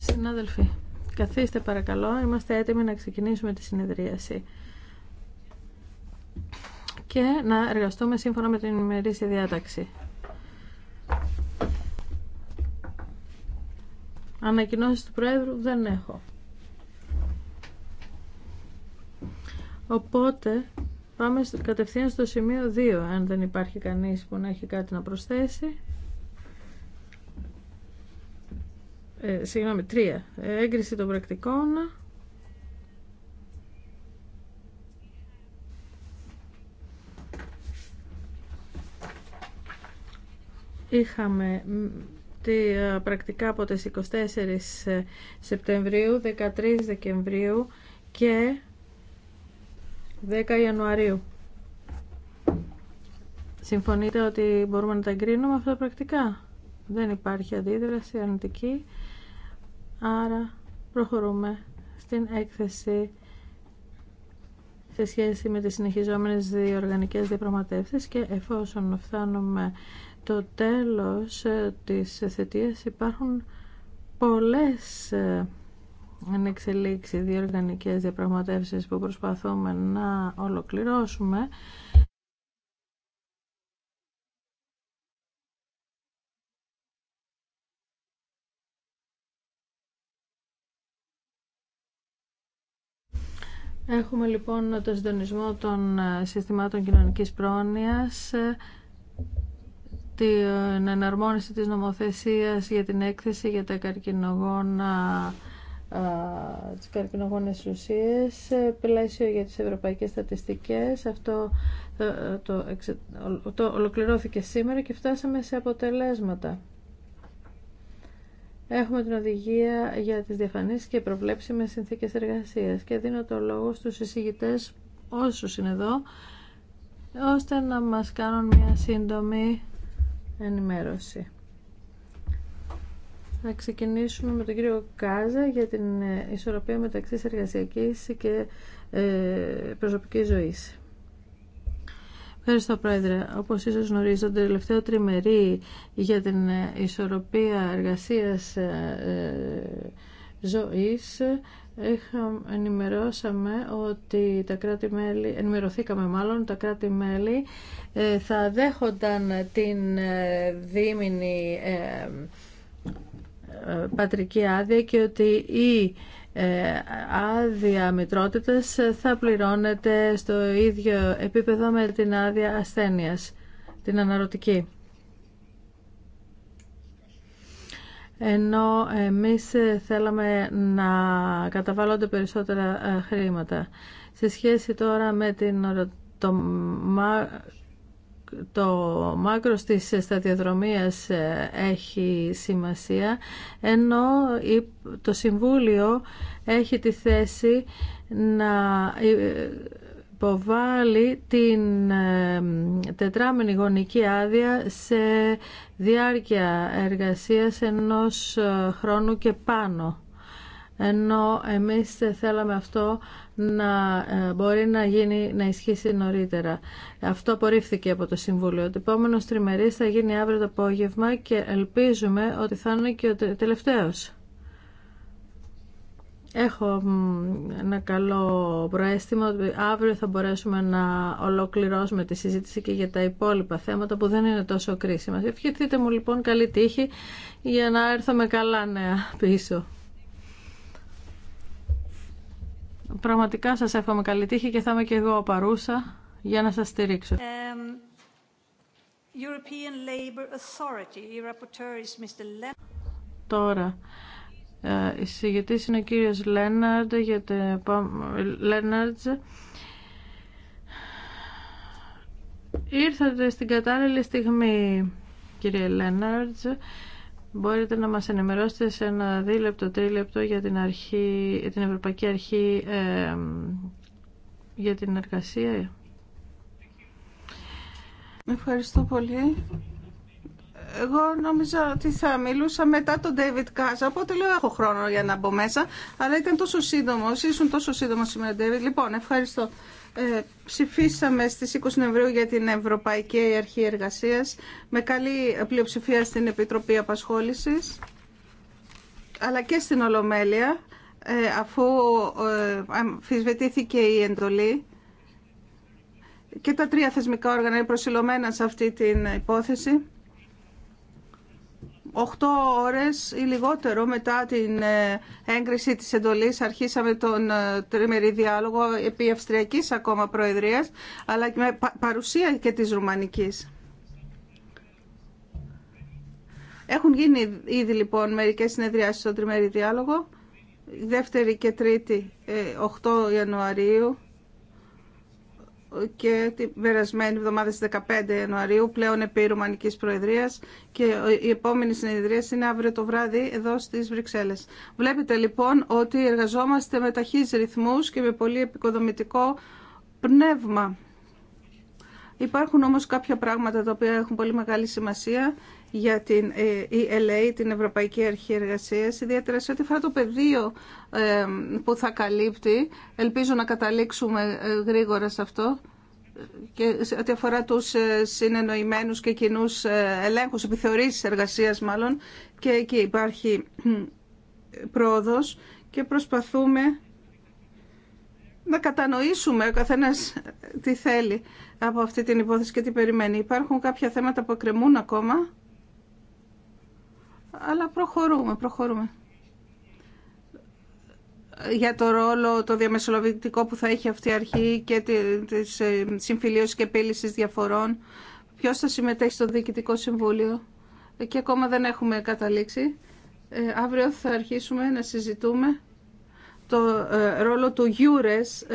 Συνάδελφοι, καθίστε παρακαλώ. Είμαστε έτοιμοι να ξεκινήσουμε τη συνεδρίαση και να εργαστούμε σύμφωνα με την ημερήσια διάταξη. Ανακοινώσεις του Πρόεδρου δεν έχω. Οπότε πάμε κατευθείαν στο σημείο 2, αν δεν υπάρχει κανείς που να έχει κάτι να προσθέσει. ε, συγγνώμη, τρία. Έγκριση των πρακτικών. Είχαμε τη ε, πρακτικά από τις 24 ε, Σεπτεμβρίου, 13 Δεκεμβρίου και 10 Ιανουαρίου. Συμφωνείτε ότι μπορούμε να τα εγκρίνουμε αυτά πρακτικά. Δεν υπάρχει αντίδραση αρνητική. Άρα προχωρούμε στην έκθεση σε σχέση με τις συνεχιζόμενες διοργανικές διαπραγματεύσεις και εφόσον φτάνουμε το τέλος ε, της θετίας υπάρχουν πολλές ανεξελίξει ε, διοργανικές διαπραγματεύσεις που προσπαθούμε να ολοκληρώσουμε Έχουμε λοιπόν το συντονισμό των ε, συστημάτων κοινωνικής πρόνοιας, ε, την εναρμόνιση της νομοθεσίας για την έκθεση για τα καρκινογόνα ε, τις καρκινογόνες ουσίες, πλαίσιο για τις ευρωπαϊκές στατιστικές. Αυτό το ολοκληρώθηκε σήμερα και φτάσαμε σε αποτελέσματα. Έχουμε την οδηγία για τις διαφανείς και με συνθήκες εργασίας και δίνω το λόγο στους εισηγητές όσους είναι εδώ ώστε να μας κάνουν μια σύντομη ενημέρωση. Θα ξεκινήσουμε με τον κύριο Κάζα για την ισορροπία μεταξύ εργασιακής και ε, προσωπικής ζωής. Ευχαριστώ, Πρόεδρε. Όπως ίσως γνωρίζετε, το τελευταίο τριμερί για την ε, ισορροπία εργασίας ε, ε, ζωής ενημερώσαμε ότι τα κράτη-μέλη, ενημερωθήκαμε μάλλον, τα κράτη-μέλη θα δέχονταν την δίμηνη πατρική άδεια και ότι η ε, άδεια μητρότητας θα πληρώνεται στο ίδιο επίπεδο με την άδεια ασθένειας, την αναρωτική. Ενώ εμείς θέλαμε να καταβάλλονται περισσότερα ε, χρήματα. Σε σχέση τώρα με την το το μάκρος της σταδιοδρομίας ε, έχει σημασία, ενώ το Συμβούλιο έχει τη θέση να ε, υποβάλει την ε, τετράμινη γονική άδεια σε διάρκεια εργασίας ενός χρόνου και πάνω. Ενώ εμείς θέλαμε αυτό να ε, μπορεί να, γίνει, να ισχύσει νωρίτερα. Αυτό απορρίφθηκε από το Συμβούλιο. Το επόμενο τριμερή θα γίνει αύριο το απόγευμα και ελπίζουμε ότι θα είναι και ο τελευταίος. Έχω ένα καλό προέστημα. ότι αύριο θα μπορέσουμε να ολοκληρώσουμε τη συζήτηση και για τα υπόλοιπα θέματα που δεν είναι τόσο κρίσιμα. Ευχηθείτε μου λοιπόν καλή τύχη για να έρθω με καλά νέα πίσω. Πραγματικά σας εύχομαι καλή τύχη και θα είμαι και εγώ παρούσα για να σας στηρίξω. Ε, Τώρα, ε, η συγγετής είναι ο κύριος Λέναρντ για την Λέναρντ. Ήρθατε στην κατάλληλη στιγμή, κύριε Λέναρτζ. Μπορείτε να μας ενημερώσετε σε ένα δίλεπτο, τρίλεπτο για την, αρχή, την Ευρωπαϊκή Αρχή για την εργασία. Ευχαριστώ πολύ. Εγώ νόμιζα ότι θα μιλούσα μετά τον David Κάζα, οπότε λέω έχω χρόνο για να μπω μέσα, αλλά ήταν τόσο σύντομο, ήσουν τόσο σύντομο σήμερα David. Λοιπόν, ευχαριστώ. Ε, ψηφίσαμε στις 20 Νοεμβρίου για την Ευρωπαϊκή Αρχή Εργασίας με καλή πλειοψηφία στην Επιτροπή Απασχόλησης αλλά και στην Ολομέλεια ε, αφού ε, αμφισβητήθηκε η εντολή και τα τρία θεσμικά όργανα είναι προσιλωμένα σε αυτή την υπόθεση. 8 ώρες ή λιγότερο μετά την ε, έγκριση της εντολής αρχίσαμε τον ε, τριμερή διάλογο επί Αυστριακής ακόμα Προεδρίας, αλλά και με παρουσία και της Ρουμανικής. Έχουν γίνει ήδη λοιπόν μερικές συνεδριάσεις στον τριμερή διάλογο, δεύτερη και τρίτη 8 ε, Ιανουαρίου και την περασμένη εβδομάδα στις 15 Ιανουαρίου πλέον επί Ρουμανικής Προεδρίας και η επόμενη συνεδρία είναι αύριο το βράδυ εδώ στις Βρυξέλλες. Βλέπετε λοιπόν ότι εργαζόμαστε με ταχύς ρυθμούς και με πολύ επικοδομητικό πνεύμα. Υπάρχουν όμως κάποια πράγματα τα οποία έχουν πολύ μεγάλη σημασία για την ELA, ε, την Ευρωπαϊκή Αρχή Εργασίας, ιδιαίτερα σε ό,τι αφορά το πεδίο ε, που θα καλύπτει. Ελπίζω να καταλήξουμε ε, γρήγορα σε αυτό και σε ό,τι αφορά τους συνεννοημένους και κοινού ελέγχους, επιθεωρήσεις εργασίας μάλλον, και εκεί υπάρχει πρόοδος και προσπαθούμε να κατανοήσουμε ο καθένας τι θέλει από αυτή την υπόθεση και τι περιμένει. Υπάρχουν κάποια θέματα που εκκρεμούν ακόμα αλλά προχωρούμε, προχωρούμε. Για το ρόλο το διαμεσολαβητικό που θα έχει αυτή η αρχή και της ε, συμφιλίωσης και επίλυσης διαφορών, ποιος θα συμμετέχει στο Διοικητικό Συμβούλιο και ακόμα δεν έχουμε καταλήξει. Ε, αύριο θα αρχίσουμε να συζητούμε το ε, ρόλο του Γιούρες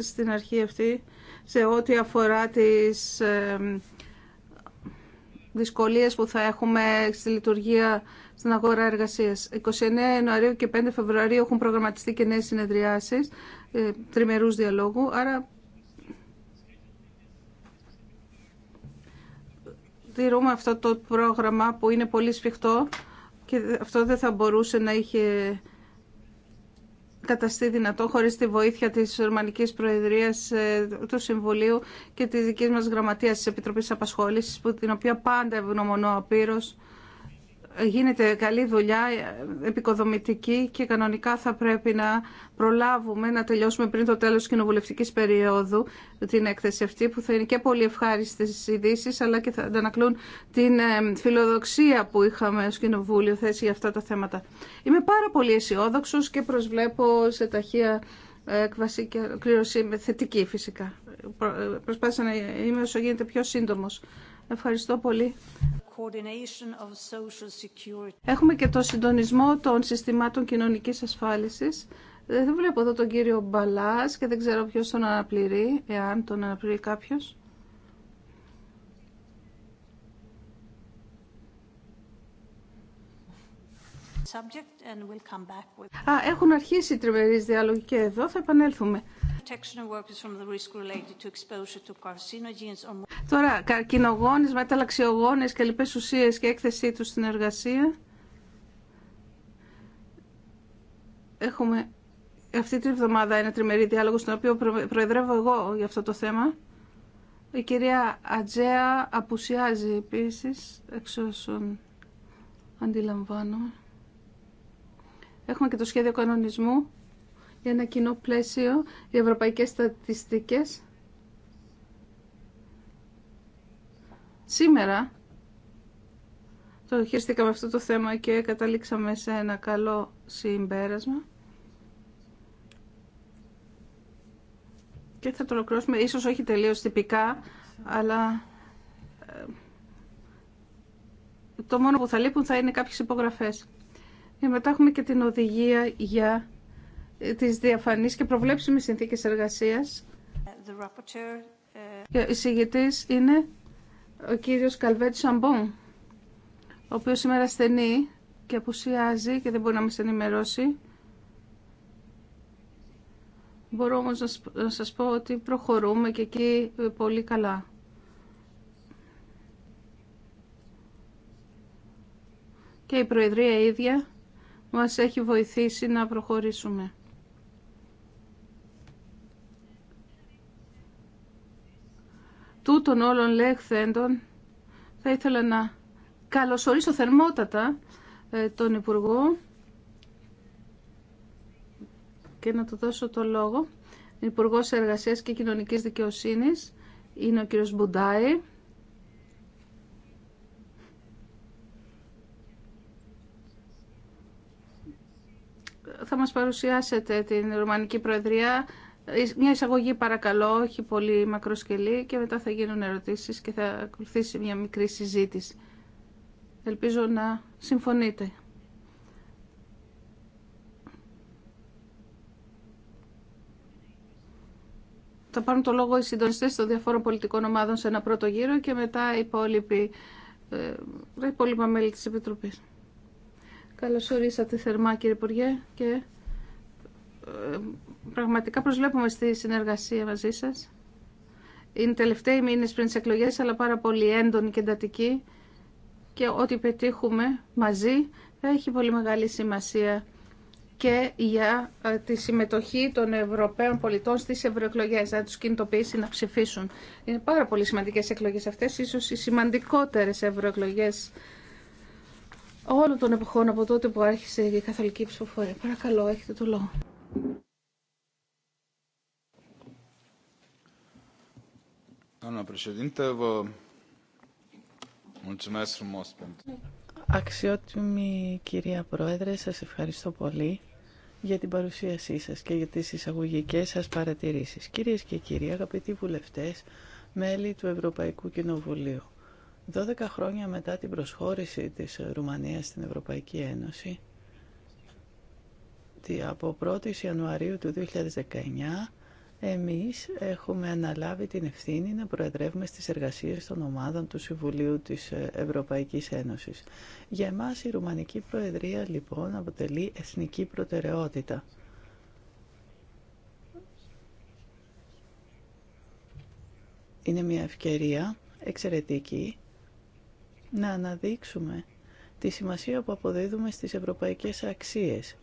στην αρχή αυτή σε ό,τι αφορά τις δυσκολίες που θα έχουμε στη λειτουργία στην αγορά εργασίας. 29 Ιανουαρίου και 5 Φεβρουαρίου έχουν προγραμματιστεί και νέες συνεδριάσεις ε, τριμερούς διαλόγου, άρα τηρούμε αυτό το πρόγραμμα που είναι πολύ σφιχτό και αυτό δεν θα μπορούσε να είχε καταστεί δυνατό χωρίς τη βοήθεια της Ορμανικής Προεδρίας ε, του Συμβουλίου και της δικής μας γραμματείας της Επιτροπής Απασχόλησης, την οποία πάντα ευγνωμονώ απείρως γίνεται καλή δουλειά, επικοδομητική και κανονικά θα πρέπει να προλάβουμε να τελειώσουμε πριν το τέλος της κοινοβουλευτικής περίοδου την έκθεση αυτή που θα είναι και πολύ ευχάριστες ειδήσει, αλλά και θα αντανακλούν την ε, φιλοδοξία που είχαμε ως κοινοβούλιο θέση για αυτά τα θέματα. Είμαι πάρα πολύ αισιόδοξο και προσβλέπω σε ταχεία ε, εκβασή και κλήρωση θετική φυσικά. Ε, προσπάθησα να είμαι όσο γίνεται πιο σύντομος. Ευχαριστώ πολύ. Έχουμε και το συντονισμό των συστημάτων κοινωνικής ασφάλισης. Ε, δεν βλέπω εδώ τον κύριο Μπαλάς και δεν ξέρω ποιος τον αναπληρεί, εάν τον αναπληρεί κάποιος. Α, έχουν αρχίσει οι τριμερείς διάλογοι και εδώ, θα επανέλθουμε. Τώρα, καρκινογόνες, μεταλλαξιογόνες και λοιπές ουσίες και έκθεσή τους στην εργασία. Έχουμε αυτή τη εβδομάδα ένα τριμερή διάλογο στον οποίο προεδρεύω εγώ για αυτό το θέμα. Η κυρία Ατζέα απουσιάζει επίσης, εξ όσων αντιλαμβάνω. Έχουμε και το σχέδιο κανονισμού για ένα κοινό πλαίσιο, οι ευρωπαϊκές στατιστικές. Σήμερα το χειριστήκαμε αυτό το θέμα και καταλήξαμε σε ένα καλό συμπέρασμα. Και θα το ολοκληρώσουμε, ίσως όχι τελείως τυπικά, αλλά ε, το μόνο που θα λείπουν θα είναι κάποιες υπογραφές. Και μετά έχουμε και την οδηγία για τις διαφανείς και προβλέψιμες συνθήκες εργασίας. Ε, και ο εισηγητής είναι ο κύριος Καλβέτ Σαμπόν, ο οποίος σήμερα στενεί και απουσιάζει και δεν μπορεί να μας ενημερώσει. Μπορώ όμως να σας πω ότι προχωρούμε και εκεί ε, πολύ καλά. Και η Προεδρία ίδια μας έχει βοηθήσει να προχωρήσουμε. Τούτων όλων λέχθεντων θα ήθελα να καλωσορίσω θερμότατα ε, τον Υπουργό και να του δώσω το λόγο. Υπουργό Εργασίας και Κοινωνικής Δικαιοσύνης είναι ο κύριος Μπουντάη. Θα μας παρουσιάσετε την Ρουμανική Προεδρία μια εισαγωγή παρακαλώ, όχι πολύ μακροσκελή και μετά θα γίνουν ερωτήσεις και θα ακολουθήσει μια μικρή συζήτηση. Ελπίζω να συμφωνείτε. Θα πάρουν το λόγο οι συντονιστές των διαφόρων πολιτικών ομάδων σε ένα πρώτο γύρο και μετά οι υπόλοιποι, ε, υπόλοιπα μέλη της Επιτροπής. Καλώς ορίσατε θερμά κύριε Υπουργέ και ε, πραγματικά προσβλέπουμε στη συνεργασία μαζί σας. Είναι τελευταίοι μήνες πριν τις εκλογές, αλλά πάρα πολύ έντονη και εντατική και ό,τι πετύχουμε μαζί θα έχει πολύ μεγάλη σημασία και για ε, τη συμμετοχή των Ευρωπαίων πολιτών στις ευρωεκλογέ, να τους κινητοποιήσει να ψηφίσουν. Είναι πάρα πολύ σημαντικές εκλογές αυτές, ίσως οι σημαντικότερες ευρωεκλογέ όλων των εποχών από τότε που άρχισε η καθολική ψηφοφορία. Παρακαλώ, έχετε το λόγο. Αξιότιμη κυρία Πρόεδρε, σας ευχαριστώ πολύ για την παρουσίασή σας και για τις εισαγωγικέ σας παρατηρήσεις. Κυρίες και κύριοι, αγαπητοί βουλευτές, μέλη του Ευρωπαϊκού Κοινοβουλίου, 12 χρόνια μετά την προσχώρηση της Ρουμανίας στην Ευρωπαϊκή Ένωση, ότι από 1η Ιανουαρίου του 2019 εμείς έχουμε αναλάβει την ευθύνη να προεδρεύουμε στις εργασίες των ομάδων του Συμβουλίου της ε, Ευρωπαϊκής Ένωσης. Για εμάς η Ρουμανική Προεδρία λοιπόν αποτελεί εθνική προτεραιότητα. Είναι μια ευκαιρία εξαιρετική να αναδείξουμε τη σημασία που αποδίδουμε στις ευρωπαϊκές αξίες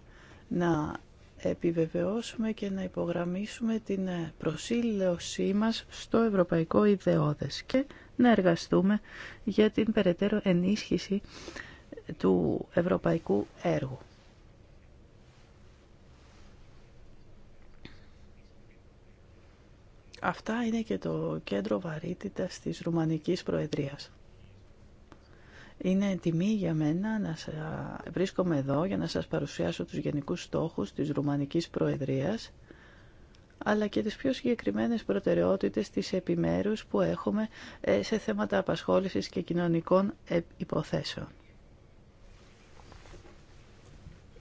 να επιβεβαιώσουμε και να υπογραμμίσουμε την ε, προσήλωσή μας στο ευρωπαϊκό ιδεώδες και να εργαστούμε για την περαιτέρω ενίσχυση του ευρωπαϊκού έργου. Αυτά είναι και το κέντρο βαρύτητας της Ρουμανικής Προεδρίας. Είναι τιμή για μένα να βρίσκομαι εδώ για να σας παρουσιάσω τους γενικούς στόχους της Ρουμανικής Προεδρίας αλλά και τις πιο συγκεκριμένες προτεραιότητες της επιμέρους που έχουμε ε, σε θέματα απασχόλησης και κοινωνικών ε, υποθέσεων.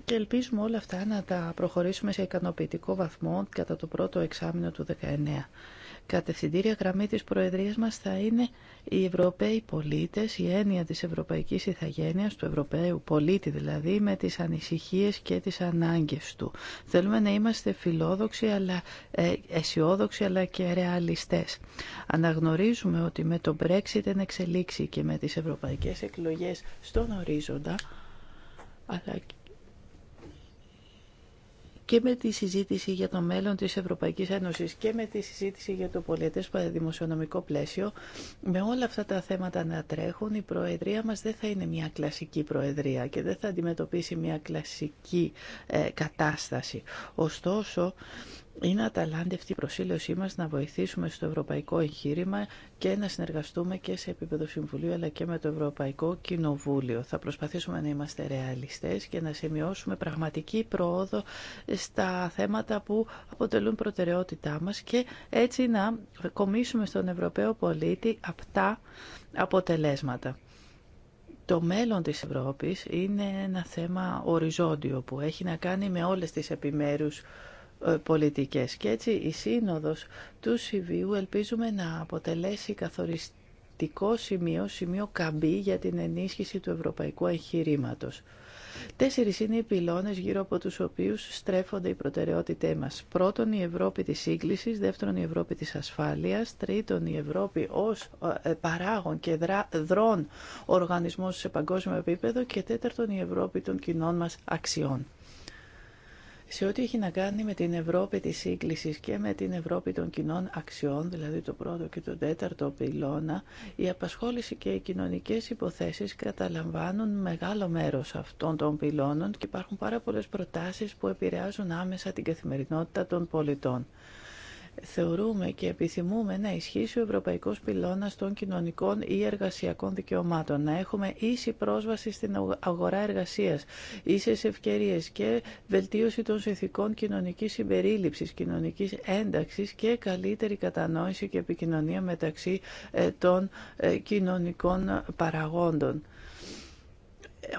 Και ελπίζουμε όλα αυτά να τα προχωρήσουμε σε ικανοποιητικό βαθμό κατά το πρώτο εξάμεινο του 19 κατευθυντήρια γραμμή της Προεδρίας μας θα είναι οι Ευρωπαίοι πολίτες, η έννοια της Ευρωπαϊκής Ιθαγένειας, του Ευρωπαίου πολίτη δηλαδή, με τις ανησυχίες και τις ανάγκες του. Θέλουμε να είμαστε φιλόδοξοι, αλλά, ε, αισιόδοξοι αλλά και ρεαλιστές. Αναγνωρίζουμε ότι με το Brexit εν εξελίξει και με τις ευρωπαϊκές εκλογές στον ορίζοντα, αλλά και με τη συζήτηση για το μέλλον της Ευρωπαϊκής Ένωσης και με τη συζήτηση για το πολιτές δημοσιονομικό πλαίσιο, με όλα αυτά τα θέματα να τρέχουν, η Προεδρία μας δεν θα είναι μια κλασική Προεδρία και δεν θα αντιμετωπίσει μια κλασική ε, κατάσταση. Ωστόσο, είναι αταλάντευτη αυτή η προσήλωσή μας να βοηθήσουμε στο ευρωπαϊκό εγχείρημα και να συνεργαστούμε και σε επίπεδο Συμβουλίου αλλά και με το Ευρωπαϊκό Κοινοβούλιο. Θα προσπαθήσουμε να είμαστε ρεαλιστές και να σημειώσουμε πραγματική πρόοδο στα θέματα που αποτελούν προτεραιότητά μας και έτσι να κομίσουμε στον Ευρωπαίο πολίτη απτά αποτελέσματα. Το μέλλον της Ευρώπης είναι ένα θέμα οριζόντιο που έχει να κάνει με όλες τις επιμέρους ε, πολιτικές. Και έτσι η σύνοδος του Σιβίου ελπίζουμε να αποτελέσει καθοριστικό σημείο, σημείο καμπή για την ενίσχυση του ευρωπαϊκού εγχειρήματο. Τέσσερις είναι οι πυλώνες γύρω από τους οποίους στρέφονται οι προτεραιότητές μας. Πρώτον, η Ευρώπη της σύγκλησης, δεύτερον, η Ευρώπη της ασφάλειας, τρίτον, η Ευρώπη ως ε, παράγων και δρόν οργανισμός σε παγκόσμιο επίπεδο και τέταρτον, η Ευρώπη των κοινών μας αξιών σε ό,τι έχει να κάνει με την Ευρώπη της σύγκλησης και με την Ευρώπη των κοινών αξιών, δηλαδή το πρώτο και το τέταρτο πυλώνα, η απασχόληση και οι κοινωνικές υποθέσεις καταλαμβάνουν μεγάλο μέρος αυτών των πυλώνων και υπάρχουν πάρα πολλές προτάσεις που επηρεάζουν άμεσα την καθημερινότητα των πολιτών θεωρούμε και επιθυμούμε να ισχύσει ο Ευρωπαϊκός Πυλώνας των κοινωνικών ή εργασιακών δικαιωμάτων, να έχουμε ίση πρόσβαση στην αγορά εργασίας, ίσες ευκαιρίες και βελτίωση των συνθηκών κοινωνικής συμπερίληψης, κοινωνικής ένταξης και καλύτερη κατανόηση και επικοινωνία μεταξύ ε, των ε, κοινωνικών παραγόντων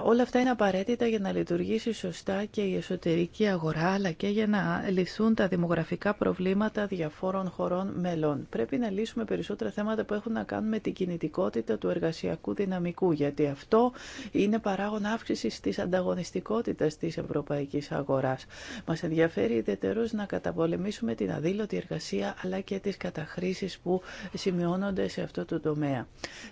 όλα αυτά είναι απαραίτητα για να λειτουργήσει σωστά και η εσωτερική αγορά, αλλά και για να λυθούν τα δημογραφικά προβλήματα διαφόρων χωρών μελών. Πρέπει να λύσουμε περισσότερα θέματα που έχουν να κάνουν με την κινητικότητα του εργασιακού δυναμικού, γιατί αυτό είναι παράγον αύξηση τη ανταγωνιστικότητα τη ευρωπαϊκή αγορά. Μα ενδιαφέρει ιδιαίτερω να καταπολεμήσουμε την αδήλωτη εργασία, αλλά και τι καταχρήσει που σημειώνονται σε αυτό το τομέα.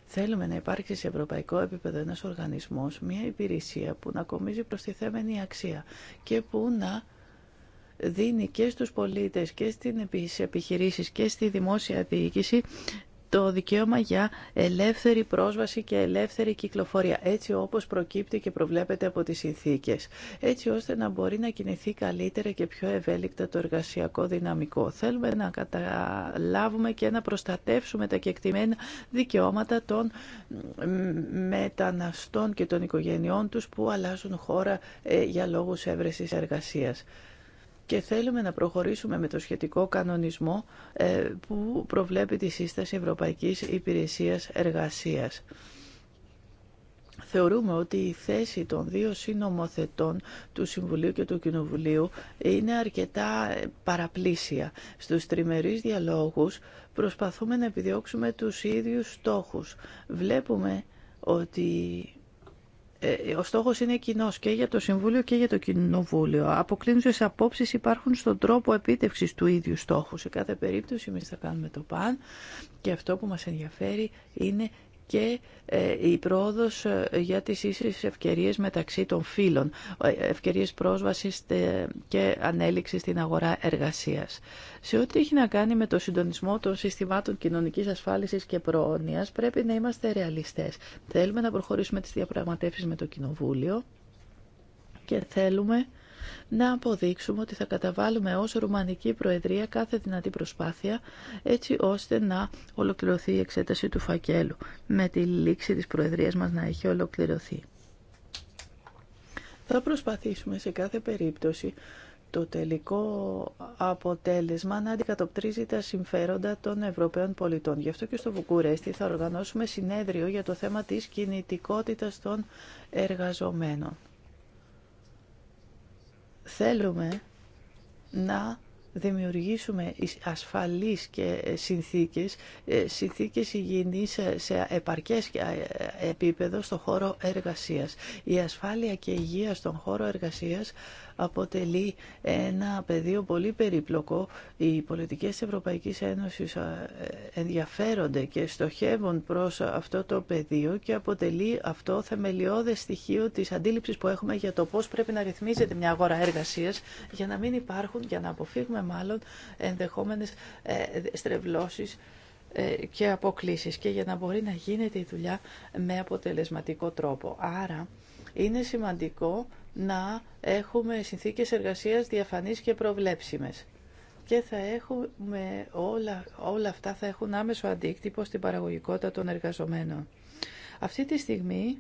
Θέλουμε να υπάρξει σε ευρωπαϊκό επίπεδο ένα οργανισμό, μια υπηρεσία που να κομίζει προστιθέμενη αξία και που να δίνει και στους πολίτες και στις επιχειρήσεις και στη δημόσια διοίκηση το δικαίωμα για ελεύθερη πρόσβαση και ελεύθερη κυκλοφορία, έτσι όπως προκύπτει και προβλέπεται από τις συνθήκες, έτσι ώστε να μπορεί να κινηθεί καλύτερα και πιο ευέλικτα το εργασιακό δυναμικό. Θέλουμε να καταλάβουμε και να προστατεύσουμε τα κεκτημένα δικαιώματα των μεταναστών και των οικογενειών τους που αλλάζουν χώρα ε, για λόγους έβρεσης εργασίας και θέλουμε να προχωρήσουμε με το σχετικό κανονισμό ε, που προβλέπει τη σύσταση Ευρωπαϊκής Υπηρεσίας Εργασίας. Θεωρούμε ότι η θέση των δύο συνομοθετών του Συμβουλίου και του Κοινοβουλίου είναι αρκετά ε, παραπλήσια. Στους τριμερείς διαλόγους προσπαθούμε να επιδιώξουμε τους ίδιους στόχους. Βλέπουμε ότι ε, ο στόχος είναι κοινό και για το Συμβούλιο και για το Κοινοβούλιο. Αποκλίνουσες απόψεις υπάρχουν στον τρόπο επίτευξης του ίδιου στόχου. Σε κάθε περίπτωση εμείς θα κάνουμε το παν και αυτό που μας ενδιαφέρει είναι και ε, η πρόοδος ε, για τις ίσες ευκαιρίες μεταξύ των φύλων, ε, ευκαιρίες πρόσβασης και ανέλυξη στην αγορά εργασίας. Σε ό,τι έχει να κάνει με το συντονισμό των συστημάτων κοινωνικής ασφάλισης και προόνοιας, πρέπει να είμαστε ρεαλιστές. Θέλουμε να προχωρήσουμε τις διαπραγματεύσεις με το Κοινοβούλιο και θέλουμε να αποδείξουμε ότι θα καταβάλουμε ως Ρουμανική Προεδρία κάθε δυνατή προσπάθεια έτσι ώστε να ολοκληρωθεί η εξέταση του φακέλου με τη λήξη της Προεδρίας μας να έχει ολοκληρωθεί. Θα προσπαθήσουμε σε κάθε περίπτωση το τελικό αποτέλεσμα να αντικατοπτρίζει τα συμφέροντα των Ευρωπαίων πολιτών. Γι' αυτό και στο Βουκουρέστι θα οργανώσουμε συνέδριο για το θέμα της κινητικότητας των εργαζομένων. Θέλουμε να δημιουργήσουμε ασφαλείς και ε, συνθήκες, ε, συνθήκες υγιεινής σε επαρκές ε, επίπεδο στο χώρο εργασίας. Η ασφάλεια και η υγεία στον χώρο εργασίας αποτελεί ένα πεδίο πολύ περίπλοκο. Οι πολιτικές Ευρωπαϊκής Ένωσης ε, ενδιαφέρονται και στοχεύουν προς αυτό το πεδίο και αποτελεί αυτό θεμελιώδες στοιχείο της αντίληψης που έχουμε για το πώς πρέπει να ρυθμίζεται μια αγορά εργασίας για να μην υπάρχουν, για να αποφύγουμε μάλλον ενδεχόμενες ε, στρεβλώσεις ε, και αποκλήσεις και για να μπορεί να γίνεται η δουλειά με αποτελεσματικό τρόπο. Άρα είναι σημαντικό να έχουμε συνθήκες εργασίας διαφανείς και προβλέψιμες. Και θα έχουμε όλα, όλα αυτά θα έχουν άμεσο αντίκτυπο στην παραγωγικότητα των εργαζομένων. Αυτή τη στιγμή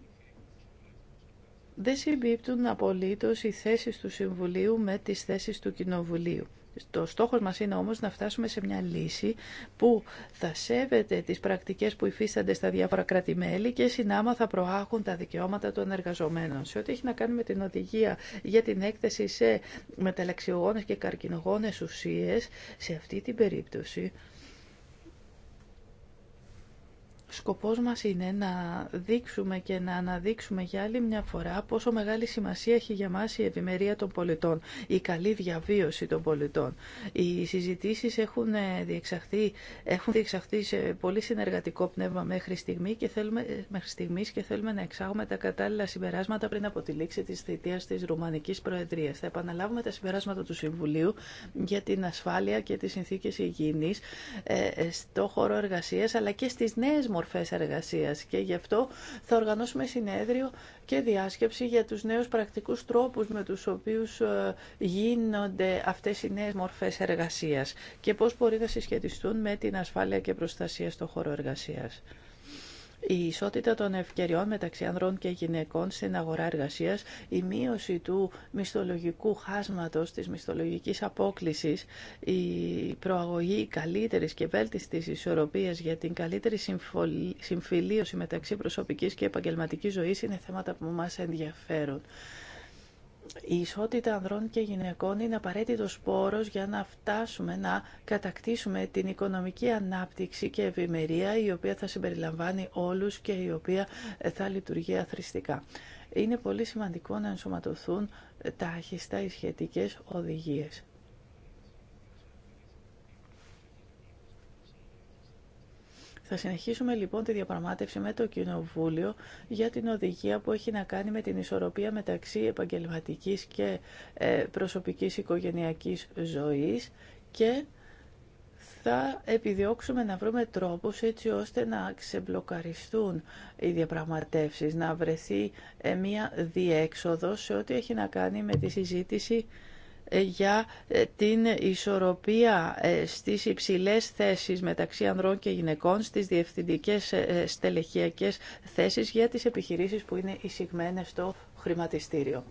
δεν συμπίπτουν απολύτως οι θέσεις του Συμβουλίου με τις θέσεις του Κοινοβουλίου. Το στόχος μας είναι όμως να φτάσουμε σε μια λύση που θα σέβεται τις πρακτικές που υφίστανται στα διάφορα κράτη-μέλη και συνάμα θα προάγουν τα δικαιώματα των εργαζομένων. Σε ό,τι έχει να κάνει με την οδηγία για την έκθεση σε μεταλλαξιογόνε και καρκινογόνες ουσίες, σε αυτή την περίπτωση Σκοπός μας είναι να δείξουμε και να αναδείξουμε για άλλη μια φορά πόσο μεγάλη σημασία έχει για μας η ευημερία των πολιτών, η καλή διαβίωση των πολιτών. Οι συζητήσεις έχουν ε, διεξαχθεί, έχουν διεξαχθεί σε πολύ συνεργατικό πνεύμα μέχρι, στιγμή και θέλουμε, ε, μέχρι στιγμής και θέλουμε να εξάγουμε τα κατάλληλα συμπεράσματα πριν από τη λήξη της θητείας της Ρουμανικής Προεδρίας. Θα επαναλάβουμε τα συμπεράσματα του Συμβουλίου για την ασφάλεια και τις συνθήκες υγιεινής ε, στο χώρο εργασίας αλλά και στις νέες μορφές εργασίας και γι' αυτό θα οργανώσουμε συνέδριο και διάσκεψη για τους νέους πρακτικούς τρόπους με τους οποίους ε, γίνονται αυτές οι νέες μορφές εργασίας και πώς μπορεί να συσχετιστούν με την ασφάλεια και προστασία στο χώρο εργασίας η ισότητα των ευκαιριών μεταξύ ανδρών και γυναικών στην αγορά εργασία, η μείωση του μισθολογικού χάσματος, της μισθολογική απόκληση. η προαγωγή καλύτερη και βέλτιστης ισορροπία για την καλύτερη συμφιλίωση μεταξύ προσωπικής και επαγγελματικής ζωής είναι θέματα που μας ενδιαφέρουν η ισότητα ανδρών και γυναικών είναι απαραίτητο σπόρος για να φτάσουμε να κατακτήσουμε την οικονομική ανάπτυξη και ευημερία η οποία θα συμπεριλαμβάνει όλους και η οποία ε, θα λειτουργεί αθρηστικά. Είναι πολύ σημαντικό να ενσωματωθούν τάχιστα οι σχετικές οδηγίες. Θα συνεχίσουμε λοιπόν τη διαπραγμάτευση με το Κοινοβούλιο για την οδηγία που έχει να κάνει με την ισορροπία μεταξύ επαγγελματικής και ε, προσωπικής οικογενειακής ζωής και θα επιδιώξουμε να βρούμε τρόπους έτσι ώστε να ξεμπλοκαριστούν οι διαπραγματεύσεις, να βρεθεί ε, μια διέξοδος σε ό,τι έχει να κάνει με τη συζήτηση για ε, την ισορροπία ε, στις υψηλές θέσεις μεταξύ ανδρών και γυναικών, στις διευθυντικές ε, στελεχειακές θέσεις για τις επιχειρήσεις που είναι εισηγμένες στο χρηματιστήριο.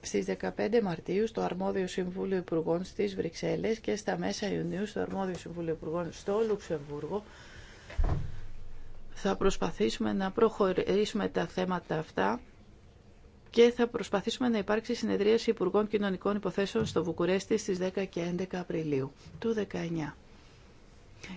Στις 15 Μαρτίου στο Αρμόδιο Συμβούλιο Υπουργών στις Βρυξέλλες και στα μέσα Ιουνίου στο Αρμόδιο Συμβούλιο Υπουργών στο Λουξεμβούργο θα προσπαθήσουμε να προχωρήσουμε τα θέματα αυτά και θα προσπαθήσουμε να υπάρξει συνεδρίαση Υπουργών Κοινωνικών Υποθέσεων στο Βουκουρέστι στις 10 και 11 Απριλίου του 19.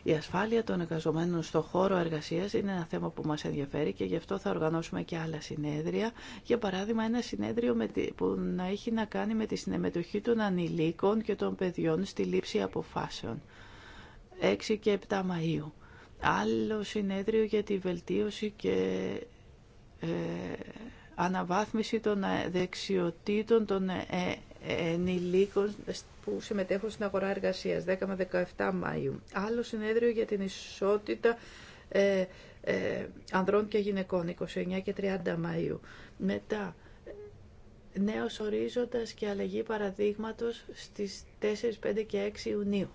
Η ασφάλεια των εργαζομένων στο χώρο εργασίας είναι ένα θέμα που μας ενδιαφέρει και γι' αυτό θα οργανώσουμε και άλλα συνέδρια. Για παράδειγμα, ένα συνέδριο που να έχει να κάνει με τη συνεμετοχή των ανηλίκων και των παιδιών στη λήψη αποφάσεων. 6 και 7 Μαΐου. Άλλο συνέδριο για τη βελτίωση και ε, αναβάθμιση των ε, δεξιοτήτων των ε, ε, ενηλίκων που συμμετέχουν στην αγορά εργασίας 10 με 17 Μαΐου. Άλλο συνέδριο για την ισότητα ε, ε, ανδρών και γυναικών 29 και 30 Μαΐου. Μετά, νέος ορίζοντας και αλλαγή παραδείγματος στις 4, 5 και 6 Ιουνίου.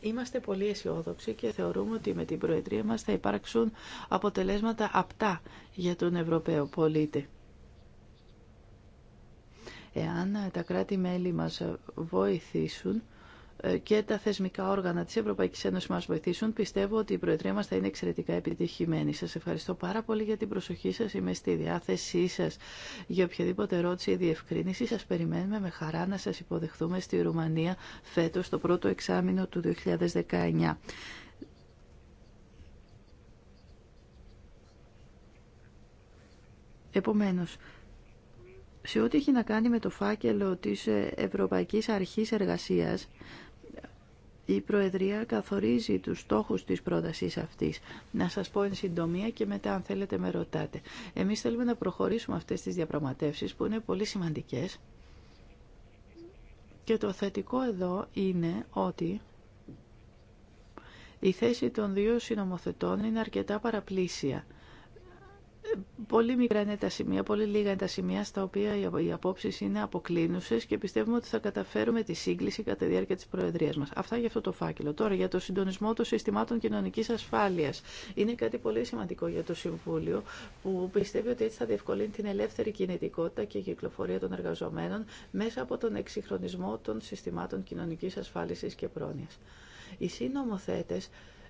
Είμαστε πολύ αισιόδοξοι και θεωρούμε ότι με την Προεδρία μας θα υπάρξουν αποτελέσματα απτά για τον Ευρωπαίο πολίτη. Εάν τα κράτη-μέλη μας βοηθήσουν, ε, και τα θεσμικά όργανα της Ευρωπαϊκής Ένωσης μας βοηθήσουν, πιστεύω ότι η Προεδρία μας θα είναι εξαιρετικά επιτυχημένη. Σας ευχαριστώ πάρα πολύ για την προσοχή σας. Είμαι στη διάθεσή σας για οποιαδήποτε ερώτηση ή διευκρίνηση. Σας περιμένουμε με χαρά να σας υποδεχθούμε στη Ρουμανία φέτος το πρώτο εξάμεινο του 2019. Επομένως, σε ό,τι έχει να κάνει με το φάκελο της Ευρωπαϊκής Αρχής Εργασίας, η Προεδρία καθορίζει τους στόχους της πρότασης αυτής. Να σας πω εν συντομία και μετά αν θέλετε με ρωτάτε. Εμείς θέλουμε να προχωρήσουμε αυτές τις διαπραγματεύσεις που είναι πολύ σημαντικές. Και το θετικό εδώ είναι ότι η θέση των δύο συνομοθετών είναι αρκετά παραπλήσια. Πολύ μικρά είναι τα σημεία, πολύ λίγα είναι τα σημεία στα οποία οι απόψει είναι αποκλίνουσε και πιστεύουμε ότι θα καταφέρουμε τη σύγκληση κατά τη διάρκεια τη Προεδρία μα. Αυτά για αυτό το φάκελο. Τώρα για το συντονισμό των συστημάτων κοινωνική ασφάλεια. Είναι κάτι πολύ σημαντικό για το Συμβούλιο που πιστεύει ότι έτσι θα διευκολύνει την ελεύθερη κινητικότητα και κυκλοφορία των εργαζομένων μέσα από τον εξυγχρονισμό των συστημάτων κοινωνική ασφάλιση και πρόνοια. Οι συνομοθέτε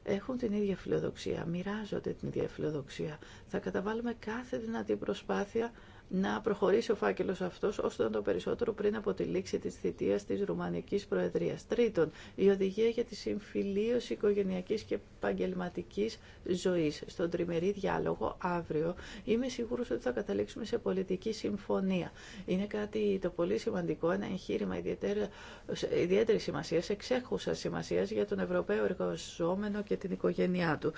έχουν την ίδια φιλοδοξία, μοιράζονται την ίδια φιλοδοξία. Θα καταβάλουμε κάθε δυνατή προσπάθεια να προχωρήσει ο φάκελος αυτός ώστε το περισσότερο πριν από τη λήξη της θητείας της Ρουμανικής Προεδρίας. Τρίτον, η οδηγία για τη συμφιλίωση οικογενειακής και επαγγελματική ζωής στον τριμερή διάλογο αύριο. Είμαι σίγουρο ότι θα καταλήξουμε σε πολιτική συμφωνία. Είναι κάτι το πολύ σημαντικό, ένα εγχείρημα ιδιαίτερη σημασία, εξέχουσα σημασία για τον Ευρωπαίο εργαζόμενο και την οικογένειά του.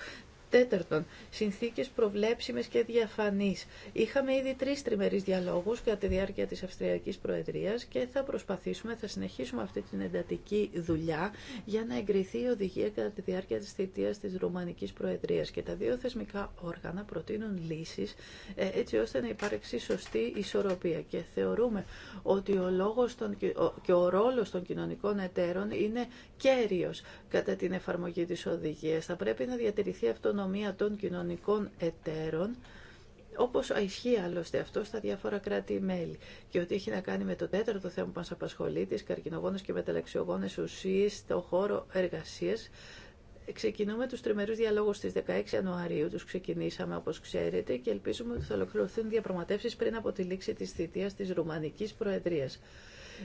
Τέταρτον, συνθήκες προβλέψιμες και διαφανεί. Είχαμε ήδη τρεις τριμερείς διαλόγους κατά τη διάρκεια της Αυστριακής Προεδρίας και θα προσπαθήσουμε, θα συνεχίσουμε αυτή την εντατική δουλειά για να εγκριθεί η οδηγία κατά τη διάρκεια της θητείας της Ρουμανικής Προεδρίας. Και τα δύο θεσμικά όργανα προτείνουν λύσεις ε, έτσι ώστε να υπάρξει σωστή ισορροπία. Και θεωρούμε ότι ο λόγος των, και ο ρόλος των κοινωνικών εταίρων είναι κέριος κατά την εφαρμογή της οδηγίας. Θα πρέπει να διατηρηθεί αυτόν αυτονομία των κοινωνικών εταίρων, όπως ισχύει άλλωστε αυτό στα διάφορα κράτη-μέλη και ότι έχει να κάνει με το τέταρτο θέμα που μας απασχολεί, τις καρκινογόνες και μεταλλαξιογόνες ουσίες στο χώρο εργασίας, Ξεκινούμε τους τριμερούς διαλόγους στις 16 Ιανουαρίου, τους ξεκινήσαμε όπως ξέρετε και ελπίζουμε ότι θα ολοκληρωθούν διαπραγματεύσεις πριν από τη λήξη της θητείας της Ρουμανικής Προεδρίας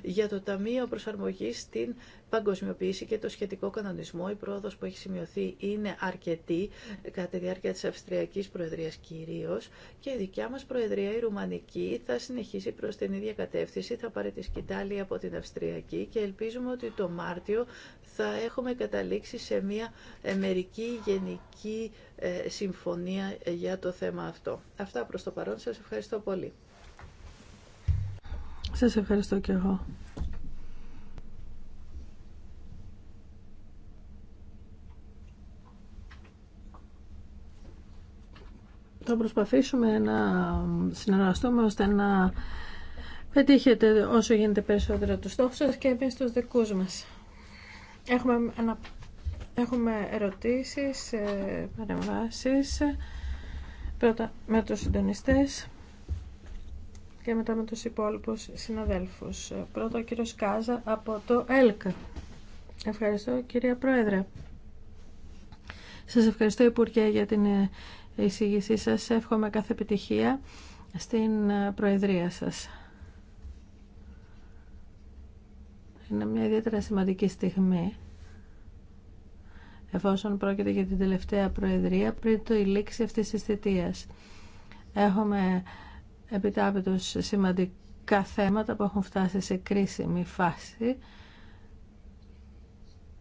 για το Ταμείο προσαρμογή στην παγκοσμιοποίηση και το σχετικό κανονισμό. Η πρόοδο που έχει σημειωθεί είναι αρκετή κατά τη διάρκεια τη Αυστριακής Προεδρίας κυρίω και η δικιά μας Προεδρία η Ρουμανική θα συνεχίσει προς την ίδια κατεύθυνση, θα πάρει τη σκητάλη από την Αυστριακή και ελπίζουμε ότι το Μάρτιο θα έχουμε καταλήξει σε μια ε, μερική γενική ε, συμφωνία ε, για το θέμα αυτό. Αυτά προς το παρόν. Σας ευχαριστώ πολύ. Σας ευχαριστώ και εγώ. Θα προσπαθήσουμε να συνεργαστούμε ώστε να πετύχετε όσο γίνεται περισσότερο τους στόχους σας και εμείς τους δικούς μας. Έχουμε, ένα, Έχουμε ερωτήσεις, ε, παρεμβάσεις, πρώτα με τους συντονιστές και μετά με τους υπόλοιπους συναδέλφους. Πρώτο ο κύριος Κάζα από το ΕΛΚΑ. Ευχαριστώ κυρία Πρόεδρε. Σας ευχαριστώ Υπουργέ για την ε, εισήγησή σας. Εύχομαι κάθε επιτυχία στην ε, Προεδρία σας. Είναι μια ιδιαίτερα σημαντική στιγμή εφόσον πρόκειται για την τελευταία Προεδρία πριν το ηλίξη λήξη αυτής της θητείας. Έχουμε επιτάπητος σημαντικά θέματα που έχουν φτάσει σε κρίσιμη φάση.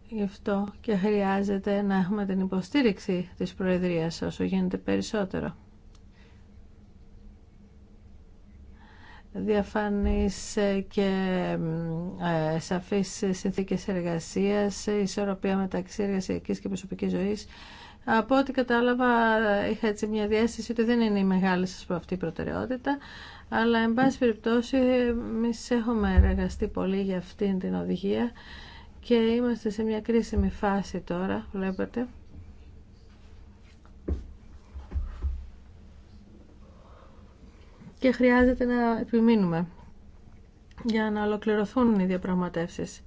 Γι' αυτό και χρειάζεται να έχουμε την υποστήριξη της Προεδρίας όσο γίνεται περισσότερο. διαφανείς και ε, σαφείς συνθήκες εργασίας, ισορροπία μεταξύ εργασιακής και προσωπικής ζωής, από ό,τι κατάλαβα είχα έτσι μια διέστηση ότι δεν είναι η μεγάλη σας αυτή η προτεραιότητα, αλλά εν πάση περιπτώσει εμεί έχουμε εργαστεί πολύ για αυτήν την οδηγία και είμαστε σε μια κρίσιμη φάση τώρα, βλέπετε. Και χρειάζεται να επιμείνουμε για να ολοκληρωθούν οι διαπραγματεύσεις.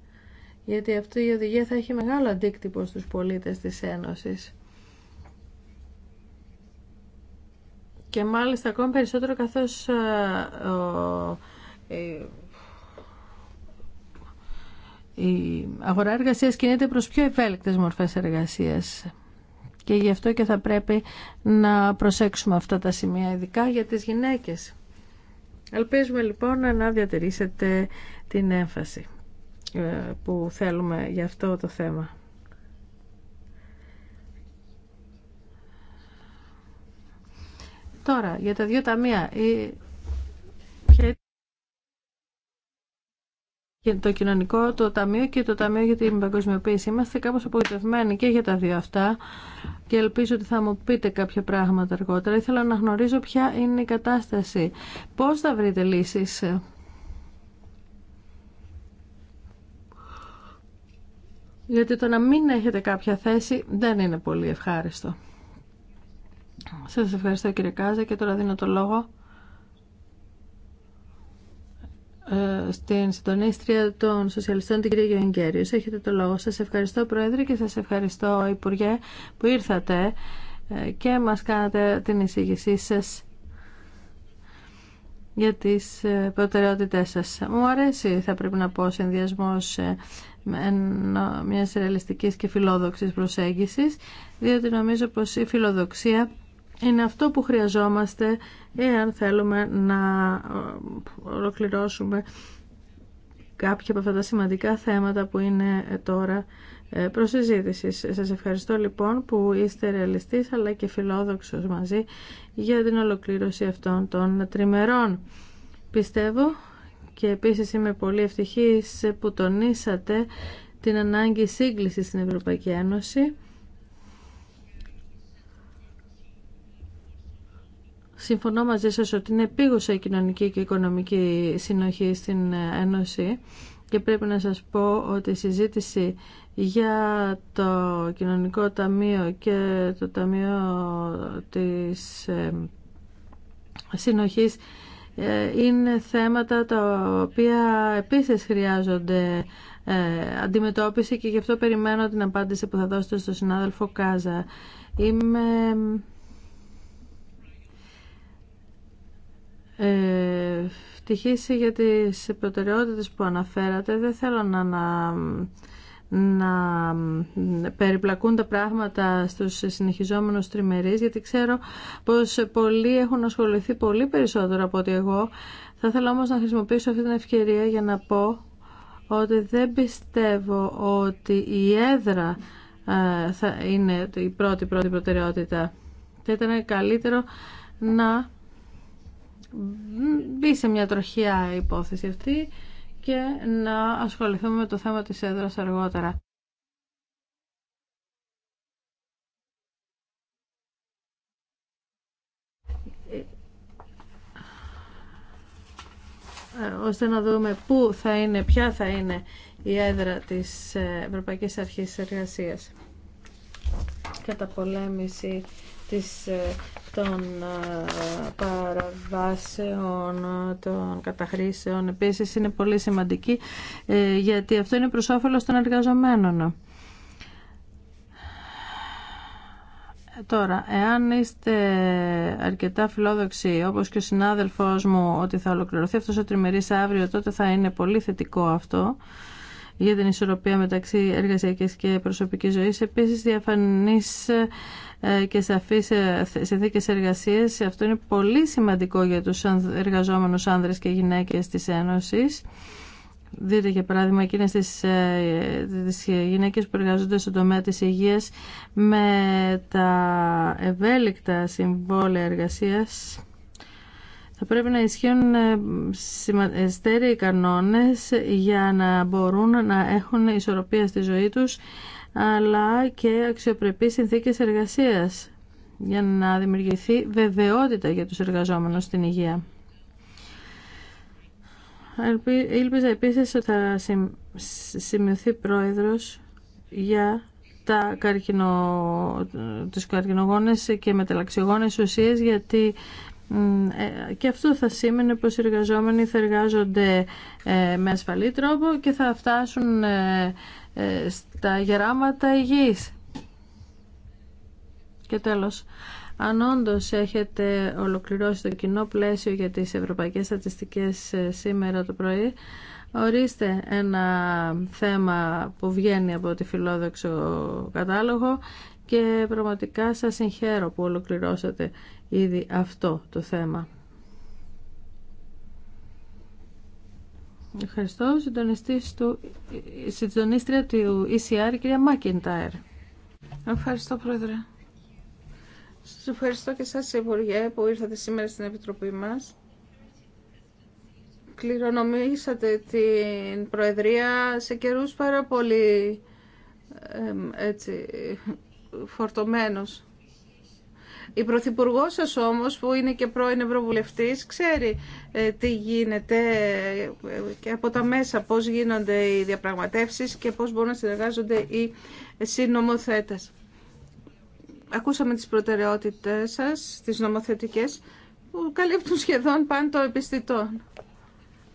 Γιατί αυτή η οδηγία θα έχει μεγάλο αντίκτυπο στους πολίτες της Ένωσης. και μάλιστα ακόμη περισσότερο καθώς ε, η αγορά εργασίας κινείται προς πιο ευέλικτες μορφές εργασίας και γι' αυτό και θα πρέπει να προσέξουμε αυτά τα σημεία ειδικά για τις γυναίκες. Ελπίζουμε λοιπόν να διατηρήσετε την έμφαση ε, που θέλουμε για αυτό το θέμα. Τώρα, για τα δύο ταμεία. Και το κοινωνικό, το ταμείο και το ταμείο για την παγκοσμιοποίηση. Είμαστε κάπως απογοητευμένοι και για τα δύο αυτά και ελπίζω ότι θα μου πείτε κάποια πράγματα αργότερα. Ήθελα να γνωρίζω ποια είναι η κατάσταση. Πώς θα βρείτε λύσεις. Γιατί το να μην έχετε κάποια θέση δεν είναι πολύ ευχάριστο. Σας ευχαριστώ κύριε Κάζα και τώρα δίνω το λόγο ε, στην συντονίστρια των Σοσιαλιστών, την κυρία Γιονγκέριους. Έχετε το λόγο. Σας ευχαριστώ Πρόεδρε και σας ευχαριστώ Υπουργέ που ήρθατε ε, και μας κάνατε την εισήγησή σας για τις ε, προτεραιότητές σας. Μου αρέσει, θα πρέπει να πω, ο συνδυασμός μιας ρεαλιστικής και φιλόδοξης προσέγγισης, διότι νομίζω πως η φιλοδοξία είναι αυτό που χρειαζόμαστε εάν θέλουμε να ε, ολοκληρώσουμε κάποια από αυτά τα σημαντικά θέματα που είναι ε, τώρα ε, προς Σας ευχαριστώ λοιπόν που είστε ρεαλιστής αλλά και φιλόδοξος μαζί για την ολοκλήρωση αυτών των τριμερών. Πιστεύω και επίσης είμαι πολύ ευτυχής που τονίσατε την ανάγκη σύγκλησης στην Ευρωπαϊκή Ένωση Συμφωνώ μαζί σας ότι είναι επίγουσα η κοινωνική και οικονομική συνοχή στην Ένωση και πρέπει να σας πω ότι η συζήτηση για το Κοινωνικό Ταμείο και το Ταμείο της ε, Συνοχής ε, είναι θέματα τα οποία επίσης χρειάζονται ε, αντιμετώπιση και γι' αυτό περιμένω την απάντηση που θα δώσετε στο συνάδελφο Κάζα. Είμαι Ε, ευτυχής για τις προτεραιότητες που αναφέρατε. Δεν θέλω να, να, περιπλακούν τα πράγματα στους συνεχιζόμενους τριμερείς, γιατί ξέρω πως πολλοί έχουν ασχοληθεί πολύ περισσότερο από ότι εγώ. Θα ήθελα όμως να χρησιμοποιήσω αυτή την ευκαιρία για να πω ότι δεν πιστεύω ότι η έδρα ε, θα είναι η πρώτη πρώτη προτεραιότητα. Θα ήταν καλύτερο να μπει σε μια τροχιά η υπόθεση αυτή και να ασχοληθούμε με το θέμα της έδρας αργότερα. Ε, ώστε να δούμε πού θα είναι, ποια θα είναι η έδρα της ε, Ευρωπαϊκής Αρχής Εργασίας. Καταπολέμηση της, ε, των ε, παραβάσεων, των καταχρήσεων επίσης είναι πολύ σημαντική ε, γιατί αυτό είναι προς όφελος των εργαζομένων. Τώρα, εάν είστε αρκετά φιλόδοξοι, όπως και ο συνάδελφός μου, ότι θα ολοκληρωθεί αυτός ο τριμερής αύριο, τότε θα είναι πολύ θετικό αυτό για την ισορροπία μεταξύ εργασιακής και προσωπικής ζωής. Επίσης, διαφανής ε, και σαφείς ε, συνθήκες εργασίας. Αυτό είναι πολύ σημαντικό για τους εργαζόμενους άνδρες και γυναίκες της Ένωσης. Δείτε για παράδειγμα εκείνες τις, ε, τις γυναίκες που εργαζόνται στον τομέα της υγείας με τα ευέλικτα συμβόλαια εργασίας θα πρέπει να ισχύουν ε, ε, στέρεοι κανόνες για να μπορούν να έχουν ισορροπία στη ζωή τους αλλά και αξιοπρεπείς συνθήκες εργασίας για να δημιουργηθεί βεβαιότητα για τους εργαζόμενους στην υγεία. Ήλπιζα επίσης ότι θα σημειωθεί πρόεδρος για τα καρκινο, ε, τους καρκινογόνες και μεταλλαξιγόνες ουσίες γιατί ε, και αυτό θα σήμαινε πως οι εργαζόμενοι θα εργάζονται ε, με ασφαλή τρόπο και θα φτάσουν ε, στα γεράματα υγιής. Και τέλος, αν όντω έχετε ολοκληρώσει το κοινό πλαίσιο για τις ευρωπαϊκές στατιστικές σήμερα το πρωί, ορίστε ένα θέμα που βγαίνει από τη φιλόδοξο κατάλογο και πραγματικά σας συγχαίρω που ολοκληρώσατε ήδη αυτό το θέμα. Ευχαριστώ. του, συντονίστρια του ECR, κυρία Μάκινταερ. Ευχαριστώ, Πρόεδρε. Σας ευχαριστώ και σας, Υπουργέ, που ήρθατε σήμερα στην Επιτροπή μας. Κληρονομήσατε την Προεδρία σε καιρούς πάρα πολύ έτσι, φορτωμένος. Η Πρωθυπουργό σα όμω, που είναι και πρώην Ευρωβουλευτή, ξέρει ε, τι γίνεται ε, και από τα μέσα πώ γίνονται οι διαπραγματεύσει και πώ μπορούν να συνεργάζονται οι συνομοθέτες. Ακούσαμε τι προτεραιότητε σα, τι νομοθετικέ, που καλύπτουν σχεδόν πάντο επιστητών.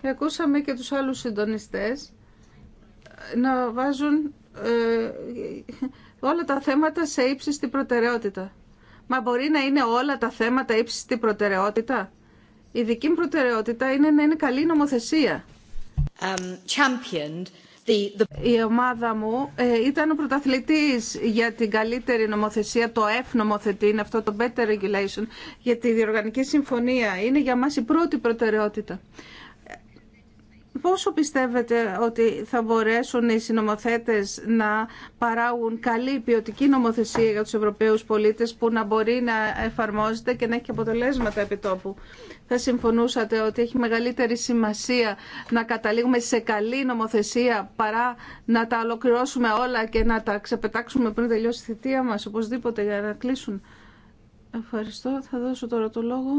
ακούσαμε και τους άλλους συντονιστές να βάζουν ε, όλα τα θέματα σε ύψιστη προτεραιότητα. Μα μπορεί να είναι όλα τα θέματα ύψιστη προτεραιότητα. Η δική μου προτεραιότητα είναι να είναι καλή νομοθεσία. Um, Η ομάδα μου ε, ήταν ο πρωταθλητής για την καλύτερη νομοθεσία, το F νομοθετή, είναι αυτό το Better Regulation, για τη Διοργανική Συμφωνία. Είναι για μας η πρώτη προτεραιότητα. Πόσο πιστεύετε ότι θα μπορέσουν οι συνομοθέτες να παράγουν καλή ποιοτική νομοθεσία για τους Ευρωπαίους πολίτες που να μπορεί να εφαρμόζεται και να έχει αποτελέσματα επί τόπου. Θα συμφωνούσατε ότι έχει μεγαλύτερη σημασία να καταλήγουμε σε καλή νομοθεσία παρά να τα ολοκληρώσουμε όλα και να τα ξεπετάξουμε πριν τελειώσει η θητεία μας, οπωσδήποτε για να κλείσουν. Ευχαριστώ. Θα δώσω τώρα το λόγο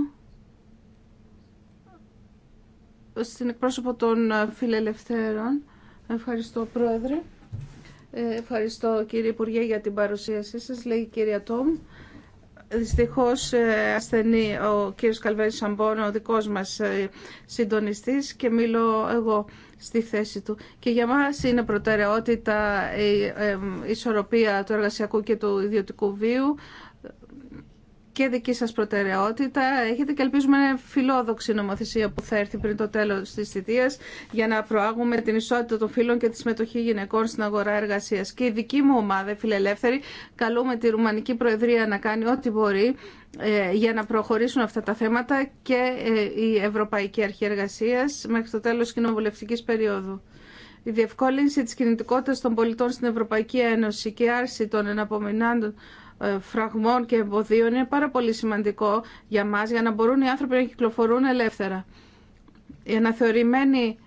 στην εκπρόσωπο των ε, φιλελευθέρων. Ευχαριστώ Πρόεδρε. Ε, ευχαριστώ κύριε Υπουργέ για την παρουσίασή σας. Λέει η κυρία Τόμ. Δυστυχώς ε, ασθενεί ο κύριος Καλβέρης Σαμπόν, ο δικός μας συντονιστής και μιλώ εγώ στη θέση του. Και για μας είναι προτεραιότητα η ισορροπία του εργασιακού και του ιδιωτικού βίου, και δική σας προτεραιότητα. Έχετε και ελπίζουμε φιλόδοξη νομοθεσία που θα έρθει πριν το τέλος της θητείας για να προάγουμε την ισότητα των φύλων και τη συμμετοχή γυναικών στην αγορά εργασίας. Και η δική μου ομάδα, φιλελεύθερη, καλούμε τη Ρουμανική Προεδρία να κάνει ό,τι μπορεί ε, για να προχωρήσουν αυτά τα θέματα και ε, η Ευρωπαϊκή Αρχή Εργασίας μέχρι το τέλος κοινοβουλευτικής περίοδου. Η διευκόλυνση της κινητικότητας των πολιτών στην Ευρωπαϊκή Ένωση και η άρση των εναπομεινάντων ε, φραγμών και εμποδίων είναι πάρα πολύ σημαντικό για μας για να μπορούν οι άνθρωποι να κυκλοφορούν ελεύθερα. Η αναθεωρημένη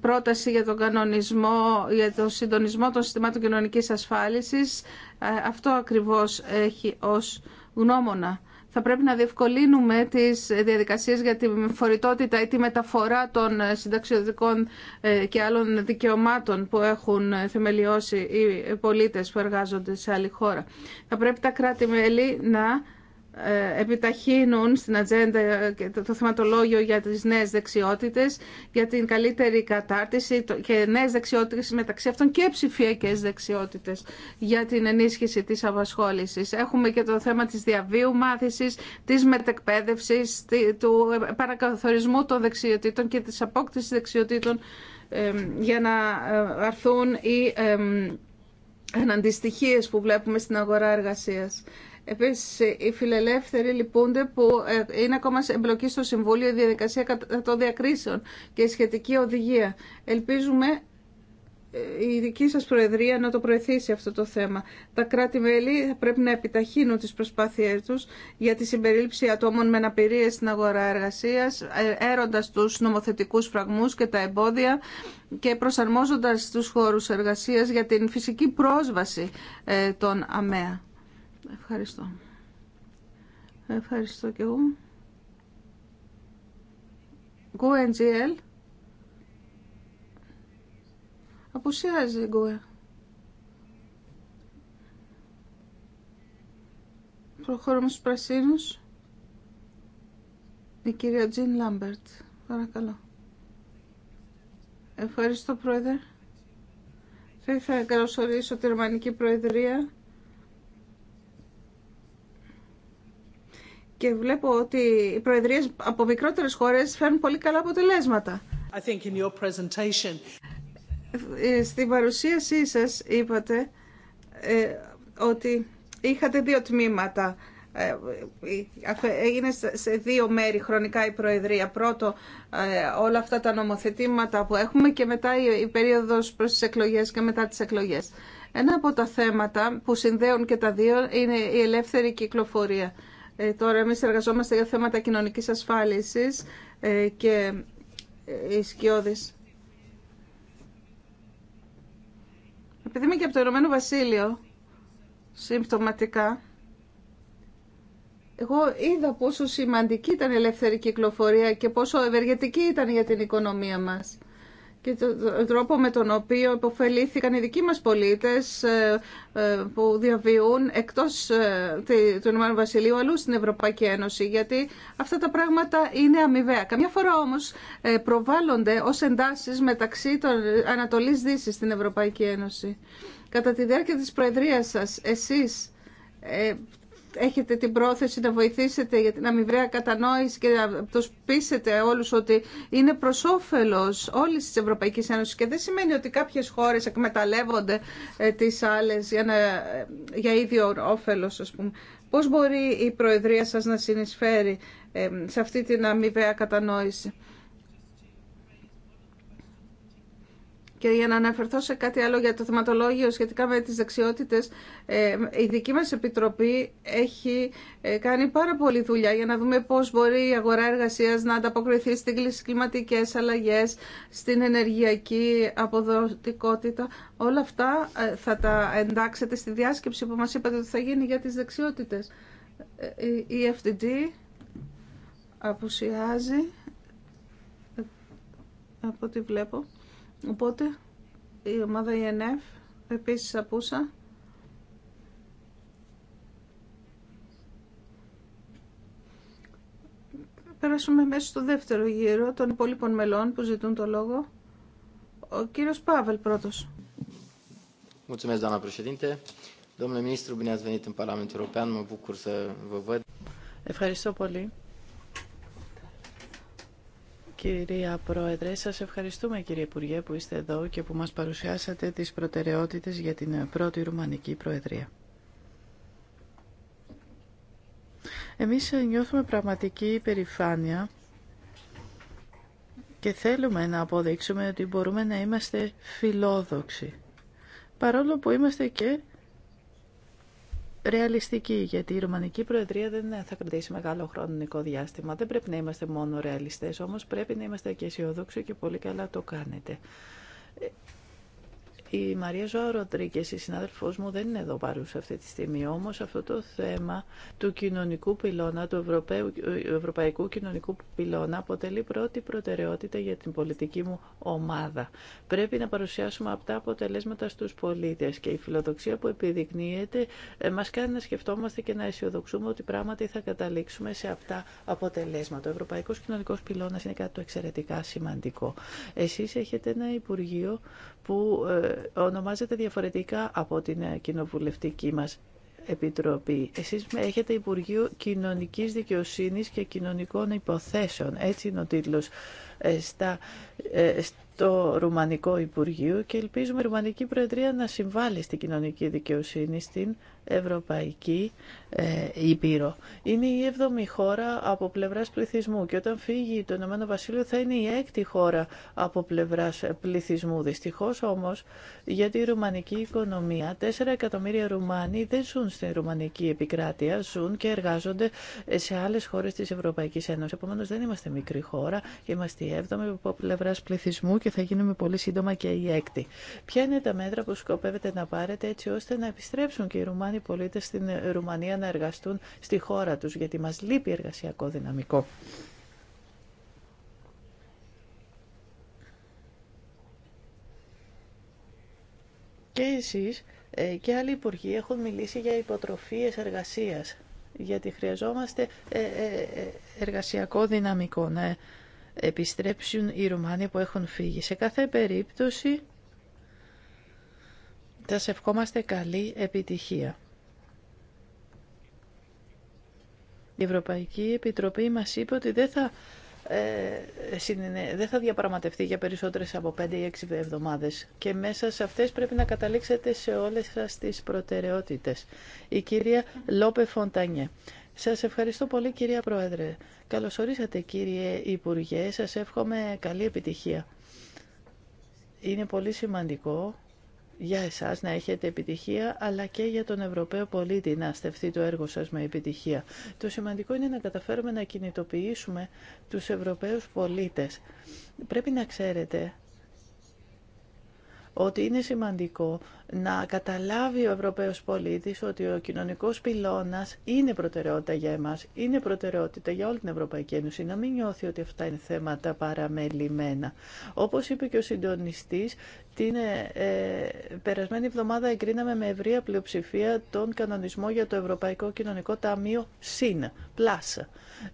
πρόταση για τον κανονισμό, για τον συντονισμό των συστημάτων κοινωνικής ασφάλισης, ε, αυτό ακριβώς έχει ως γνώμονα θα πρέπει να διευκολύνουμε τις διαδικασίες για τη φορητότητα ή τη μεταφορά των συνταξιωτικών ε, και άλλων δικαιωμάτων που έχουν θεμελιώσει οι πολίτες που εργάζονται σε άλλη χώρα. Θα πρέπει τα κράτη-μέλη να ε, επιταχύνουν στην ατζέντα και το θεματολόγιο για τις νέες δεξιότητες, για την καλύτερη κατάρτιση και νέες δεξιότητες μεταξύ αυτών και ψηφιακές δεξιότητες για την ενίσχυση της απασχόλησης. Έχουμε και το θέμα της διαβίου μάθησης, της μετεκπαίδευσης, του παρακαθορισμού των δεξιοτήτων και της απόκτησης δεξιοτήτων για να ε, αρθούν οι αναντιστοιχίες που βλέπουμε στην αγορά εργασίας. Επίση, οι φιλελεύθεροι λυπούνται που ε, είναι ακόμα εμπλοκή στο Συμβούλιο η διαδικασία των διακρίσεων και η σχετική οδηγία. Ελπίζουμε ε, η δική σας Προεδρία να το προεθήσει αυτό το θέμα. Τα κράτη-μέλη πρέπει να επιταχύνουν τις προσπάθειές τους για τη συμπερίληψη ατόμων με αναπηρίες στην αγορά εργασίας, ε, έροντας τους νομοθετικούς φραγμούς και τα εμπόδια και προσαρμόζοντας τους χώρους εργασίας για την φυσική πρόσβαση των ΑΜΕΑ. Ευχαριστώ. Ευχαριστώ και εγώ. GoNGL. Αποσιάζει Γκουε. Προχωρούμε στους πρασίνους. Η κυρία Τζιν Λάμπερτ. Παρακαλώ. Ευχαριστώ πρόεδρε. Θα ήθελα να καλωσορίσω τη Ρωμανική Προεδρία και βλέπω ότι οι προεδρίες από μικρότερες χώρες φέρνουν πολύ καλά αποτελέσματα. I think in your presentation... Ε, στην παρουσίασή σας είπατε ε, ότι είχατε δύο τμήματα. Ε, έγινε σε δύο μέρη χρονικά η Προεδρία. Πρώτο όλα αυτά τα νομοθετήματα που έχουμε και μετά η περίοδος προς τις εκλογές και μετά τις εκλογές. Ένα από τα θέματα που συνδέουν και τα δύο είναι η ελεύθερη κυκλοφορία. Ε, τώρα εμείς εργαζόμαστε για θέματα κοινωνικής ασφάλισης ε, και ε, Επειδή είμαι και από το Ηνωμένο Βασίλειο, συμπτωματικά, εγώ είδα πόσο σημαντική ήταν η ελεύθερη κυκλοφορία και πόσο ευεργετική ήταν για την οικονομία μας και τον τρόπο με τον οποίο υποφελήθηκαν οι δικοί μας πολίτες ε, ε, που διαβιούν εκτός ε, του Ηνωμένου Βασιλείου αλλού στην Ευρωπαϊκή Ένωση γιατί αυτά τα πράγματα είναι αμοιβαία. Καμιά φορά όμως προβάλλονται ως εντάσεις μεταξύ των Ανατολής Δύσης στην Ευρωπαϊκή Ένωση. Κατά τη διάρκεια της Προεδρίας σας, εσείς έχετε την πρόθεση να βοηθήσετε για την αμοιβαία κατανόηση και να του πείσετε όλους ότι είναι προ όφελο όλη τη Ευρωπαϊκή Ένωση. και δεν σημαίνει ότι κάποιες χώρες εκμεταλλεύονται ε, τις άλλε για, ε, για ίδιο όφελος α πούμε. Πώς μπορεί η Προεδρία σας να συνεισφέρει ε, σε αυτή την αμοιβαία κατανόηση. Και για να αναφερθώ σε κάτι άλλο για το θεματολόγιο σχετικά με τις δεξιότητες, ε, η δική μας Επιτροπή έχει ε, κάνει πάρα πολλή δουλειά για να δούμε πώς μπορεί η αγορά εργασίας να ανταποκριθεί στις κλιματικές αλλαγές, στην ενεργειακή αποδοτικότητα. Όλα αυτά ε, θα τα εντάξετε στη διάσκεψη που μας είπατε ότι θα γίνει για τις δεξιότητες. Η FTD απουσιάζει από ό,τι βλέπω. Οπότε η ομάδα ENF επίσης απούσα. Περάσουμε μέσα στο δεύτερο γύρο των υπόλοιπων μελών που ζητούν το λόγο. Ο κύριος Πάβελ πρώτος. Mulțumesc, doamna președinte. Domnule ministru, bine ați venit în Parlamentul European. Mă bucur să vă văd. Ευχαριστώ πολύ. Κυρία Πρόεδρε, σας ευχαριστούμε κύριε Υπουργέ που είστε εδώ και που μας παρουσιάσατε τις προτεραιότητες για την πρώτη Ρουμανική Προεδρία. Εμείς νιώθουμε πραγματική υπερηφάνεια και θέλουμε να αποδείξουμε ότι μπορούμε να είμαστε φιλόδοξοι. Παρόλο που είμαστε και ρεαλιστική, γιατί η Ρουμανική Προεδρία δεν θα κρατήσει μεγάλο χρονικό διάστημα. Δεν πρέπει να είμαστε μόνο ρεαλιστές, όμως πρέπει να είμαστε και αισιοδόξοι και πολύ καλά το κάνετε. Ε, η Μαρία Ζωά η Συνάδελφό μου, δεν είναι εδώ παρούσα αυτή τη στιγμή. Όμω αυτό το θέμα του κοινωνικού πυλώνα, του Ευρωπαϊκού, ευρωπαϊκού κοινωνικού πυλώνα, αποτελεί πρώτη προτεραιότητα για την πολιτική μου ομάδα. Πρέπει να παρουσιάσουμε αυτά αποτελέσματα στου πολίτε και η φιλοδοξία που επιδεικνύεται ε, μα κάνει να σκεφτόμαστε και να αισιοδοξούμε ότι πράγματι θα καταλήξουμε σε αυτά αποτελέσματα. Ο Ευρωπαϊκό Κοινωνικό πυλώνα είναι κάτι το εξαιρετικά σημαντικό. Εσεί έχετε ένα Υπουργείο που ε, ονομάζεται διαφορετικά από την ε, κοινοβουλευτική μας Επιτροπή. Εσείς έχετε Υπουργείο Κοινωνικής Δικαιοσύνης και Κοινωνικών Υποθέσεων. Έτσι είναι ο τίτλος ε, στα, ε, στο Ρουμανικό Υπουργείο και ελπίζουμε η Ρουμανική Προεδρία να συμβάλλει στην κοινωνική δικαιοσύνη στην Ευρωπαϊκή ε, Είναι η έβδομη χώρα από πλευρά πληθυσμού και όταν φύγει το Ηνωμένο Βασίλειο θα είναι η έκτη χώρα από πλευρά πληθυσμού. Δυστυχώ όμω για τη ρουμανική οικονομία, 4 εκατομμύρια Ρουμάνοι δεν ζουν στην ρουμανική επικράτεια, ζουν και εργάζονται σε άλλε χώρε τη Ευρωπαϊκή Ένωση. Επομένω δεν είμαστε μικρή χώρα, είμαστε η 7 από πλευρά πληθυσμού και θα γίνουμε πολύ σύντομα και η έκτη. Ποια είναι τα μέτρα που σκοπεύετε να πάρετε έτσι ώστε να επιστρέψουν και οι Ρουμάνοι πολίτε στην Ρουμανία να εργαστούν στη χώρα του, γιατί μα λείπει εργασιακό δυναμικό. Και εσείς ε, και άλλοι υπουργοί έχουν μιλήσει για υποτροφίες εργασίας, γιατί χρειαζόμαστε ε, ε, εργασιακό δυναμικό. Ναι επιστρέψουν οι Ρουμάνοι που έχουν φύγει. Σε κάθε περίπτωση θα σε ευχόμαστε καλή επιτυχία. Η Ευρωπαϊκή Επιτροπή μας είπε ότι δεν θα, ε, δεν θα διαπραγματευτεί για περισσότερες από 5 ή 6 εβδομάδες και μέσα σε αυτές πρέπει να καταλήξετε σε όλες σας τις προτεραιότητες. Η κυρία Λόπε Φοντανιέ. Σας ευχαριστώ πολύ κυρία Πρόεδρε. Καλωσορίσατε κύριε Υπουργέ. Σας εύχομαι καλή επιτυχία. Είναι πολύ σημαντικό για εσάς να έχετε επιτυχία, αλλά και για τον Ευρωπαίο πολίτη να στεφθεί το έργο σας με επιτυχία. Το σημαντικό είναι να καταφέρουμε να κινητοποιήσουμε τους Ευρωπαίους πολίτες. Πρέπει να ξέρετε ότι είναι σημαντικό να καταλάβει ο Ευρωπαίος πολίτης ότι ο κοινωνικός πυλώνας είναι προτεραιότητα για εμάς, είναι προτεραιότητα για όλη την Ευρωπαϊκή Ένωση, να μην νιώθει ότι αυτά είναι θέματα παραμελημένα. Όπως είπε και ο συντονιστής, την ε, ε περασμένη εβδομάδα εγκρίναμε με ευρεία πλειοψηφία τον κανονισμό για το Ευρωπαϊκό Κοινωνικό Ταμείο ΣΥΝ,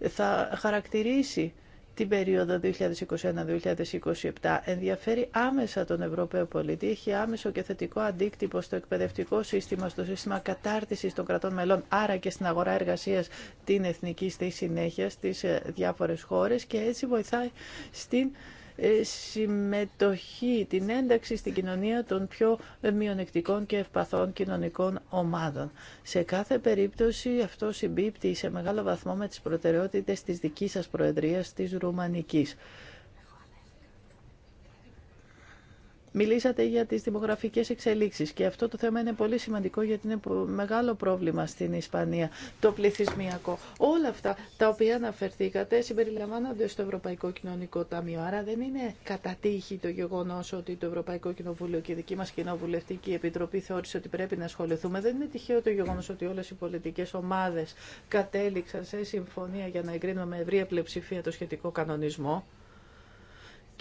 Θα χαρακτηρίσει την περίοδο 2021-2027 ενδιαφέρει άμεσα τον Ευρωπαίο πολίτη, έχει άμεσο και θετικό αντίκτυπο στο εκπαιδευτικό σύστημα, στο σύστημα κατάρτισης των κρατών μελών, άρα και στην αγορά εργασία την εθνική στη συνέχεια στι ε, διάφορες χώρες και έτσι βοηθάει στην ε, συμμετοχή, την ένταξη στην κοινωνία των πιο μειονεκτικών και ευπαθών κοινωνικών ομάδων. Σε κάθε περίπτωση αυτό συμπίπτει σε μεγάλο βαθμό με τις προτεραιότητες της δικής σας Προεδρίας της Ρουμανικής. Μιλήσατε για τις δημογραφικές εξελίξεις και αυτό το θέμα είναι πολύ σημαντικό γιατί είναι μεγάλο πρόβλημα στην Ισπανία, το πληθυσμιακό. Όλα αυτά τα οποία αναφερθήκατε συμπεριλαμβάνονται στο Ευρωπαϊκό Κοινωνικό Ταμείο. Άρα δεν είναι κατά το γεγονός ότι το Ευρωπαϊκό Κοινοβούλιο και η δική μας Κοινοβουλευτική Επιτροπή θεώρησε ότι πρέπει να ασχοληθούμε. Δεν είναι τυχαίο το γεγονός ότι όλες οι πολιτικές ομάδες κατέληξαν σε συμφωνία για να εγκρίνουμε με ευρία πλειοψηφία το σχετικό κανονισμό.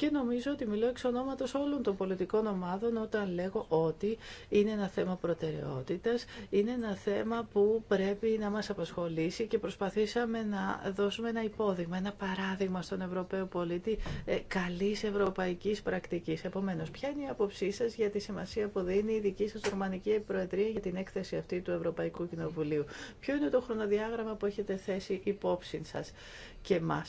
Και νομίζω ότι μιλώ εξ ονόματο όλων των πολιτικών ομάδων όταν λέγω ότι είναι ένα θέμα προτεραιότητα, είναι ένα θέμα που πρέπει να μα απασχολήσει και προσπαθήσαμε να δώσουμε ένα υπόδειγμα, ένα παράδειγμα στον Ευρωπαίο πολίτη ε, καλής ευρωπαϊκής πρακτικής. Επομένως, ποια είναι η άποψή σα για τη σημασία που δίνει η δική σα Ορμανική Προεδρία για την έκθεση αυτή του Ευρωπαϊκού Κοινοβουλίου. Ποιο είναι το χρονοδιάγραμμα που έχετε θέσει υπόψη σα και εμά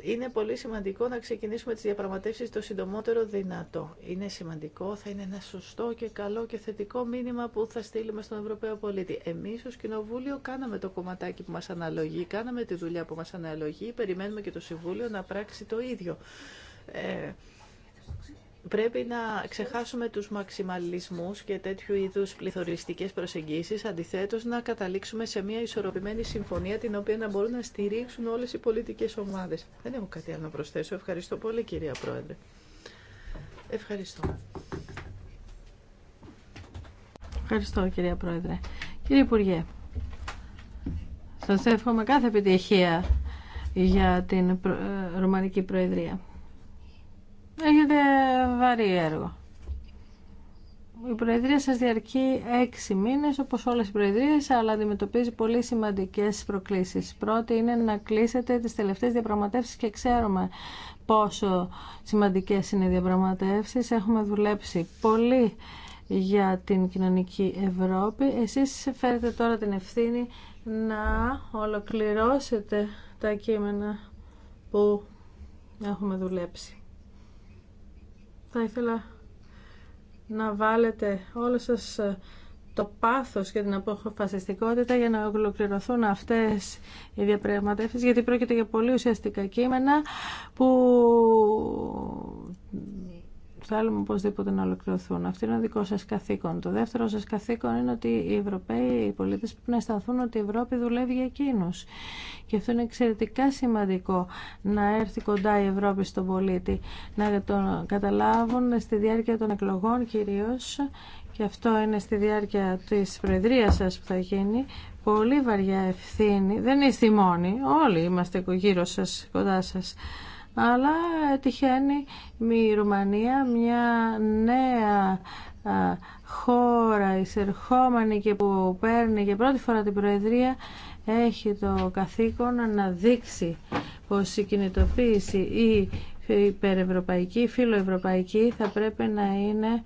είναι πολύ σημαντικό να ξεκινήσουμε τις διαπραγματεύσεις το συντομότερο δυνατό. Είναι σημαντικό, θα είναι ένα σωστό και καλό και θετικό μήνυμα που θα στείλουμε στον Ευρωπαίο πολίτη. Εμείς ως Κοινοβούλιο κάναμε το κομματάκι που μας αναλογεί, κάναμε τη δουλειά που μας αναλογεί, περιμένουμε και το Συμβούλιο να πράξει το ίδιο. Ε, Πρέπει να ξεχάσουμε τους μαξιμαλισμούς και τέτοιου είδους πληθωριστικές προσεγγίσεις, αντιθέτως να καταλήξουμε σε μια ισορροπημένη συμφωνία την οποία να μπορούν να στηρίξουν όλες οι πολιτικές ομάδες. Δεν έχω κάτι άλλο να προσθέσω. Ευχαριστώ πολύ κυρία Πρόεδρε. Ευχαριστώ. Ευχαριστώ κυρία Πρόεδρε. Κύριε Υπουργέ, σας εύχομαι κάθε επιτυχία για την ε, Ρουμανική Προεδρία. Έχετε βαρύ έργο. Η Προεδρία σας διαρκεί έξι μήνες, όπως όλες οι Προεδρίες, αλλά αντιμετωπίζει πολύ σημαντικές προκλήσεις. Πρώτη είναι να κλείσετε τις τελευταίες διαπραγματεύσεις και ξέρουμε πόσο σημαντικές είναι οι διαπραγματεύσεις. Έχουμε δουλέψει πολύ για την κοινωνική Ευρώπη. Εσείς φέρετε τώρα την ευθύνη να ολοκληρώσετε τα κείμενα που έχουμε δουλέψει. Θα ήθελα να βάλετε όλο σας ε, το πάθος και την αποφασιστικότητα για να ολοκληρωθούν αυτές οι διαπραγματεύσεις γιατί πρόκειται για πολύ ουσιαστικά κείμενα που θέλουμε οπωσδήποτε να ολοκληρωθούν. Αυτό είναι ο δικό σα καθήκον. Το δεύτερο σα καθήκον είναι ότι οι Ευρωπαίοι πολίτε πρέπει να αισθανθούν ότι η Ευρώπη δουλεύει για εκείνου. Και αυτό είναι εξαιρετικά σημαντικό να έρθει κοντά η Ευρώπη στον πολίτη, να τον καταλάβουν στη διάρκεια των εκλογών κυρίω και αυτό είναι στη διάρκεια τη Προεδρία σα που θα γίνει, πολύ βαριά ευθύνη, δεν είστε μόνοι, όλοι είμαστε γύρω σας, κοντά σας αλλά τυχαίνει η Ρουμανία μια νέα χώρα εισερχόμενη και που παίρνει για πρώτη φορά την Προεδρία έχει το καθήκον να δείξει πως η κινητοποίηση ή υπερευρωπαϊκή, φιλοευρωπαϊκή θα πρέπει να είναι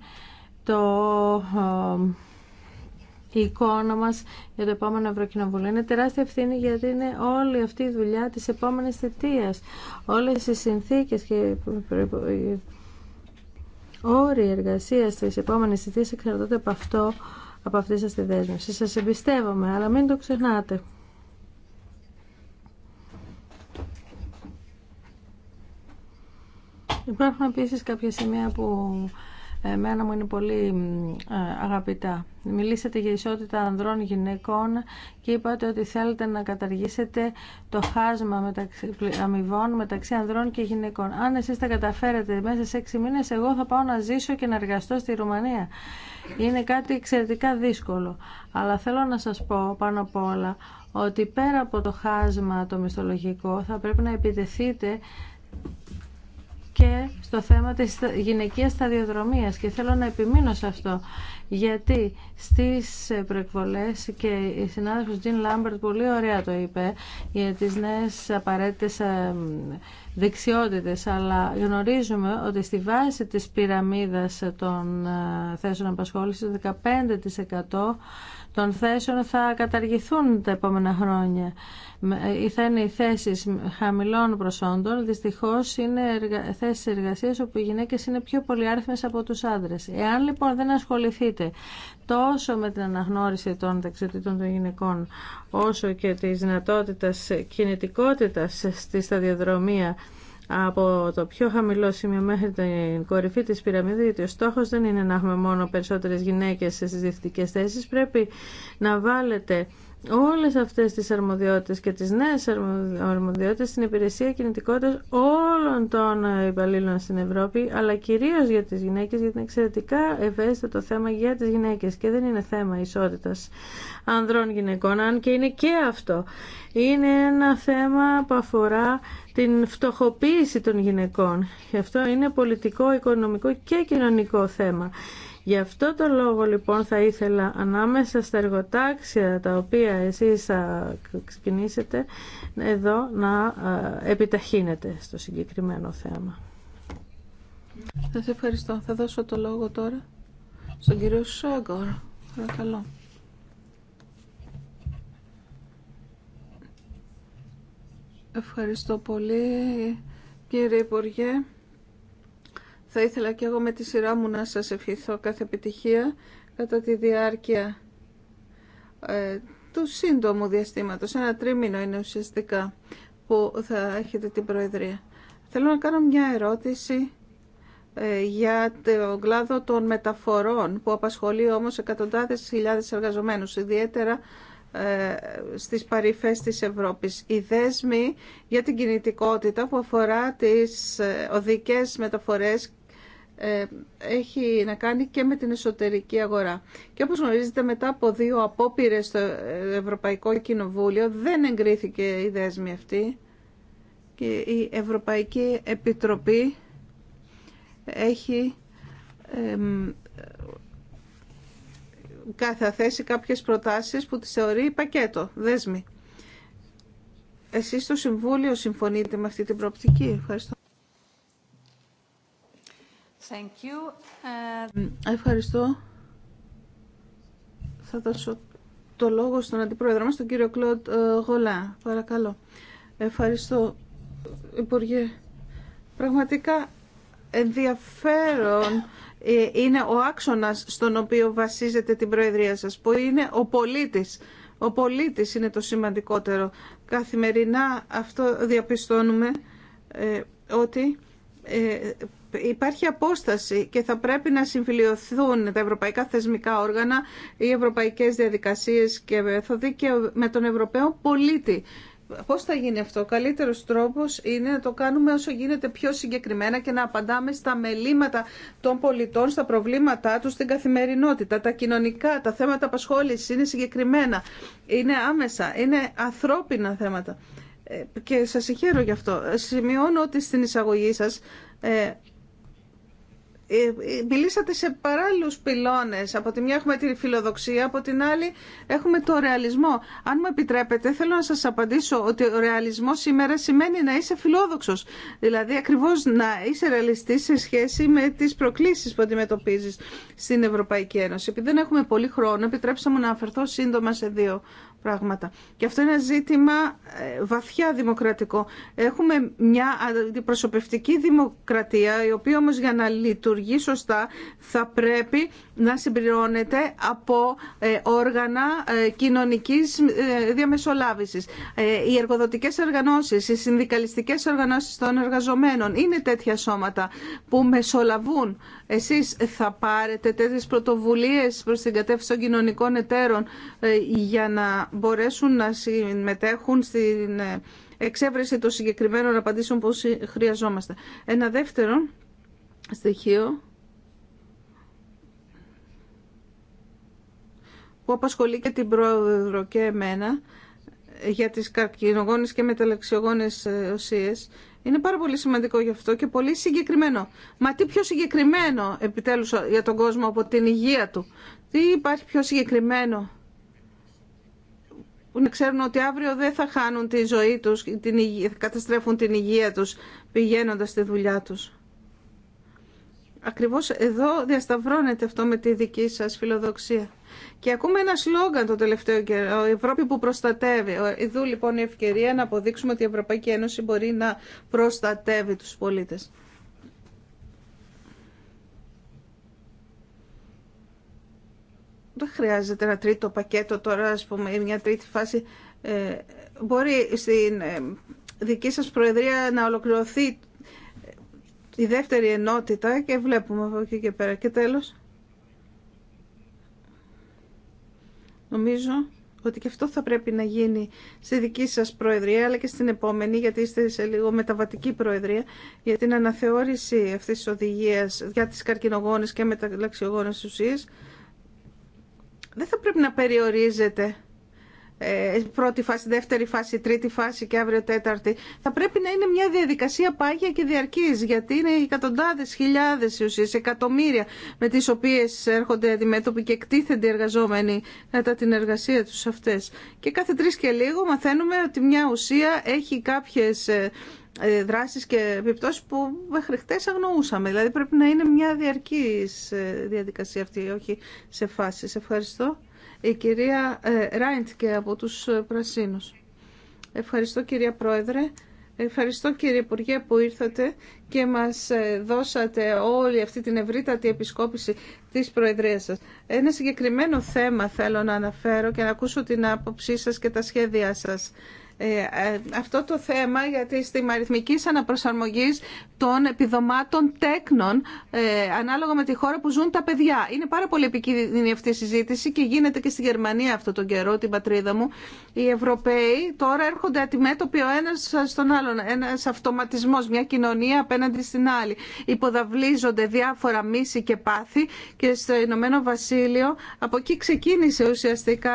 το η εικόνα μας για το επόμενο Ευρωκοινοβούλιο. Είναι τεράστια ευθύνη γιατί είναι όλη αυτή η δουλειά της επόμενης θητείας. Όλες οι συνθήκες και όροι εργασίας της επόμενης θητείας εξαρτώνται από αυτό, από αυτή σας τη δέσμευση. Σας εμπιστεύομαι, αλλά μην το ξεχνάτε. Υπάρχουν επίσης κάποια σημεία που εμένα μου είναι πολύ ε, αγαπητά. Μιλήσατε για ισότητα ανδρών γυναικών και είπατε ότι θέλετε να καταργήσετε το χάσμα μεταξύ, αμοιβών μεταξύ ανδρών και γυναικών. Αν εσείς τα καταφέρετε μέσα σε έξι μήνες, εγώ θα πάω να ζήσω και να εργαστώ στη Ρουμανία. Είναι κάτι εξαιρετικά δύσκολο. Αλλά θέλω να σας πω πάνω απ' όλα ότι πέρα από το χάσμα το μισθολογικό θα πρέπει να επιτεθείτε και στο θέμα της γυναικείας σταδιοδρομίας και θέλω να επιμείνω σε αυτό γιατί στις προεκβολές και η συνάδελφος Τζιν Λάμπερτ πολύ ωραία το είπε για τις νέες απαραίτητες ε, δεξιότητες αλλά γνωρίζουμε ότι στη βάση της πυραμίδας των ε, θέσεων απασχόλησης 15% των θέσεων θα καταργηθούν τα επόμενα χρόνια. ή ε, Θα είναι οι θέσεις χαμηλών προσόντων. Δυστυχώς είναι θέσεις εργασίας όπου οι γυναίκες είναι πιο πολυάριθμες από τους άντρες. Εάν λοιπόν δεν ασχοληθείτε τόσο με την αναγνώριση των δεξιοτήτων των γυναικών όσο και της δυνατότητας κινητικότητας στη σταδιοδρομία από το πιο χαμηλό σημείο μέχρι την κορυφή της πυραμίδα γιατί ο στόχος δεν είναι να έχουμε μόνο περισσότερες γυναίκες σε διευθυντικές θέσεις πρέπει να βάλετε όλες αυτές τις αρμοδιότητες και τις νέες αρμοδιότητες στην υπηρεσία κινητικότητας όλων των ε, υπαλλήλων στην Ευρώπη αλλά κυρίως για τις γυναίκες γιατί είναι εξαιρετικά ευαίσθητο το θέμα για τις γυναίκες και δεν είναι θέμα ισότητας ανδρών γυναικών αν και είναι και αυτό είναι ένα θέμα που αφορά την φτωχοποίηση των γυναικών και αυτό είναι πολιτικό, οικονομικό και κοινωνικό θέμα Γι' αυτό το λόγο λοιπόν θα ήθελα ανάμεσα στα εργοτάξια τα οποία εσείς θα ξεκινήσετε εδώ να ε, επιταχύνετε στο συγκεκριμένο θέμα. σε ευχαριστώ. Θα δώσω το λόγο τώρα στον κύριο Σόγκορ. Παρακαλώ. Ευχαριστώ πολύ κύριε Υπουργέ. Θα ήθελα και εγώ με τη σειρά μου να σας ευχηθώ κάθε επιτυχία κατά τη διάρκεια ε, του σύντομου διαστήματος. Ένα τρίμηνο είναι ουσιαστικά που θα έχετε την Προεδρία. Θέλω να κάνω μια ερώτηση ε, για τον κλάδο των μεταφορών που απασχολεί όμως εκατοντάδες χιλιάδες εργαζομένους, ιδιαίτερα ε, στις παρυφές της Ευρώπης. Οι δέσμοι για την κινητικότητα που αφορά τις οδικές μεταφορές ε, έχει να κάνει και με την εσωτερική αγορά. Και όπως γνωρίζετε μετά από δύο απόπειρες στο Ευρωπαϊκό Κοινοβούλιο δεν εγκρίθηκε η δέσμη αυτή και η Ευρωπαϊκή Επιτροπή έχει καθαθέσει κάποιες προτάσεις που τις θεωρεί πακέτο, δέσμη. Εσείς στο Συμβούλιο συμφωνείτε με αυτή την προοπτική. Ευχαριστώ. Thank you. Ε, ευχαριστώ. Θα δώσω το λόγο στον Αντιπρόεδρο μας, τον κύριο Κλοντ ε, Γολά. Παρακαλώ. Ευχαριστώ, Υπουργέ. Πραγματικά ενδιαφέρον ε, είναι ο άξονας στον οποίο βασίζεται την Προεδρία σας, που είναι ο πολίτης. Ο πολίτης είναι το σημαντικότερο. Καθημερινά αυτό διαπιστώνουμε ότι υπάρχει απόσταση και θα πρέπει να συμφιλειωθούν τα ευρωπαϊκά θεσμικά όργανα, οι ευρωπαϊκές διαδικασίες και και με τον Ευρωπαίο πολίτη. Πώς θα γίνει αυτό. Ο καλύτερος τρόπος είναι να το κάνουμε όσο γίνεται πιο συγκεκριμένα και να απαντάμε στα μελήματα των πολιτών, στα προβλήματά τους, στην καθημερινότητα. Τα κοινωνικά, τα θέματα απασχόλησης είναι συγκεκριμένα, είναι άμεσα, είναι ανθρώπινα θέματα. Ε, και σας συγχαίρω γι' αυτό. Σημειώνω ότι στην εισαγωγή σας ε, ε, ε, μιλήσατε σε παράλληλους πυλώνες. Από τη μια έχουμε τη φιλοδοξία, από την άλλη έχουμε το ρεαλισμό. Αν μου επιτρέπετε, θέλω να σας απαντήσω ότι ο ρεαλισμός σήμερα σημαίνει να είσαι φιλόδοξος. Δηλαδή ακριβώς να είσαι ρεαλιστής σε σχέση με τις προκλήσεις που αντιμετωπίζεις στην Ευρωπαϊκή Ένωση. Επειδή δεν έχουμε πολύ χρόνο, επιτρέψαμε να αφερθώ σύντομα σε δύο πράγματα. Και αυτό είναι ένα ζήτημα ε, βαθιά δημοκρατικό. Έχουμε μια αντιπροσωπευτική δημοκρατία, η οποία όμως για να λειτουργεί σωστά θα πρέπει να συμπληρώνεται από ε, όργανα ε, κοινωνικής διαμεσολάβησης. Οι εργοδοτικές οργανώσεις, οι συνδικαλιστικές οργανώσεις των εργαζομένων είναι τέτοια σώματα που μεσολαβούν. Εσείς θα πάρετε τέτοιες πρωτοβουλίες προς την κατεύθυνση των κοινωνικών εταίρων για να μπορέσουν να συμμετέχουν στην εξέβρεση των συγκεκριμένων απαντήσεων που χρειαζόμαστε. Ένα δεύτερο στοιχείο που απασχολεί και την πρόεδρο και εμένα για τις καρκινογόνες και μεταλλαξιογόνες οσίες είναι πάρα πολύ σημαντικό γι' αυτό και πολύ συγκεκριμένο. Μα τι πιο συγκεκριμένο επιτέλους για τον κόσμο από την υγεία του. Τι υπάρχει πιο συγκεκριμένο να ξέρουν ότι αύριο δεν θα χάνουν τη ζωή τους, την θα καταστρέφουν την υγεία τους πηγαίνοντας στη δουλειά τους. Ακριβώς εδώ διασταυρώνεται αυτό με τη δική σας φιλοδοξία. Και ακούμε ένα σλόγγαν το τελευταίο καιρό, η Ευρώπη που προστατεύει. Εδώ λοιπόν η ευκαιρία να αποδείξουμε ότι η Ευρωπαϊκή Ένωση μπορεί να προστατεύει τους πολίτες. δεν χρειάζεται ένα τρίτο πακέτο τώρα, ας πούμε, ή μια τρίτη φάση. Ε, μπορεί στην ε, δική σας Προεδρία να ολοκληρωθεί η δεύτερη ενότητα και βλέπουμε από εκεί και πέρα. Και τέλος, νομίζω ότι και αυτό θα πρέπει να γίνει στη δική σας Προεδρία, αλλά και στην επόμενη, γιατί είστε σε λίγο μεταβατική Προεδρία, για την αναθεώρηση αυτής της οδηγίας για τις καρκινογόνες και μεταλλαξιογόνες ουσίες, δεν θα πρέπει να περιορίζεται ε, πρώτη φάση, δεύτερη φάση, τρίτη φάση και αύριο τέταρτη. Θα πρέπει να είναι μια διαδικασία πάγια και διαρκής, γιατί είναι εκατοντάδες, χιλιάδες ουσίες, εκατομμύρια με τις οποίες έρχονται αντιμέτωποι και εκτίθενται οι εργαζόμενοι κατά την εργασία τους αυτές. Και κάθε τρεις και λίγο μαθαίνουμε ότι μια ουσία έχει κάποιες ε, ε, δράσεις και επιπτώσεις που μέχρι χτες αγνοούσαμε. Δηλαδή πρέπει να είναι μια διαρκής ε, διαδικασία αυτή, όχι σε φάσεις. Ευχαριστώ. Η κυρία ε, Ράιντ και από τους Πρασίνους. Ευχαριστώ κυρία Πρόεδρε. Ευχαριστώ κύριε Υπουργέ που ήρθατε και μας δώσατε όλη αυτή την ευρύτατη επισκόπηση της Προεδρίας σας. Ένα συγκεκριμένο θέμα θέλω να αναφέρω και να ακούσω την άποψή σας και τα σχέδιά σας. Ε, ε, αυτό το θέμα για τη στιμαριθμική αναπροσαρμογή των επιδομάτων τέκνων ε, ανάλογα με τη χώρα που ζουν τα παιδιά. Είναι πάρα πολύ επικίνδυνη αυτή η συζήτηση και γίνεται και στη Γερμανία αυτό τον καιρό, την πατρίδα μου. Οι Ευρωπαίοι τώρα έρχονται αντιμέτωποι ο ένα στον άλλον. Ένα αυτοματισμό, μια κοινωνία απέναντι στην άλλη. Υποδαβλίζονται διάφορα μίση και πάθη και στο Ηνωμένο Βασίλειο από εκεί ξεκίνησε ουσιαστικά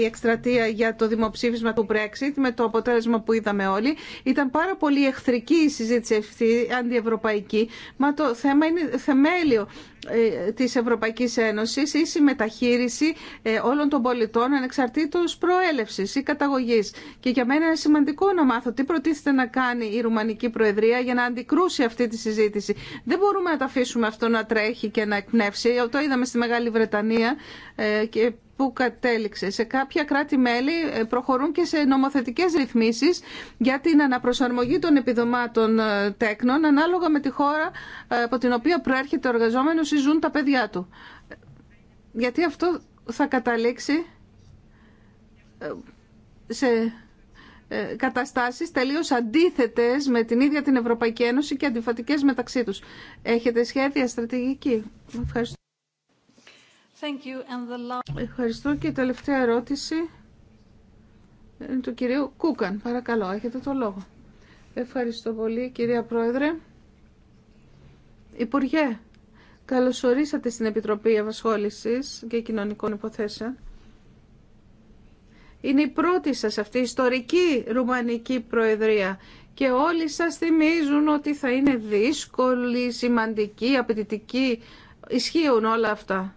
η εκστρατεία για το δημοψήφισμα του Brexit με το αποτέλεσμα που είδαμε όλοι. Ήταν πάρα πολύ εχθρική η συζήτηση αυτή, αντιευρωπαϊκή, μα το θέμα είναι θεμέλιο ε, της Ευρωπαϊκής Ένωσης ή μεταχείριση ε, όλων των πολιτών ανεξαρτήτως προέλευσης ή καταγωγής. Και για μένα είναι σημαντικό να μάθω τι προτίθεται να κάνει η Ρουμανική Προεδρία για να αντικρούσει αυτή τη συζήτηση. Δεν μπορούμε να τα αφήσουμε αυτό να τρέχει και να εκπνεύσει. Το είδαμε στη Μεγάλη Βρετανία ε, και που κατέληξε. Σε κάποια κράτη-μέλη προχωρούν και σε νομοθετικές ρυθμίσεις για την αναπροσαρμογή των επιδομάτων τέκνων ανάλογα με τη χώρα από την οποία προέρχεται ο εργαζόμενος ή ζουν τα παιδιά του. Γιατί αυτό θα καταλήξει ε, σε ε, καταστάσεις τελείως αντίθετες με την ίδια την Ευρωπαϊκή Ένωση και αντιφατικές μεταξύ τους. Έχετε σχέδια στρατηγική. Ευχαριστώ. Thank you. And the last... Ευχαριστώ και η τελευταία ερώτηση του κυρίου Κούκαν. Παρακαλώ, έχετε το λόγο. Ευχαριστώ πολύ κυρία Πρόεδρε. Υπουργέ, καλωσορίσατε στην Επιτροπή Ευασχόλησης και Κοινωνικών Υποθέσεων. Είναι η πρώτη σας αυτή η ιστορική Ρουμανική Προεδρία και όλοι σας θυμίζουν ότι θα είναι δύσκολη, σημαντική, απαιτητική. Ισχύουν όλα αυτά.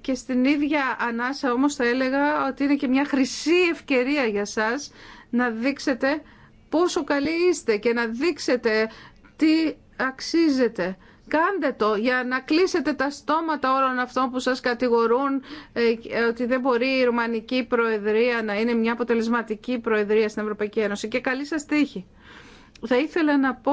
Και στην ίδια ανάσα όμως θα έλεγα ότι είναι και μια χρυσή ευκαιρία για σας να δείξετε πόσο καλοί είστε και να δείξετε τι αξίζεται. Κάντε το για να κλείσετε τα στόματα όλων αυτών που σας κατηγορούν ε, ε, ότι δεν μπορεί η Ρουμανική Προεδρία να είναι μια αποτελεσματική Προεδρία στην Ευρωπαϊκή Ένωση. Και καλή σας τύχη. Θα ήθελα να πω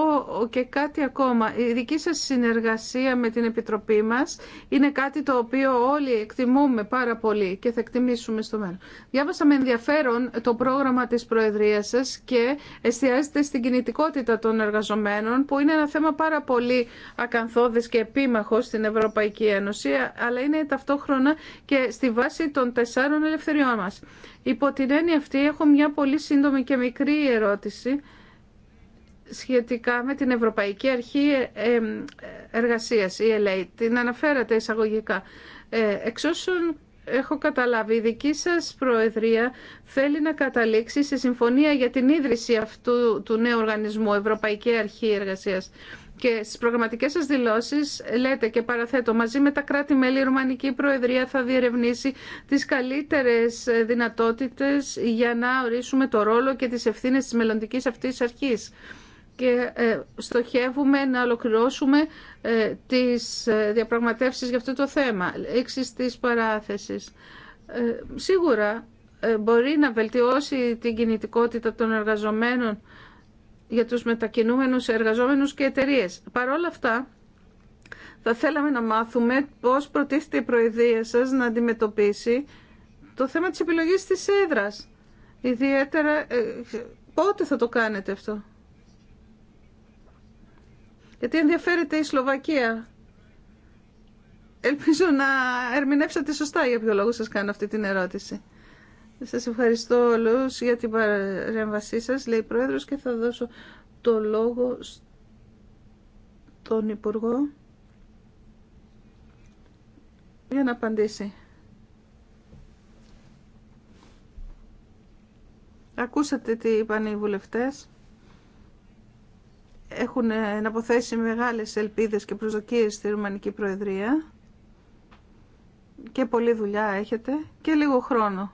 και κάτι ακόμα. Η δική σας συνεργασία με την Επιτροπή μας είναι κάτι το οποίο όλοι εκτιμούμε πάρα πολύ και θα εκτιμήσουμε στο μέλλον. Διάβασα με ενδιαφέρον το πρόγραμμα της Προεδρίας σας και εστιάζεται στην κινητικότητα των εργαζομένων που είναι ένα θέμα πάρα πολύ ακαθόδες και επίμαχο στην Ευρωπαϊκή Ένωση αλλά είναι ταυτόχρονα και στη βάση των τεσσάρων ελευθεριών μας. Υπό την έννοια αυτή έχω μια πολύ σύντομη και μικρή ερώτηση σχετικά με την Ευρωπαϊκή Αρχή ε, ε, Εργασίας, η Την αναφέρατε εισαγωγικά. Ε, εξ όσων έχω καταλάβει, η δική σας Προεδρία θέλει να καταλήξει σε συμφωνία για την ίδρυση αυτού του νέου οργανισμού, Ευρωπαϊκή Αρχή Εργασίας. Και στις προγραμματικές σας δηλώσεις λέτε και παραθέτω μαζί με τα κράτη-μέλη η Ρουμανική Προεδρία θα διερευνήσει τι καλύτερε δυνατότητε για να ορίσουμε το ρόλο και τι ευθύνε τη μελλοντική αυτή αρχή και ε, στοχεύουμε να ολοκληρώσουμε ε, τις ε, διαπραγματεύσεις για αυτό το θέμα. έξι της παράθεσης. Σίγουρα μπορεί να βελτιώσει την κινητικότητα των εργαζομένων για τους μετακινούμενους εργαζόμενους και εταιρείε. Παρ' όλα αυτά, θα θέλαμε να μάθουμε πώς προτίθεται η Προεδρία σας να αντιμετωπίσει το θέμα της επιλογής της έδρας. Ιδιαίτερα, πότε θα το κάνετε αυτό. Γιατί ενδιαφέρεται η Σλοβακία. Ελπίζω να ερμηνεύσατε σωστά για ποιο λόγο σας κάνω αυτή την ερώτηση. Σας ευχαριστώ όλους για την παρέμβασή σας, λέει η Πρόεδρος, και θα δώσω το λόγο στον Υπουργό για να απαντήσει. Ακούσατε τι είπαν οι βουλευτές έχουν αποθέσει μεγάλες ελπίδες και προσδοκίες στη Ρουμανική Προεδρία και πολλή δουλειά έχετε και λίγο χρόνο.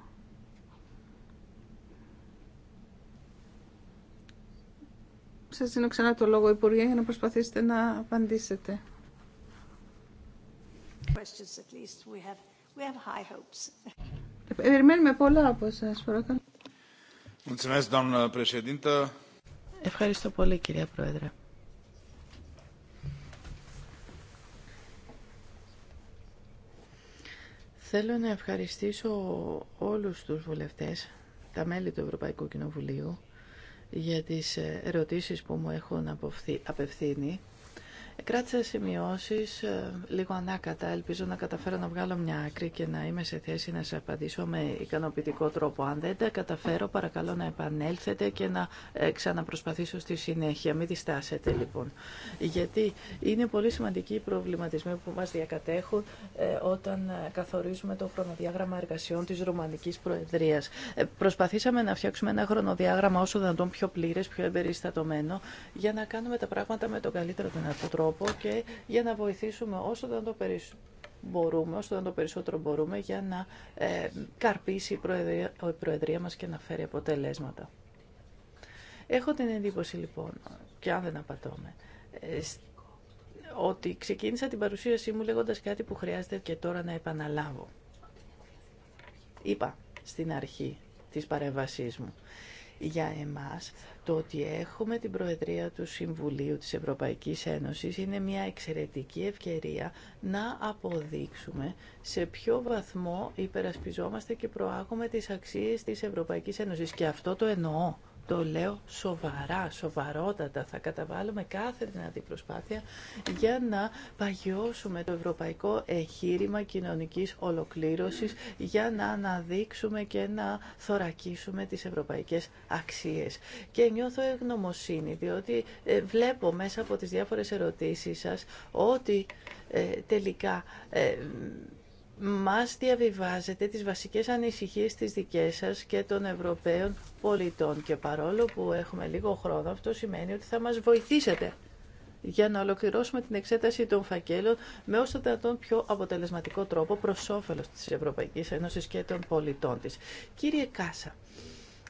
Σας δίνω ξανά το λόγο, Υπουργέ, για να προσπαθήσετε να απαντήσετε. Ε, περιμένουμε πολλά από εσάς, παρακαλώ. Mulțumesc, doamnă președintă. Ευχαριστώ πολύ κυρία Πρόεδρε. Θέλω να ευχαριστήσω όλους τους βουλευτές, τα μέλη του Ευρωπαϊκού Κοινοβουλίου, για τις ερωτήσεις που μου έχουν απευθύνει. Κράτησα σημειώσει ε, λίγο ανάκατα. Ελπίζω να καταφέρω να βγάλω μια άκρη και να είμαι σε θέση να σε απαντήσω με ικανοποιητικό τρόπο. Αν δεν τα καταφέρω, παρακαλώ να επανέλθετε και να ε, ξαναπροσπαθήσω στη συνέχεια. Μην διστάσετε λοιπόν. Γιατί είναι πολύ σημαντικοί οι προβληματισμοί που μα διακατέχουν ε, όταν καθορίζουμε το χρονοδιάγραμμα εργασιών τη Ρουμανική προεδρία. Προσπαθήσαμε να φτιάξουμε ένα χρονοδιάγραμμα όσο δυνατόν πιο πλήρε, πιο εμπεριστατωμένο, για να κάνουμε τα πράγματα με τον καλύτερο δυνατό τρόπο τρόπο και για να βοηθήσουμε όσο δεν το περισσότερο μπορούμε, όσο το περισσότερο μπορούμε, για να ε, καρπίσει η προεδρία, η μας και να φέρει αποτελέσματα. Έχω την εντύπωση λοιπόν, και αν δεν απατώμε, ε, ότι ξεκίνησα την παρουσίασή μου λέγοντας κάτι που χρειάζεται και τώρα να επαναλάβω. Είπα στην αρχή της παρέμβασής μου για εμάς το ότι έχουμε την Προεδρία του Συμβουλίου της Ευρωπαϊκής Ένωσης είναι μια εξαιρετική ευκαιρία να αποδείξουμε σε ποιο βαθμό υπερασπιζόμαστε και προάγουμε τις αξίες της Ευρωπαϊκής Ένωσης. Και αυτό το εννοώ το λέω σοβαρά, σοβαρότατα. Θα καταβάλουμε κάθε δυνατή προσπάθεια για να παγιώσουμε το ευρωπαϊκό εγχείρημα κοινωνικής ολοκλήρωσης, για να αναδείξουμε και να θωρακίσουμε τις ευρωπαϊκές αξίες. Και νιώθω ευγνωμοσύνη, διότι ε, βλέπω μέσα από τις διάφορες ερωτήσεις σας ότι ε, τελικά... Ε, μας διαβιβάζετε τις βασικές ανησυχίες της δικές σας και των Ευρωπαίων πολιτών και παρόλο που έχουμε λίγο χρόνο αυτό σημαίνει ότι θα μας βοηθήσετε για να ολοκληρώσουμε την εξέταση των φακέλων με όσο δυνατόν πιο αποτελεσματικό τρόπο προς όφελος της Ευρωπαϊκής Ένωσης και των πολιτών της. Κύριε Κάσα,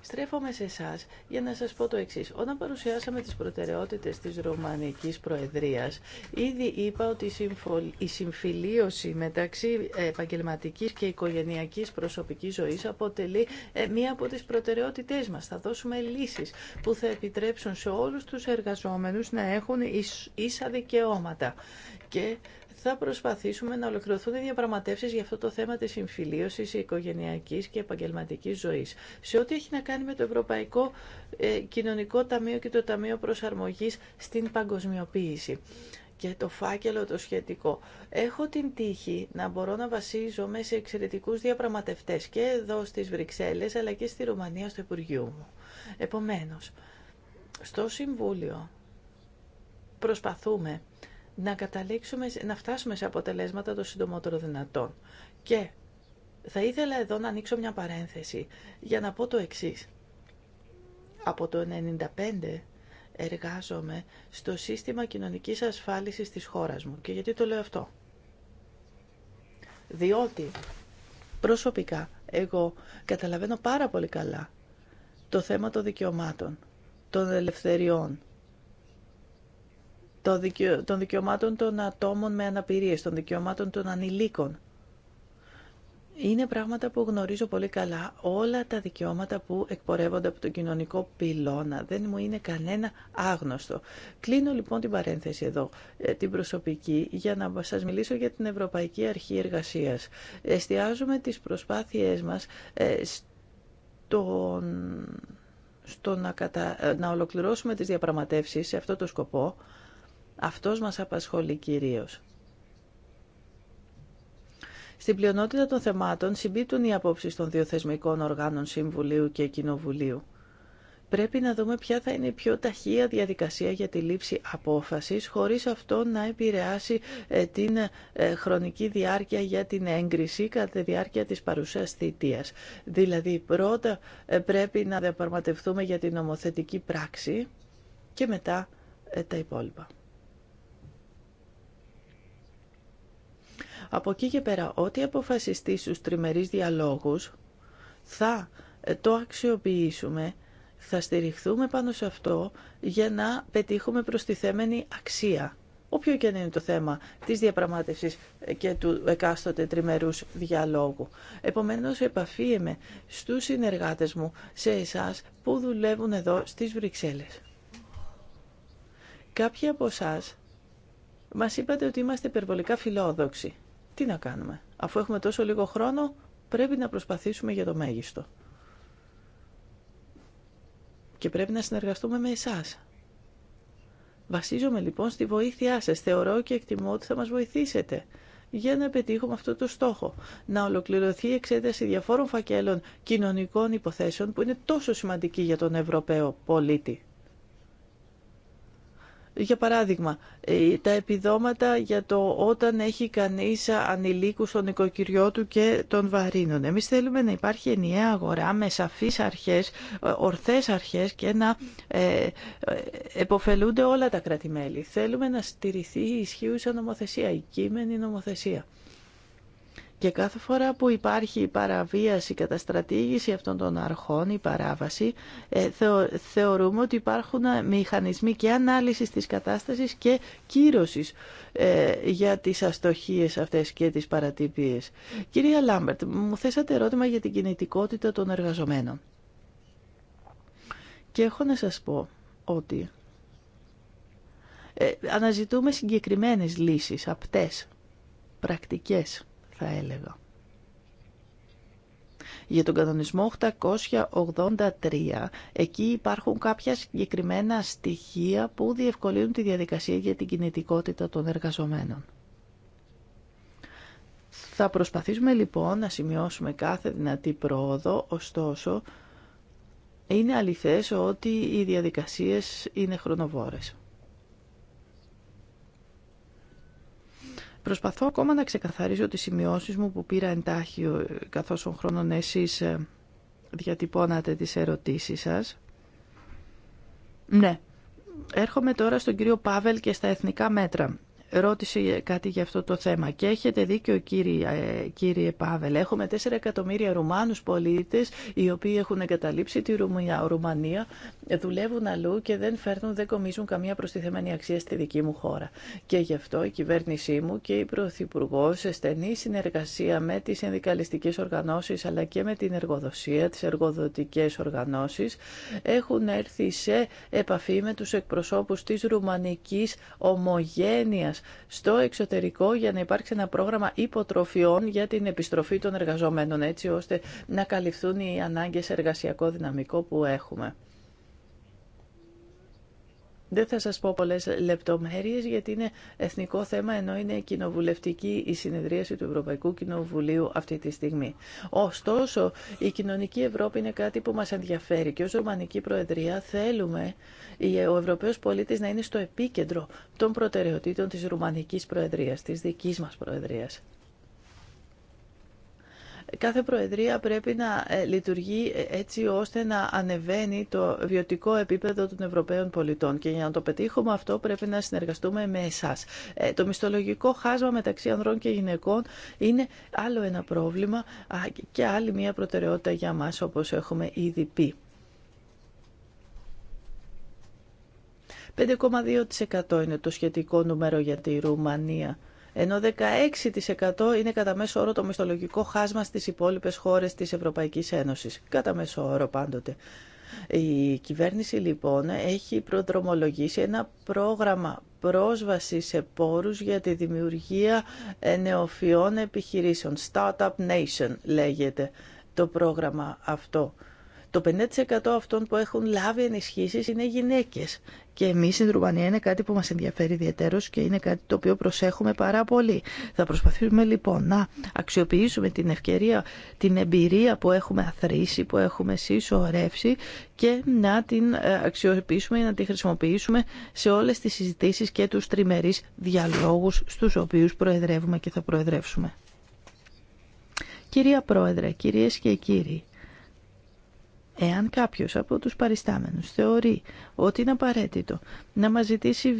Στρέφομαι σε εσά για να σας πω το εξή. Όταν παρουσιάσαμε τις προτεραιότητες τη Ρωμανικής προεδρία, ήδη είπα ότι η συμφιλίωση μεταξύ ε, επαγγελματική και οικογενειακή προσωπικής ζωής αποτελεί ε, μία από τις προτεραιότητές μας. Θα δώσουμε λύσει που θα επιτρέψουν σε όλους τους εργαζόμενους να έχουν ίσα δικαιώματα και θα προσπαθήσουμε να ολοκληρωθούν οι διαπραγματεύσει για αυτό το θέμα τη συμφιλίωση οικογενειακή και επαγγελματική ζωή. Σε ό,τι έχει να κάνει με το Ευρωπαϊκό ε, Κοινωνικό Ταμείο και το Ταμείο Προσαρμογή στην Παγκοσμιοποίηση και το φάκελο το σχετικό. Έχω την τύχη να μπορώ να βασίζομαι σε εξαιρετικού διαπραγματεύτέ και εδώ στι Βρυξέλλες αλλά και στη Ρουμανία στο Υπουργείο μου. Επομένω, στο Συμβούλιο προσπαθούμε να καταλήξουμε, να φτάσουμε σε αποτελέσματα το συντομότερο δυνατόν. Και θα ήθελα εδώ να ανοίξω μια παρένθεση για να πω το εξής. Από το 1995 εργάζομαι στο σύστημα κοινωνικής ασφάλισης της χώρας μου. Και γιατί το λέω αυτό. Διότι προσωπικά εγώ καταλαβαίνω πάρα πολύ καλά το θέμα των δικαιωμάτων, των ελευθεριών, των δικαιωμάτων των ατόμων με αναπηρίες, των δικαιωμάτων των ανηλίκων. Είναι πράγματα που γνωρίζω πολύ καλά. Όλα τα δικαιώματα που εκπορεύονται από τον κοινωνικό πυλώνα. Δεν μου είναι κανένα άγνωστο. Κλείνω λοιπόν την παρένθεση εδώ, ε, την προσωπική, για να σας μιλήσω για την Ευρωπαϊκή Αρχή Εργασίας. Εστιάζουμε τις προσπάθειές μας ε, στον στο να, κατα... Ε, να ολοκληρώσουμε τις διαπραγματεύσεις σε αυτό το σκοπό αυτός μας απασχολεί κυρίως. Στην πλειονότητα των θεμάτων συμπίπτουν οι απόψει των δύο θεσμικών οργάνων Συμβουλίου και Κοινοβουλίου. Πρέπει να δούμε ποια θα είναι η πιο ταχεία διαδικασία για τη λήψη απόφασης χωρίς αυτό να επηρεάσει ε, την ε, χρονική διάρκεια για την έγκριση κατά τη διάρκεια της παρουσίας θητείας. Δηλαδή πρώτα ε, πρέπει να διαπραγματευτούμε για την νομοθετική πράξη και μετά τα υπόλοιπα. Από εκεί και πέρα, ό,τι αποφασιστεί στους τριμερείς διαλόγους, θα ε, το αξιοποιήσουμε, θα στηριχθούμε πάνω σε αυτό για να πετύχουμε προστιθέμενη αξία. Όποιο και να είναι το θέμα της διαπραγμάτευσης ε, και του εκάστοτε τριμερούς διαλόγου. Επομένως, επαφίεμαι στους συνεργάτες μου, σε εσάς που δουλεύουν εδώ στις Βρυξέλλες. Κάποιοι από εσά μας είπατε ότι είμαστε υπερβολικά φιλόδοξοι. Τι να κάνουμε. Αφού έχουμε τόσο λίγο χρόνο, πρέπει να προσπαθήσουμε για το μέγιστο. Και πρέπει να συνεργαστούμε με εσάς. Βασίζομαι λοιπόν στη βοήθειά σας. Θεωρώ και εκτιμώ ότι θα μας βοηθήσετε για να πετύχουμε αυτό το στόχο. Να ολοκληρωθεί η εξέταση διαφόρων φακέλων κοινωνικών υποθέσεων που είναι τόσο σημαντική για τον Ευρωπαίο πολίτη. Για παράδειγμα, ε, τα επιδόματα για το όταν έχει κανείς ανηλίκους στον οικοκυριό του και τον βαρύνων. Εμείς θέλουμε να υπάρχει ενιαία αγορά με σαφείς αρχές, ε, ορθές αρχές και να ε, ε εποφελούνται όλα τα κρατημέλη. Θέλουμε να στηριχθεί η ισχύουσα νομοθεσία, η κείμενη νομοθεσία. Και κάθε φορά που υπάρχει η παραβίαση, η καταστρατήγηση αυτών των αρχών, η παράβαση, ε, θεωρούμε ότι υπάρχουν ε, μηχανισμοί και ανάλυσης της κατάστασης και κύρωσης ε, για τις αστοχίες αυτές και τις παρατυπίες. Κυρία Λάμπερτ, μου θέσατε ερώτημα για την κινητικότητα των εργαζομένων. Και έχω να σας πω ότι αναζητούμε συγκεκριμένες λύσεις, απτές, πρακτικές θα έλεγα. Για τον κανονισμό 883, εκεί υπάρχουν κάποια συγκεκριμένα στοιχεία που διευκολύνουν τη διαδικασία για την κινητικότητα των εργαζομένων. Θα προσπαθήσουμε λοιπόν να σημειώσουμε κάθε δυνατή πρόοδο, ωστόσο είναι αληθές ότι οι διαδικασίες είναι χρονοβόρες. Προσπαθώ ακόμα να ξεκαθαρίζω τις σημειώσεις μου που πήρα εντάχει ε, καθώς ο χρόνων εσείς ε, διατυπώνατε τις ερωτήσεις σας. Ναι, έρχομαι τώρα στον κύριο Πάβελ και στα εθνικά μέτρα ρώτησε κάτι για αυτό το θέμα. Και έχετε δίκιο κύριε, ε, κύριε Πάβελ. Έχουμε 4 εκατομμύρια Ρουμάνους πολίτε οι οποίοι έχουν εγκαταλείψει τη Ρουμανία, Ρουμανία, δουλεύουν αλλού και δεν φέρνουν, δεν κομίζουν καμία προστιθέμενη αξία στη δική μου χώρα. Και γι' αυτό η κυβέρνησή μου και η Πρωθυπουργό σε στενή συνεργασία με τι συνδικαλιστικέ οργανώσει, αλλά και με την εργοδοσία, τι εργοδοτικέ οργανώσει, έχουν έρθει σε επαφή με του εκπροσώπους τη Ρουμανική ομογένειας στο εξωτερικό για να υπάρξει ένα πρόγραμμα υποτροφιών για την επιστροφή των εργαζομένων έτσι ώστε να καλυφθούν οι ανάγκες εργασιακό δυναμικό που έχουμε. Δεν θα σας πω πολλές λεπτομέρειες γιατί είναι εθνικό θέμα ενώ είναι κοινοβουλευτική η συνεδρίαση του Ευρωπαϊκού Κοινοβουλίου αυτή τη στιγμή. Ωστόσο, η κοινωνική Ευρώπη είναι κάτι που μας ενδιαφέρει και ως Ρουμανική Προεδρία θέλουμε ο Ευρωπαίος πολίτης να είναι στο επίκεντρο των προτεραιοτήτων της Ρουμανικής Προεδρίας, της δικής μας Προεδρίας κάθε προεδρία πρέπει να ε, λειτουργεί ε, έτσι ώστε να ανεβαίνει το βιωτικό επίπεδο των Ευρωπαίων πολιτών και για να το πετύχουμε αυτό πρέπει να συνεργαστούμε με εσάς. Ε, το μισθολογικό χάσμα μεταξύ ανδρών και γυναικών είναι άλλο ένα πρόβλημα και άλλη μια προτεραιότητα για μας όπως έχουμε ήδη πει. 5,2% είναι το σχετικό νούμερο για τη Ρουμανία ενώ 16% είναι κατά μέσο όρο το μισθολογικό χάσμα στις υπόλοιπες χώρες της Ευρωπαϊκής Ένωσης. Κατά μέσο όρο πάντοτε. Η κυβέρνηση λοιπόν έχει προδρομολογήσει ένα πρόγραμμα πρόσβαση σε πόρους για τη δημιουργία ε, νεοφιών επιχειρήσεων. Startup Nation λέγεται το πρόγραμμα αυτό. Το 50% αυτών που έχουν λάβει ενισχύσεις είναι γυναίκες. Και εμεί στην Ρουμανία είναι κάτι που μα ενδιαφέρει ιδιαίτερω και είναι κάτι το οποίο προσέχουμε πάρα πολύ. Θα προσπαθήσουμε λοιπόν να αξιοποιήσουμε την ευκαιρία, την εμπειρία που έχουμε αθροίσει, που έχουμε συσσωρεύσει και να την ε, αξιοποιήσουμε ή να τη χρησιμοποιήσουμε σε όλε τι συζητήσει και του τριμερεί διαλόγου στου οποίου προεδρεύουμε και θα προεδρεύσουμε. Κυρία Πρόεδρε, κυρίε και κύριοι, Εάν κάποιος από τους παριστάμενους θεωρεί ότι είναι απαραίτητο να μας ζητήσει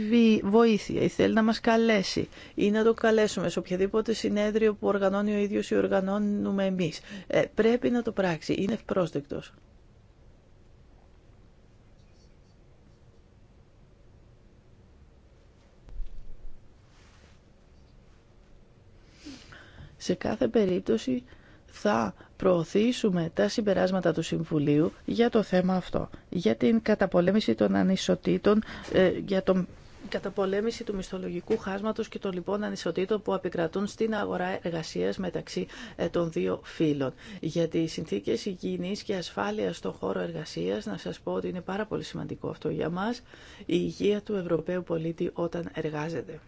βοήθεια ή θέλει να μας καλέσει ή να το καλέσουμε σε οποιαδήποτε συνέδριο που οργανώνει ο ίδιος ή οργανώνουμε εμείς, ε, πρέπει να το πράξει. Είναι ευπρόσδεκτος. Σε κάθε περίπτωση θα προωθήσουμε τα συμπεράσματα του Συμβουλίου για το θέμα αυτό, για την καταπολέμηση των ανισοτήτων, ε, για τον καταπολέμηση του μισθολογικού χάσματος και των λοιπόν ανισοτήτων που επικρατούν στην αγορά εργασίας μεταξύ ε, των δύο φύλων. Για τι συνθήκες υγιεινής και ασφάλειας στον χώρο εργασίας, να σας πω ότι είναι πάρα πολύ σημαντικό αυτό για μας, η υγεία του Ευρωπαίου πολίτη όταν εργάζεται.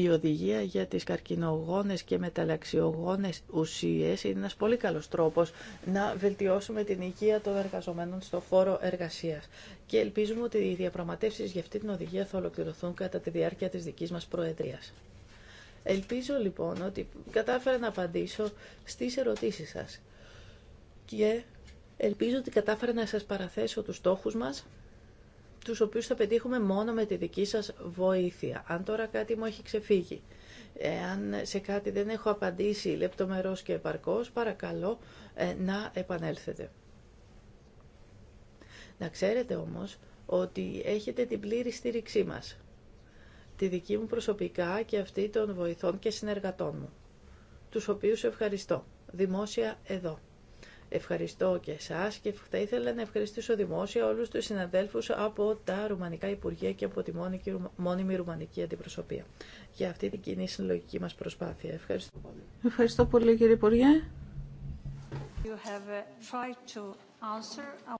Η οδηγία για τις καρκινογόνες και μεταλλαξιογόνες ουσίες είναι ένας πολύ καλός τρόπος να βελτιώσουμε την υγεία των εργαζομένων στο φόρο εργασίας. Και ελπίζουμε ότι οι διαπραγματεύσεις για αυτή την οδηγία θα ολοκληρωθούν κατά τη διάρκεια της δικής μας προεδρίας. Ελπίζω λοιπόν ότι κατάφερα να απαντήσω στις ερωτήσεις σας και ελπίζω ότι κατάφερα να σας παραθέσω τους στόχους μας τους οποίους θα πετύχουμε μόνο με τη δική σας βοήθεια. Αν τώρα κάτι μου έχει ξεφύγει, αν σε κάτι δεν έχω απαντήσει λεπτομερώς και επαρκώς, παρακαλώ ε, να επανέλθετε. Να ξέρετε όμως ότι έχετε την πλήρη στήριξή μας, τη δική μου προσωπικά και αυτή των βοηθών και συνεργατών μου, τους οποίους ευχαριστώ, δημόσια εδώ. Ευχαριστώ και εσά και θα ήθελα να ευχαριστήσω δημόσια όλου του συναδέλφου από τα Ρουμανικά Υπουργεία και από τη μόνιμη Ρουμανική Αντιπροσωπεία για αυτή την κοινή συλλογική μα προσπάθεια. Ευχαριστώ πολύ. Ευχαριστώ πολύ, κύριε Υπουργέ.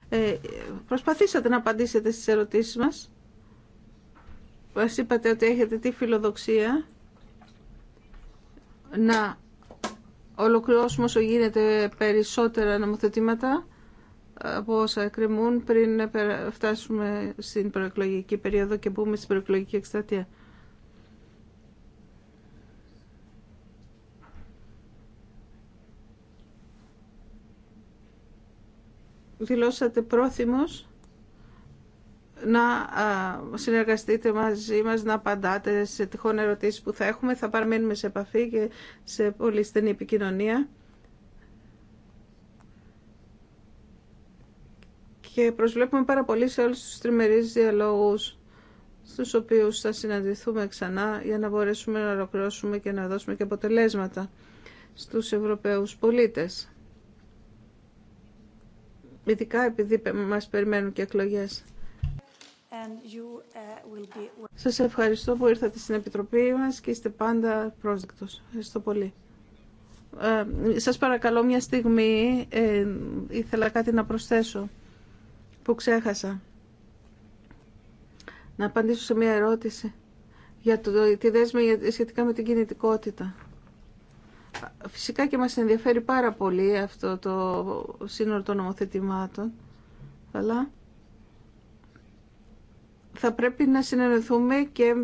Uh, ε, προσπαθήσατε να απαντήσετε στις ερωτήσεις μας. Μας είπατε ότι έχετε τη φιλοδοξία να ολοκληρώσουμε όσο γίνεται περισσότερα νομοθετήματα από όσα εκκρεμούν πριν φτάσουμε στην προεκλογική περίοδο και μπούμε στην προεκλογική εκστρατεία. Δηλώσατε πρόθυμος να συνεργαστείτε μαζί μας, να απαντάτε σε τυχόν ερωτήσεις που θα έχουμε. Θα παραμείνουμε σε επαφή και σε πολύ στενή επικοινωνία. Και προσβλέπουμε πάρα πολύ σε όλους τους τριμερείς διαλόγους στους οποίους θα συναντηθούμε ξανά για να μπορέσουμε να ολοκληρώσουμε και να δώσουμε και αποτελέσματα στους Ευρωπαίους πολίτες. Ειδικά επειδή μας περιμένουν και εκλογές. Uh, σας ευχαριστώ που ήρθατε στην Επιτροπή μας και είστε πάντα πρόσδεκτος. Ευχαριστώ πολύ. Ε, σας παρακαλώ μια στιγμή, ε, ήθελα κάτι να προσθέσω που ξέχασα. Να απαντήσω σε μια ερώτηση για το, τη δέσμη σχετικά με την κινητικότητα. Φυσικά και μας ενδιαφέρει πάρα πολύ αυτό το σύνολο των νομοθετημάτων, αλλά θα πρέπει να συνενεθούμε και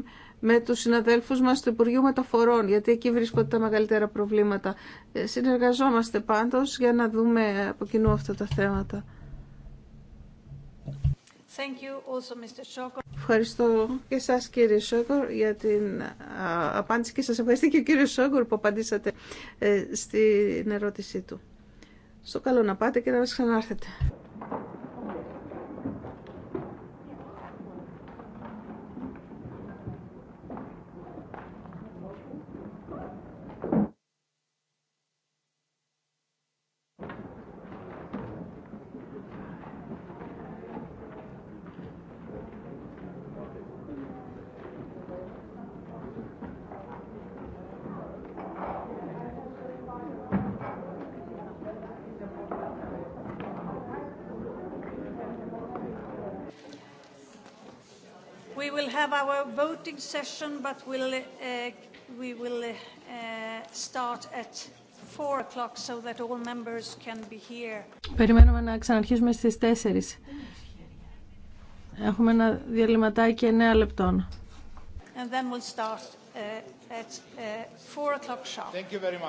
με τους συναδέλφους μας του Υπουργείου Μεταφορών, γιατί εκεί βρίσκονται τα μεγαλύτερα προβλήματα. Ε, συνεργαζόμαστε πάντως για να δούμε από κοινού αυτά τα θέματα. Thank you also, Mr. Ευχαριστώ και σας κύριε Σόγκορ για την απάντηση και σας ευχαριστώ και ο κύριο Σόγκορ που απαντήσατε ε, στην ερώτησή του. Στο καλό να πάτε και να μας ξανάρθετε. our voting session, but we'll, uh, we will uh, start at 4 o'clock so that all members can be here. Περιμένουμε να ξαναρχίσουμε στις 4. Έχουμε ένα διαλυματάκι 9 λεπτών. And then we'll start uh, at uh, 4 o'clock sharp. Thank you very much.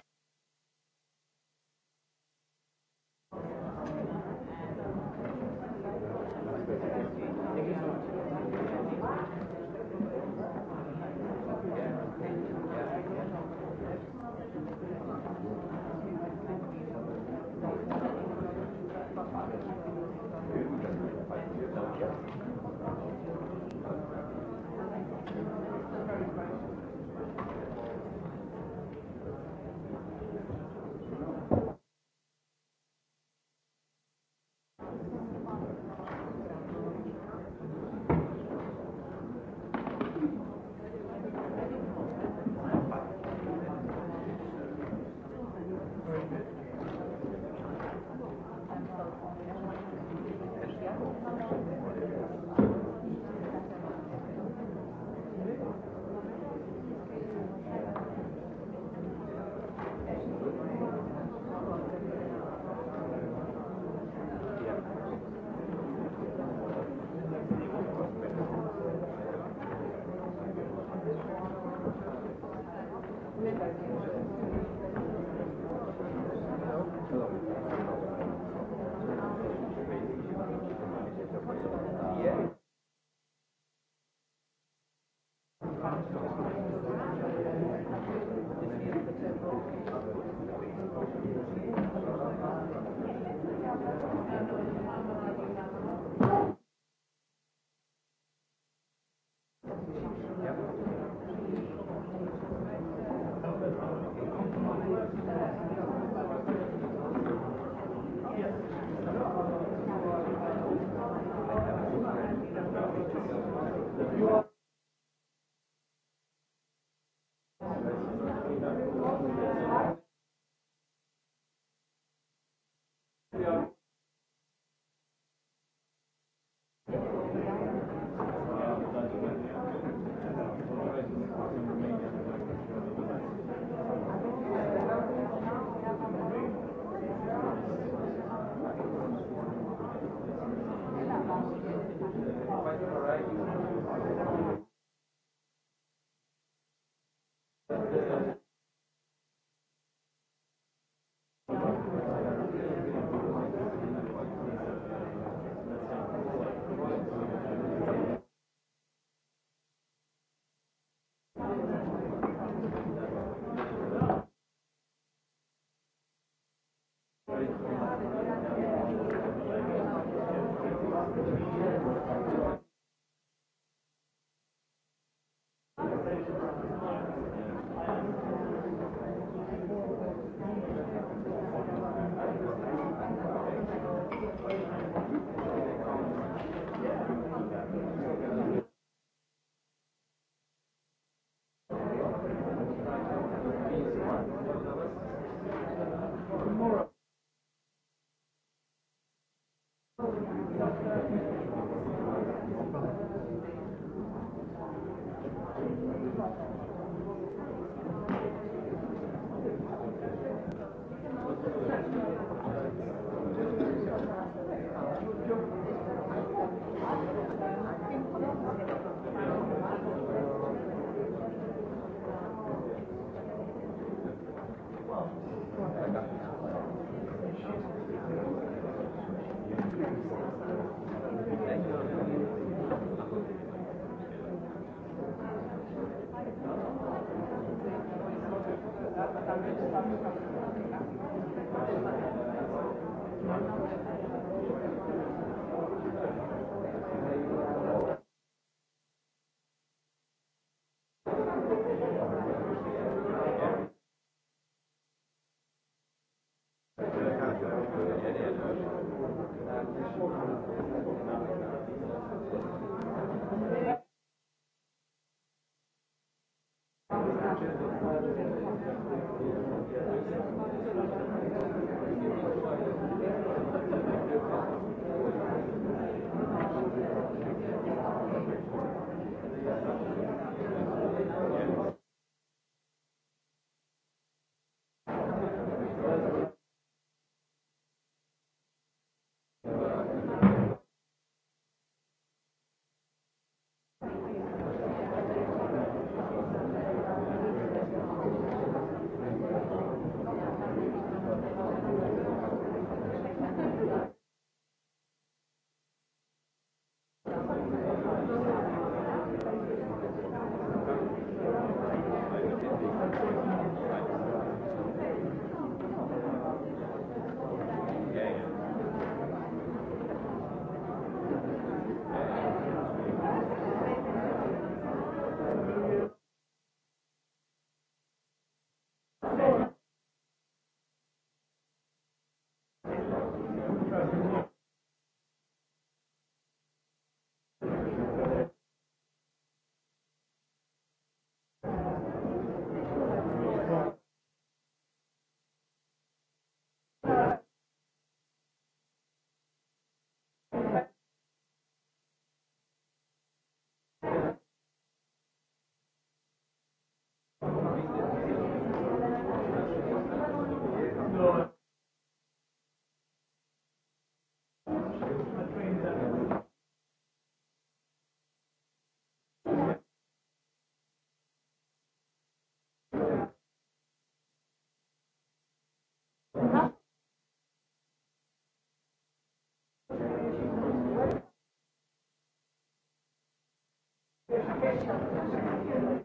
Υπότιτλοι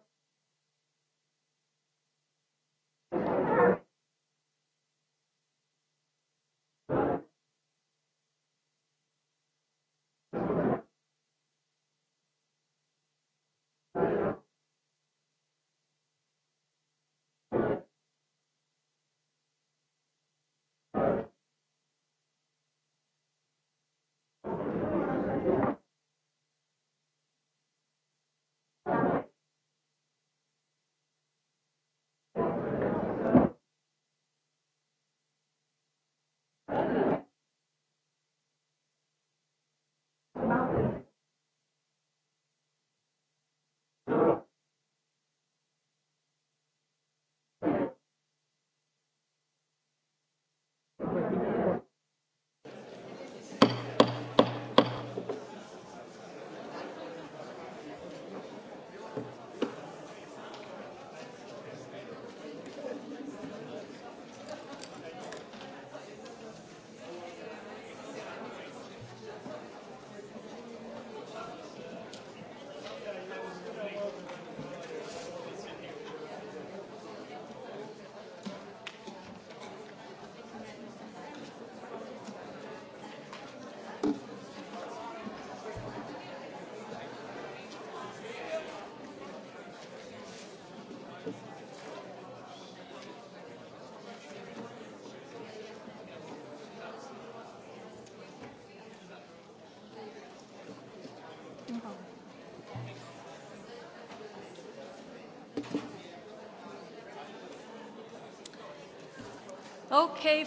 Okay,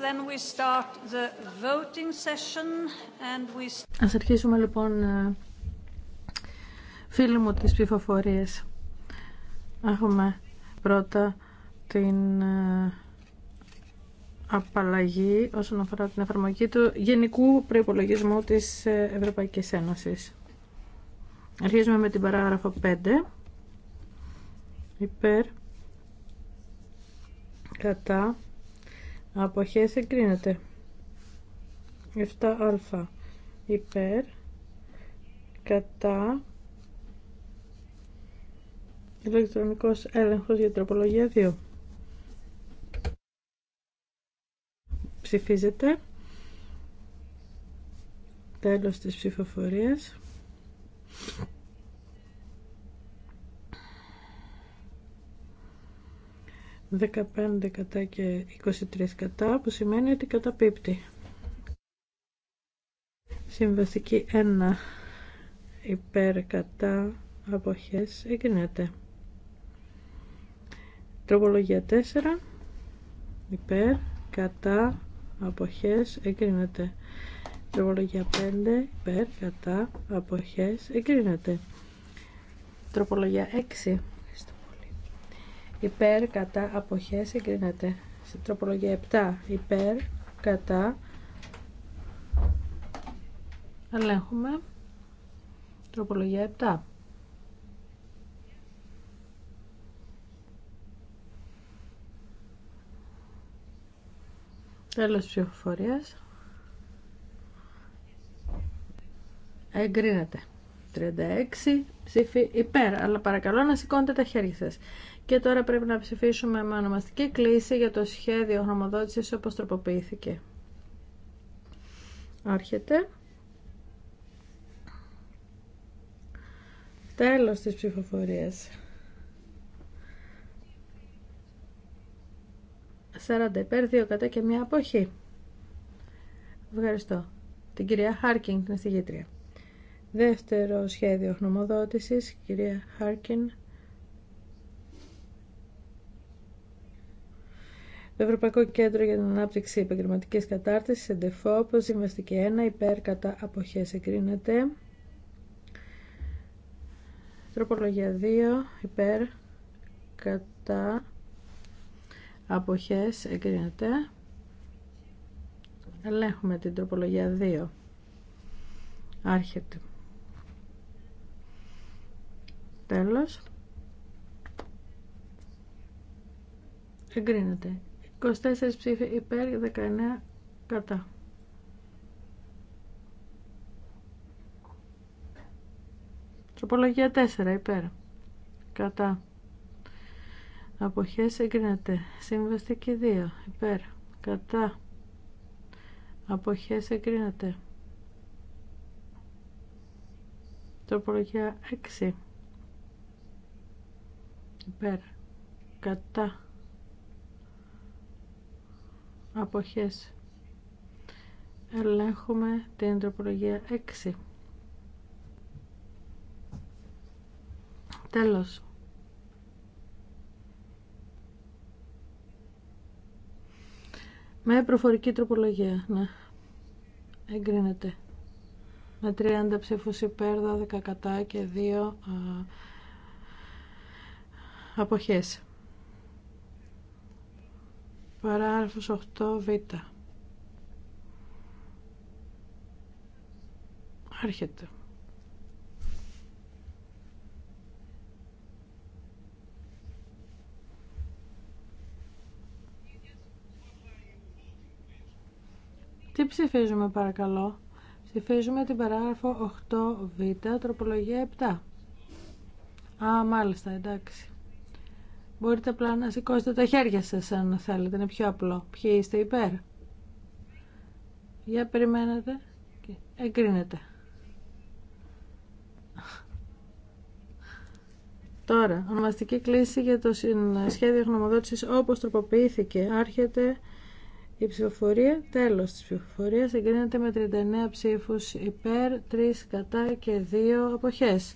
then we start the voting session and Ας αρχίσουμε λοιπόν, ε, φίλοι μου, τις ψηφοφορίες. Έχουμε πρώτα την ε, απαλλαγή όσον αφορά την εφαρμογή του Γενικού Προϋπολογισμού της ε, Ευρωπαϊκής Ένωσης. Αρχίζουμε με την παράγραφο 5 υπέρ κατά αποχές εγκρίνεται 7α υπέρ κατά ηλεκτρονικός έλεγχος για τροπολογία 2 ψηφίζεται τέλος της ψηφοφορίας 15 κατά και 23 κατά που σημαίνει ότι καταπίπτει. Συμβαστική 1 υπέρ κατά αποχές εγκρίνεται. Τροπολογία 4 υπέρ κατά αποχές εγκρίνεται. Τροπολογία 5 υπέρ κατά αποχές εγκρίνεται. Τροπολογία 6 υπέρ κατά αποχές εγκρίνεται. Στην τροπολογία 7 υπέρ κατά ελέγχουμε τροπολογία 7. Τέλος ψηφοφορίας. Εγκρίνεται. 36 ψήφι υπέρ, αλλά παρακαλώ να σηκώνετε τα χέρια σας. Και τώρα πρέπει να ψηφίσουμε με ονομαστική κλίση για το σχέδιο χρωμοδότησης όπως τροποποιήθηκε. Άρχεται. Τέλος της ψηφοφορίας. 40 υπέρ, 2 κατά και μια αποχή. Ευχαριστώ. Την κυρία Χάρκιν, την αστυγητρία. Δεύτερο σχέδιο χνομοδότησης, κυρία Χάρκινγκ. Το Ευρωπαϊκό Κέντρο για την Ανάπτυξη Επαγγελματική Κατάρτιση, ΕΝΤΕΦΟΠ, Συμβαστική 1, υπέρ κατά αποχέ εγκρίνεται. Τροπολογία 2, υπέρ κατά αποχές εγκρίνεται. Ελέγχουμε την τροπολογία 2. Άρχεται. Τέλος. Εγκρίνεται. 24 ψήφοι υπέρ, 19 κατά. Τροπολογία 4 υπέρ. Κατά. Αποχέ εγκρίνεται. Συμβαστική 2 υπέρ. Κατά. απόχέ εγκρίνεται. Τροπολογία 6 υπέρ. Κατά αποχές ελέγχουμε την τροπολογία 6 τέλος με προφορική τροπολογία ναι εγκρίνεται με 30 ψήφους υπέρ 12 κατά και 2 α, αποχές Παράγραφος 8β. Άρχεται. Τι ψηφίζουμε παρακαλώ. Ψηφίζουμε την παράγραφο 8β, τροπολογία 7. Α, μάλιστα, εντάξει. Μπορείτε απλά να σηκώσετε τα χέρια σας αν θέλετε, είναι πιο απλό. Ποιοι είστε υπέρ. Για περιμένετε. και Εγκρίνετε. Τώρα, ονομαστική κλίση για το σχέδιο γνωμοδότησης όπως τροποποιήθηκε. Άρχεται η ψηφοφορία, τέλος της ψηφοφορίας, εγκρίνεται με 39 ψήφους υπέρ, 3 κατά και 2 αποχές.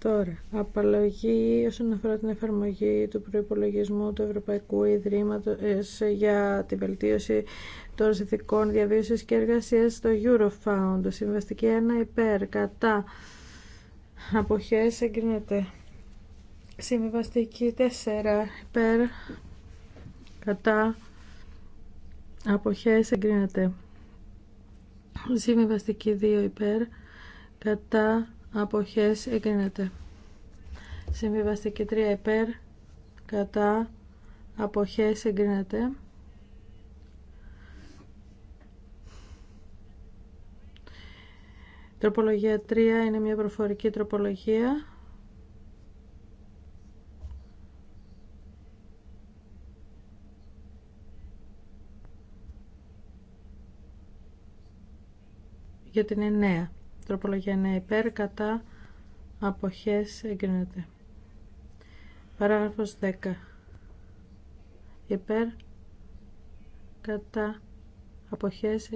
Τώρα, απαλλαγή όσον αφορά την εφαρμογή του προϋπολογισμού του Ευρωπαϊκού ιδρύματο ε, για τη βελτίωση των συνθηκών διαβίωση και εργασία στο Eurofound. Συμβαστική 1 υπέρ, κατά, αποχές εγκρίνεται. Συμβαστική 4 υπέρ, κατά, αποχές εγκρίνεται. Συμβαστική 2 υπέρ, κατά, αποχές εγκρίνεται. Συμβιβαστική 3 υπέρ κατά αποχές εγκρίνεται. Τροπολογία 3 είναι μια προφορική τροπολογία. Για την 9. Τροπολογία είναι υπέρ κατά αποχές εγκρίνεται. Παράγραφος 10 υπέρ κατά αποχές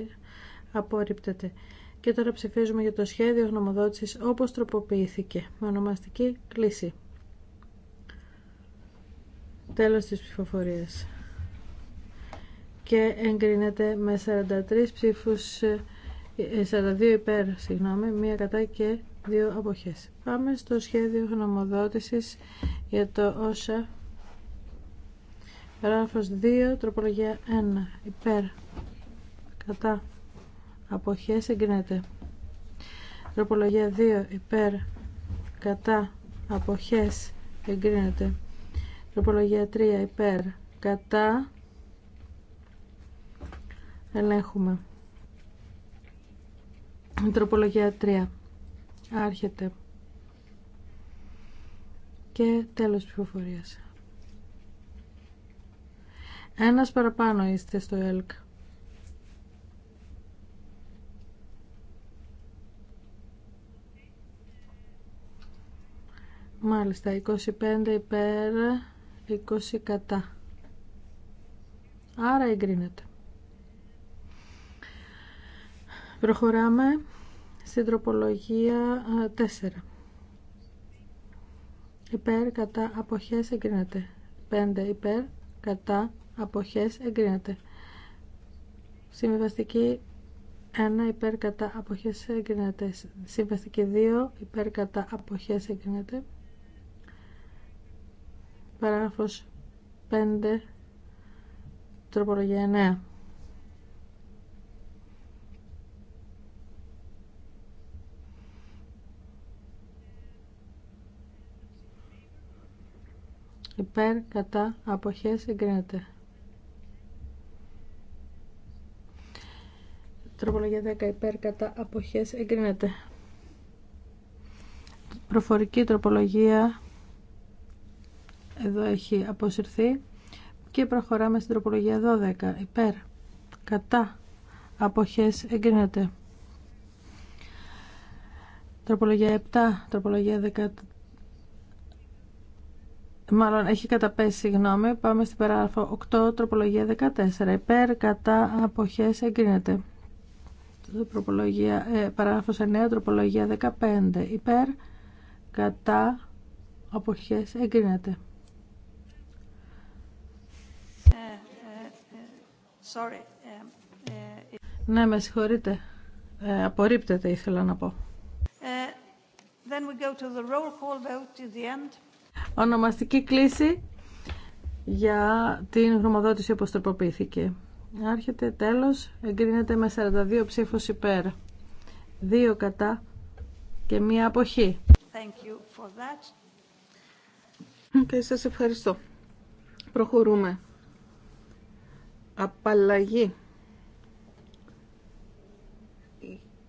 απορρίπτεται. Και τώρα ψηφίζουμε για το σχέδιο γνωμοδότησης όπως τροποποιήθηκε με ονομαστική κλίση. Τέλος της ψηφοφορίας. Και εγκρίνεται με 43 ψήφους 42 ε, υπέρ, συγγνώμη, μία κατά και δύο αποχές. Πάμε στο σχέδιο γνωμοδότησης για το όσα γράφος 2, τροπολογία 1, υπέρ, κατά, αποχές εγκρίνεται. Τροπολογία 2, υπέρ, κατά, αποχές εγκρίνεται. Τροπολογία 3, υπέρ, κατά, ελέγχουμε. Τροπολογία 3. Άρχεται. Και τέλος ψηφοφορίας. Ένας παραπάνω είστε στο ΕΛΚ. Μάλιστα, 25 υπέρ, 20 κατά. Άρα εγκρίνεται. Προχωράμε στην τροπολογία 4. Υπέρ κατά αποχές εγκρίνεται. 5. Υπέρ κατά αποχές εγκρίνεται. Συμβιβαστική 1 υπέρ κατά αποχές εγκρίνεται. Συμβαστική 2 υπέρ κατά αποχές εγκρίνεται. Παράγραφος 5 τροπολογία 9. υπέρ κατά αποχές εγκρίνεται. Τροπολογία 10 υπέρ κατά αποχές εγκρίνεται. Προφορική τροπολογία εδώ έχει αποσυρθεί και προχωράμε στην τροπολογία 12 υπέρ κατά αποχές εγκρίνεται. Τροπολογία 7, τροπολογία Μάλλον έχει καταπέσει, συγγνώμη. Πάμε στην παράγραφο 8, τροπολογία 14. Υπέρ, κατά, αποχέ, εγκρίνεται. ε, παράγραφος 9, τροπολογία 15. Υπέρ, κατά, αποχέ, εγκρίνεται. Ε, ε, ε, ναι, με συγχωρείτε. Ε, απορρίπτεται, ήθελα να πω. Then we go to the roll call vote to the end. Ονομαστική κλίση για την γνωμοδότηση όπως τροποποιήθηκε. Άρχεται τέλος, εγκρίνεται με 42 ψήφους υπέρ, 2 κατά και μία αποχή. Και σας ευχαριστώ. Προχωρούμε. Απαλλαγή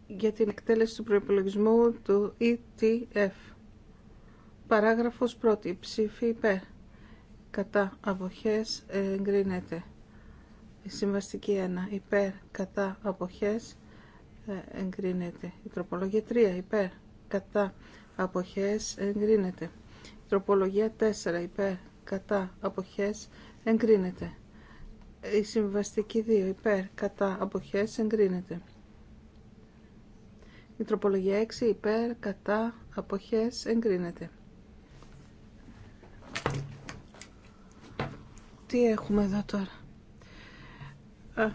για την εκτέλεση του προϋπολογισμού του ETF. Παράγραφος 1. Ψήφι υπέρ. Κατά αποχές εγκρίνεται. Η συμβαστική 1. Ε, υπέρ. Κατά αποχές εγκρίνεται. Η τροπολογία 3. Υπέρ. Κατά αποχές εγκρίνεται. Η τροπολογία 4. Υπέρ. Κατά αποχές εγκρίνεται. Η συμβαστική 2. Υπέρ. Κατά αποχές εγκρίνεται. Η τροπολογία 6 υπέρ κατά αποχές εγκρίνεται. Τι έχουμε εδώ τώρα.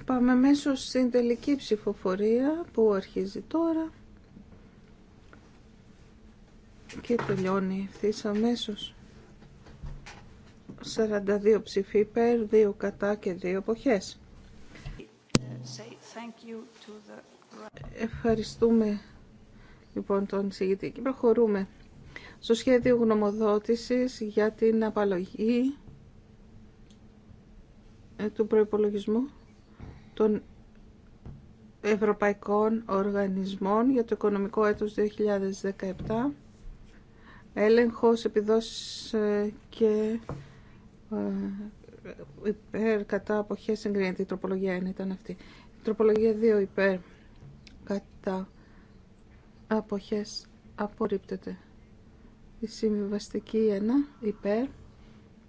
Πάμε μέσω στην τελική ψηφοφορία που αρχίζει τώρα και τελειώνει ευθύ αμέσω. 42 ψηφίπερ 2 κατά και 2 εποχές. Ευχαριστούμε λοιπόν τον συγητή και προχωρούμε στο σχέδιο γνωμοδότησης για την απαλλαγή ε, του προϋπολογισμού των Ευρωπαϊκών Οργανισμών για το οικονομικό έτος 2017 έλεγχος επιδόσεις ε, και ε, υπέρ κατά αποχές εγκρίνεται η τροπολογία 1 ήταν αυτή η τροπολογία 2 υπέρ κατά αποχές απορρίπτεται η συμβιβαστική 1 υπέρ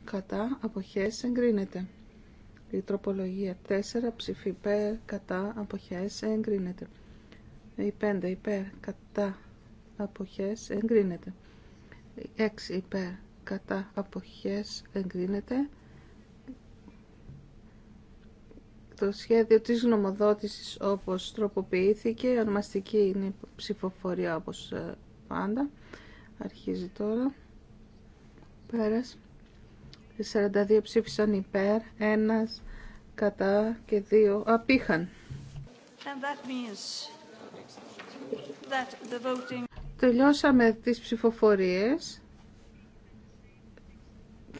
κατά αποχές εγκρίνεται η τροπολογία 4 ψηφί υπέρ κατά αποχές εγκρίνεται. Η 5 υπέρ κατά αποχές εγκρίνεται. Η 6 υπέρ κατά αποχές εγκρίνεται. Το σχέδιο της γνωμοδότησης όπως τροποποιήθηκε, η ονομαστική είναι η ψηφοφορία όπως ε, πάντα. Αρχίζει τώρα. Πέρας. 42 ψήφισαν υπέρ, ένας κατά και δύο απήχαν. Τελειώσαμε τις ψηφοφορίες.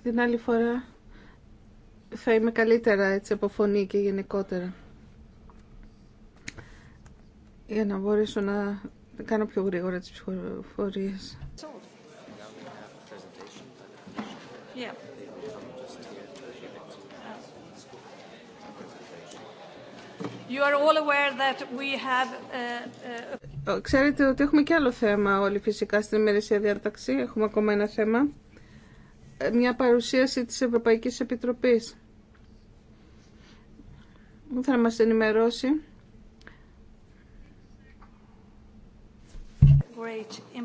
Την άλλη φορά θα είμαι καλύτερα έτσι από φωνή και γενικότερα. Για να μπορέσω να κάνω πιο γρήγορα τις ψηφοφορίες. Yeah. Ξέρετε ότι έχουμε και άλλο θέμα όλοι φυσικά στην ημερησία διάταξη. Έχουμε ακόμα ένα θέμα. Ε, μια παρουσίαση της Ευρωπαϊκής Επιτροπής. Θα μας ενημερώσει. Great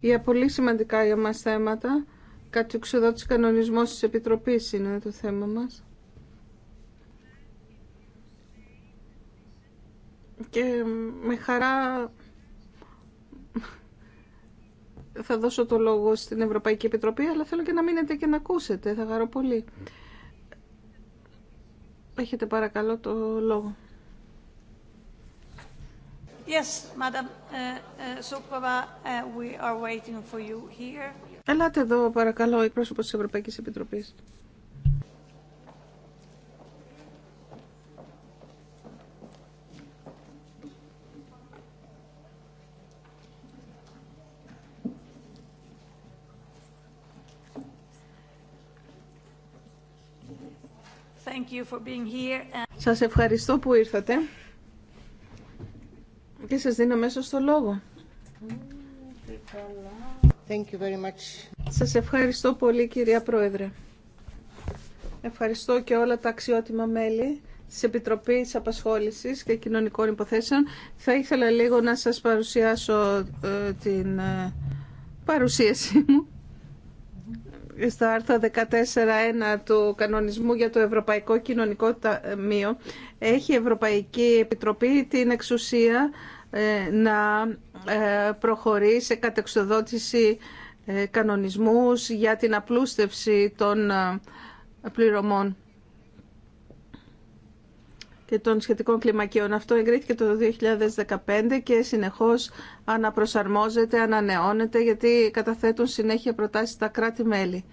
Για πολύ σημαντικά για μας θέματα. Κατ' εξοδότηση κανονισμός της Επιτροπής είναι το θέμα μας. και με χαρά θα δώσω το λόγο στην Ευρωπαϊκή Επιτροπή, αλλά θέλω και να μείνετε και να ακούσετε. Θα χαρώ πολύ. Έχετε παρακαλώ το λόγο. Ελάτε εδώ παρακαλώ, εκπρόσωπο τη Ευρωπαϊκή Επιτροπή. Thank Σας ευχαριστώ που ήρθατε και σας δίνω μέσα στο λόγο. Thank you very much. Σας ευχαριστώ πολύ κυρία Πρόεδρε. Ευχαριστώ και όλα τα αξιότιμα μέλη της Επιτροπής Απασχόλησης και Κοινωνικών Υποθέσεων. Θα ήθελα λίγο να σας παρουσιάσω ε, την ε, παρουσίαση μου στα άρθρα 14.1 του κανονισμού για το Ευρωπαϊκό Κοινωνικό Ταμείο έχει η Ευρωπαϊκή Επιτροπή την εξουσία ε, να ε, προχωρεί σε κατεξοδότηση ε, κανονισμούς για την απλούστευση των πληρωμών και των σχετικών κλιμακίων. Αυτό εγκρίθηκε το 2015 και συνεχώς αναπροσαρμόζεται, ανανεώνεται γιατί καταθέτουν συνέχεια προτάσεις τα κράτη-μέλη.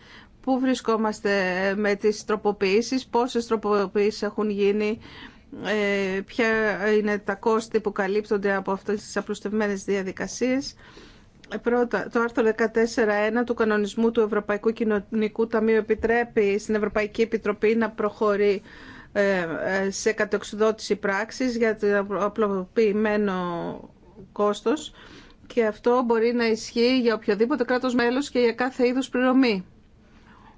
Πού βρισκόμαστε ε, με τις τροποποιήσεις, πόσες τροποποιήσεις έχουν γίνει, ε, ποια είναι τα κόστη που καλύπτονται από αυτές τις απλουστευμένες διαδικασίες. Πρώτα, το άρθρο 14.1 του κανονισμού του Ευρωπαϊκού Κοινωνικού Ταμείου επιτρέπει στην Ευρωπαϊκή Επιτροπή να προχωρεί ε, ε, σε κατεξουδότηση πράξης για το απλοποιημένο κόστος και αυτό μπορεί να ισχύει για οποιοδήποτε κράτος μέλος και για κάθε είδους πληρωμή.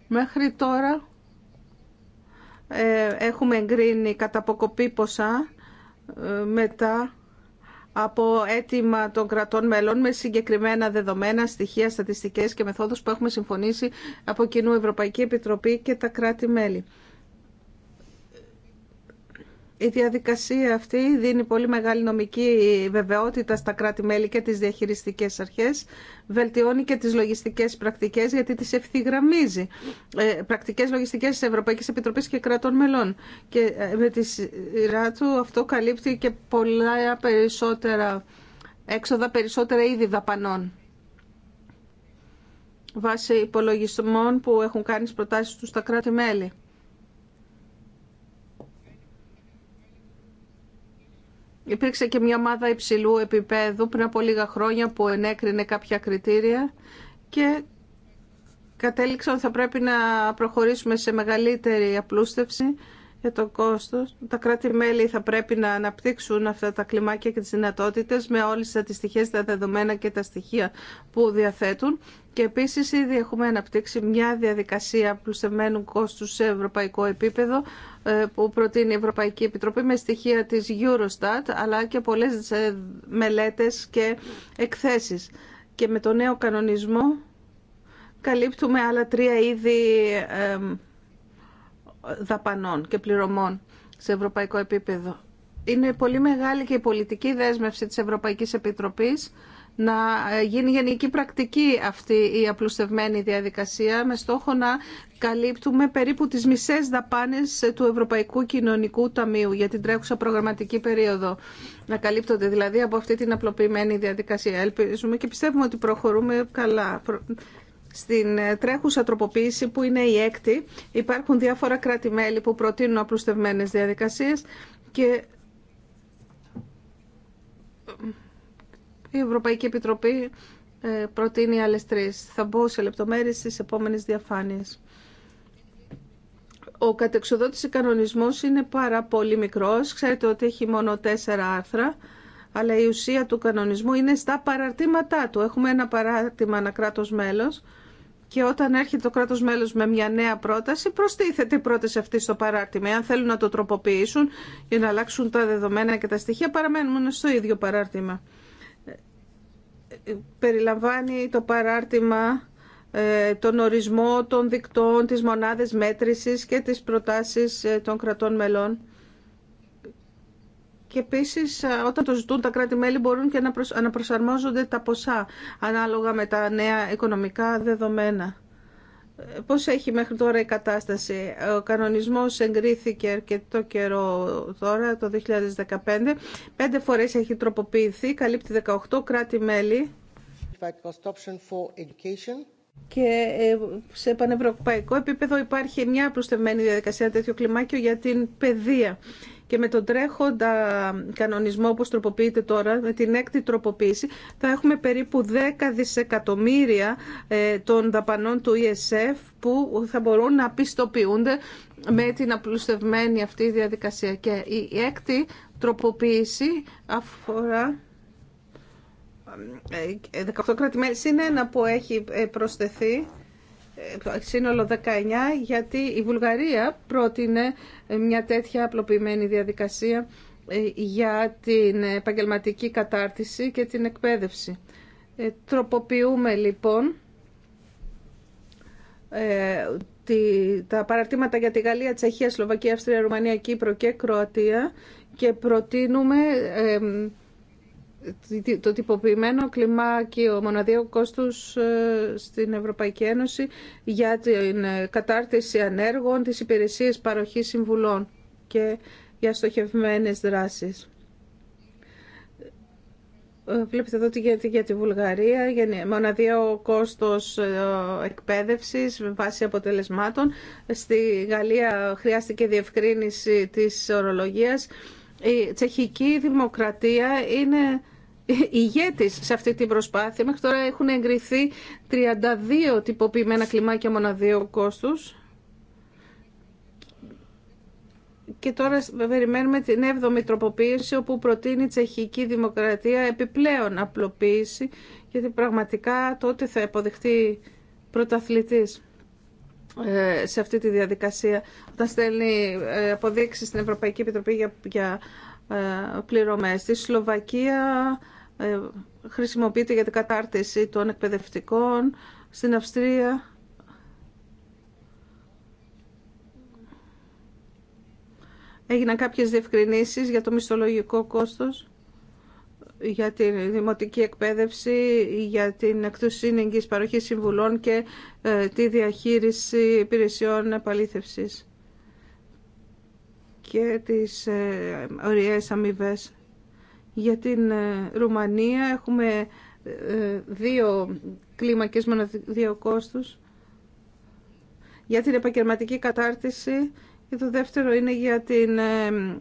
Μέχρι τώρα ε, έχουμε εγκρίνει κατά αποκοπή ποσά μετά από αίτημα των κρατών μελών με συγκεκριμένα δεδομένα, στοιχεία, στατιστικές και μεθόδους που έχουμε συμφωνήσει από κοινού Ευρωπαϊκή Επιτροπή και τα κράτη-μέλη. Η διαδικασία αυτή δίνει πολύ μεγάλη νομική βεβαιότητα στα κράτη-μέλη και τις διαχειριστικές αρχές, βελτιώνει και τις λογιστικές πρακτικές γιατί τις ευθυγραμμίζει. Ε, πρακτικές λογιστικές της Ευρωπαϊκής Επιτροπής και κρατών μελών. Και ε, με τη σειρά του αυτό καλύπτει και πολλά περισσότερα έξοδα, περισσότερα είδη δαπανών βάσει υπολογισμών που έχουν κάνει προτάσεις του στα κράτη-μέλη. Υπήρξε και μια ομάδα υψηλού επίπεδου πριν από λίγα χρόνια που ενέκρινε κάποια κριτήρια και κατέληξαν ότι θα πρέπει να προχωρήσουμε σε μεγαλύτερη απλούστευση για το κόστο. Τα κράτη-μέλη θα πρέπει να αναπτύξουν αυτά τα κλιμάκια και τις δυνατότητε, με όλες τις αντιστοιχές, τα δεδομένα και τα στοιχεία που διαθέτουν. Και επίσης ήδη έχουμε αναπτύξει μια διαδικασία πλουσεμένου κόστου σε ευρωπαϊκό επίπεδο ε, που προτείνει η Ευρωπαϊκή Επιτροπή με στοιχεία της Eurostat αλλά και πολλέ ε, μελέτες και εκθέσει. Και με το νέο κανονισμό καλύπτουμε άλλα τρία είδη ε, δαπανών και πληρωμών σε ευρωπαϊκό επίπεδο. Είναι πολύ μεγάλη και η πολιτική δέσμευση της Ευρωπαϊκής Επιτροπής να ε, γίνει γενική πρακτική αυτή η απλουστευμένη διαδικασία με στόχο να καλύπτουμε περίπου τις μισές δαπάνες του Ευρωπαϊκού Κοινωνικού Ταμείου για την τρέχουσα προγραμματική περίοδο. Να καλύπτονται δηλαδή από αυτή την απλοποιημένη διαδικασία. Ελπίζουμε και πιστεύουμε ότι προχωρούμε καλά. Στην ε, τρέχουσα τροποποίηση που είναι η έκτη υπάρχουν διάφορα κράτη-μέλη που προτείνουν απλουστευμένες διαδικασίες και ε, η Ευρωπαϊκή Επιτροπή ε, προτείνει άλλες τρεις. Θα μπω σε λεπτομέρειες στις επόμενες διαφάνειες. Ο κατεξοδότης κανονισμός είναι πάρα πολύ μικρός. Ξέρετε ότι έχει μόνο τέσσερα άρθρα αλλά η ουσία του κανονισμού είναι στα παραρτήματά του. Έχουμε ένα παράρτημα ανακράτος μέλος και όταν έρχεται το κράτος μέλος με μια νέα πρόταση, προστίθεται η πρόταση αυτή στο παράρτημα. Αν θέλουν να το τροποποιήσουν για να αλλάξουν τα δεδομένα και τα στοιχεία, παραμένουν στο ίδιο παράρτημα. Περιλαμβάνει το παράρτημα ε, τον ορισμό των δικτών, τις μονάδες μέτρησης και τις προτάσεις ε, των κρατών μελών και επίση, όταν το ζητούν τα κράτη-μέλη μπορούν και να προσαρμόζονται τα ποσά ανάλογα με τα νέα οικονομικά δεδομένα. Ε, πώς έχει μέχρι τώρα η κατάσταση. Ο κανονισμός εγκρίθηκε αρκετό καιρό τώρα, το 2015. Πέντε φορές έχει τροποποιηθεί, καλύπτει 18 κράτη-μέλη και ε, σε πανευρωπαϊκό επίπεδο υπάρχει μια προστευμένη διαδικασία τέτοιο κλιμάκιο για την παιδεία. Και με τον τρέχοντα κανονισμό, όπως τροποποιείται τώρα, με την έκτη τροποποίηση, θα έχουμε περίπου 10 δισεκατομμύρια ε, των δαπανών του ESF που θα μπορούν να πιστοποιούνται με την απλουστευμένη αυτή διαδικασία. Και η έκτη τροποποίηση αφορά 18 κρατη είναι ένα που έχει ε, προσθεθεί ε, σύνολο 19 γιατί η Βουλγαρία πρότεινε μια τέτοια απλοποιημένη διαδικασία ε, για την επαγγελματική κατάρτιση και την εκπαίδευση. Ε, τροποποιούμε λοιπόν τα παραρτήματα για τη Γαλλία, Τσεχία, Σλοβακία, Αυστρία, Ρουμανία, Κύπρο και Κροατία και προτείνουμε το τυποποιημένο κλιμάκιο μοναδίου κόστους ε, στην Ευρωπαϊκή Ένωση για την ε, κατάρτιση ανέργων, τις υπηρεσίες παροχής συμβουλών και για στοχευμένες δράσεις. Ε, βλέπετε εδώ γιατί για τη Βουλγαρία, για μοναδίο κόστος εκπαίδευσης βάση αποτελεσμάτων. Στη Γαλλία χρειάστηκε διευκρίνηση της ορολογίας. Η τσεχική δημοκρατία είναι ηγέτη σε αυτή την προσπάθεια. Μέχρι τώρα έχουν εγκριθεί 32 τυποποιημένα κλιμάκια μοναδίου κόστους. Και τώρα περιμένουμε την 7η τροποποίηση όπου προτείνει η τσεχική δημοκρατία επιπλέον απλοποίηση γιατί πραγματικά τότε θα αποδειχτεί πρωταθλητής ε, σε αυτή τη διαδικασία όταν στέλνει ε, αποδείξεις στην Ευρωπαϊκή Επιτροπή για ε, πληρωμές. Στη Σλοβακία ε, χρησιμοποιείται για την κατάρτιση των εκπαιδευτικών στην Αυστρία. Έγιναν κάποιες διευκρινήσεις για το μισθολογικό κόστος, για τη δημοτική εκπαίδευση, για την εκτουσύνεγγης παροχή συμβουλών και ε, τη διαχείριση υπηρεσιών επαλήθευσης και τις ε, αμοιβέ. Για την ε, Ρουμανία έχουμε ε, δύο κλίμακες με δύο κόστους. Για την επαγγελματική κατάρτιση και το δεύτερο είναι για την ε,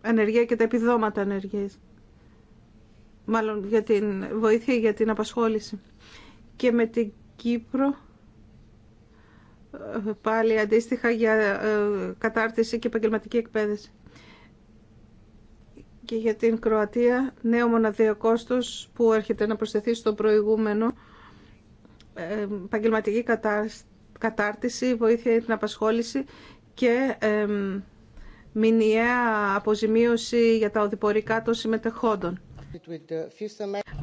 ανεργία και τα επιδόματα ανεργίας. Μάλλον για την βοήθεια για την απασχόληση. Και με την Κύπρο πάλι αντίστοιχα για κατάρτιση και επαγγελματική εκπαίδευση και για την Κροατία νέο μοναδιακόστος κόστο που έρχεται να προσθεθεί στο προηγούμενο ε, επαγγελματική κατάρτιση, βοήθεια για την απασχόληση και μηνιαία αποζημίωση για τα οδηπορικά των συμμετεχόντων.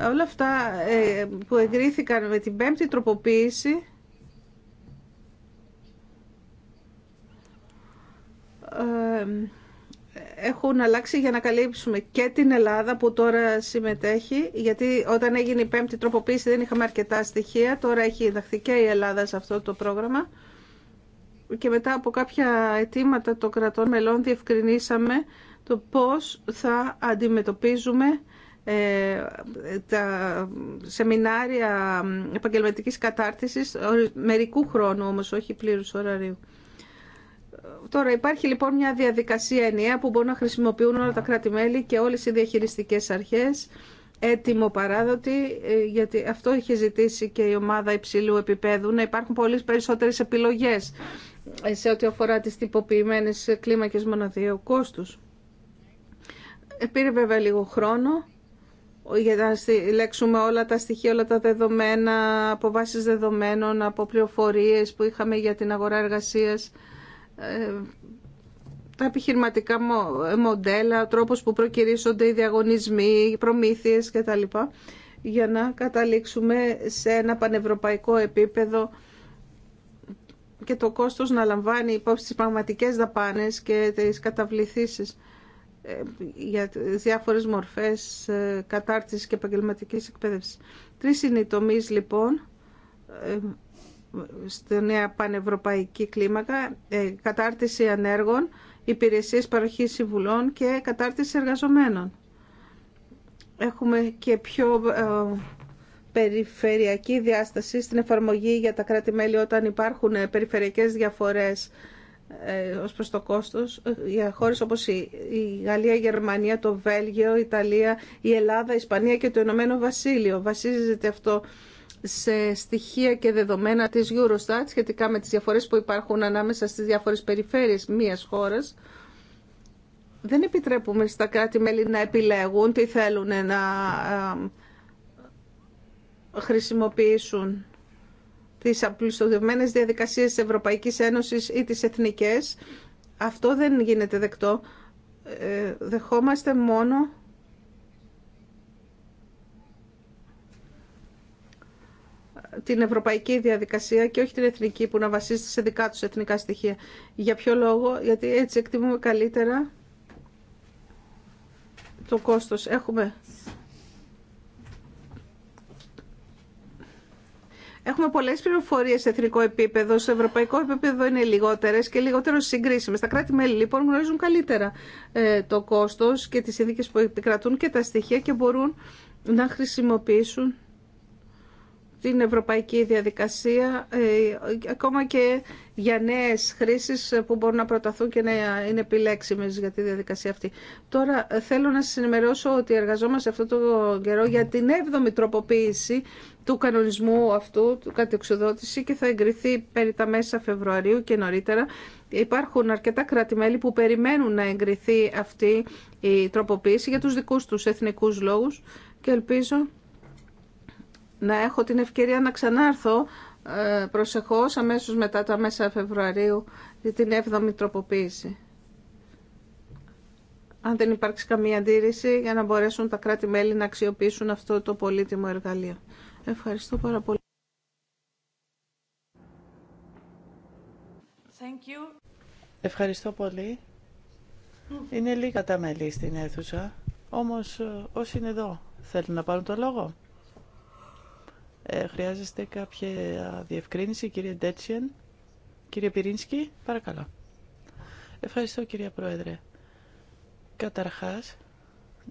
Όλα αυτά ε, που εγκρίθηκαν με την πέμπτη τροποποίηση ε, έχουν αλλάξει για να καλύψουμε και την Ελλάδα που τώρα συμμετέχει, γιατί όταν έγινε η πέμπτη τροποποίηση δεν είχαμε αρκετά στοιχεία, τώρα έχει ενταχθεί και η Ελλάδα σε αυτό το πρόγραμμα και μετά από κάποια αιτήματα των κρατών μελών διευκρινίσαμε το πώς θα αντιμετωπίζουμε ε, τα σεμινάρια επαγγελματικής κατάρτισης μερικού χρόνου όμως, όχι πλήρους ωραρίου. Τώρα υπάρχει λοιπόν μια διαδικασία ενιαία που μπορούν να χρησιμοποιούν όλα τα κράτη-μέλη και όλες οι διαχειριστικές αρχές έτοιμο παράδοτη, ε, γιατί αυτό είχε ζητήσει και η ομάδα υψηλού επίπεδου, να υπάρχουν πολλέ περισσότερες επιλογές ε, σε ό,τι αφορά τις τυποποιημένες κλίμακες μοναδιαίου κόστους. Ε, πήρε βέβαια λίγο χρόνο για να συλλέξουμε όλα τα στοιχεία, όλα τα δεδομένα, από βάσεις δεδομένων, από πληροφορίε που είχαμε για την αγορά εργασία. Ε, τα επιχειρηματικά μοντέλα, τρόπος που προκυρήσονται οι διαγωνισμοί, οι προμήθειες κτλ. για να καταλήξουμε σε ένα πανευρωπαϊκό επίπεδο και το κόστος να λαμβάνει υπόψη τις πραγματικές δαπάνες και τις καταβληθήσεις ε, για διάφορες μορφές ε, κατάρτισης και επαγγελματική εκπαίδευσης. Τρεις είναι οι τομείς λοιπόν στη νέα πανευρωπαϊκή κλίμακα, ε, κατάρτιση ανέργων, υπηρεσίες παροχής συμβουλών και κατάρτιση εργαζομένων. Έχουμε και πιο ε, περιφερειακή διάσταση στην εφαρμογή για τα κράτη-μέλη όταν υπάρχουν ε, περιφερειακές διαφορές ως προς το κόστος για χώρες όπως η Γαλλία, η Γερμανία, το Βέλγιο, η Ιταλία, η Ελλάδα, η Ισπανία και το Ηνωμένο Βασίλειο. Βασίζεται αυτό σε στοιχεία και δεδομένα της Eurostat σχετικά με τις διαφορές που υπάρχουν ανάμεσα στις διάφορες περιφέρειες μίας χώρας δεν επιτρέπουμε στα κράτη-μέλη να επιλέγουν τι θέλουν να χρησιμοποιήσουν τις απλουστοδευμένες διαδικασίες της Ευρωπαϊκής Ένωσης ή τις εθνικές. Αυτό δεν γίνεται δεκτό. Ε, δεχόμαστε μόνο την ευρωπαϊκή διαδικασία και όχι την εθνική που να βασίζεται σε δικά τους εθνικά στοιχεία. Για ποιο λόγο, γιατί έτσι εκτιμούμε καλύτερα το κόστος. Έχουμε... Έχουμε πολλέ πληροφορίε σε εθνικό επίπεδο. σε ευρωπαϊκό επίπεδο είναι λιγότερε και λιγότερο συγκρίσιμες. Τα κράτη-μέλη λοιπόν γνωρίζουν καλύτερα ε, το κόστο και τι συνθήκε που επικρατούν και τα στοιχεία και μπορούν να χρησιμοποιήσουν την ευρωπαϊκή διαδικασία, ε, ακόμα και για νέες χρήσεις που μπορούν να προταθούν και να είναι επιλέξιμες για τη διαδικασία αυτή. Τώρα θέλω να σα ενημερώσω ότι εργαζόμαστε αυτό το καιρό για την 7η τροποποίηση του κανονισμού αυτού, του κατεξοδότηση και θα εγκριθεί περί τα μέσα Φεβρουαρίου και νωρίτερα. Υπάρχουν αρκετά κράτη-μέλη που περιμένουν να εγκριθεί αυτή η τροποποίηση για τους δικούς τους εθνικούς λόγους και ελπίζω να έχω την ευκαιρία να ξανάρθω ε, προσεχώς αμέσως μετά τα μέσα Φεβρουαρίου για την 7η τροποποίηση. Αν δεν υπάρξει καμία αντίρρηση για να μπορέσουν τα κράτη-μέλη να αξιοποιήσουν αυτό το πολύτιμο εργαλείο. Ευχαριστώ πάρα πολύ. Thank you. Ευχαριστώ πολύ. Είναι λίγα τα μέλη στην αίθουσα, όμως ε, όσοι είναι εδώ θέλουν να πάρουν το λόγο. Ε, χρειάζεστε κάποια διευκρίνηση, κύριε Ντέτσιεν. Κύριε Πυρίνσκι, παρακαλώ. Ευχαριστώ, κύριε Πρόεδρε. Καταρχάς,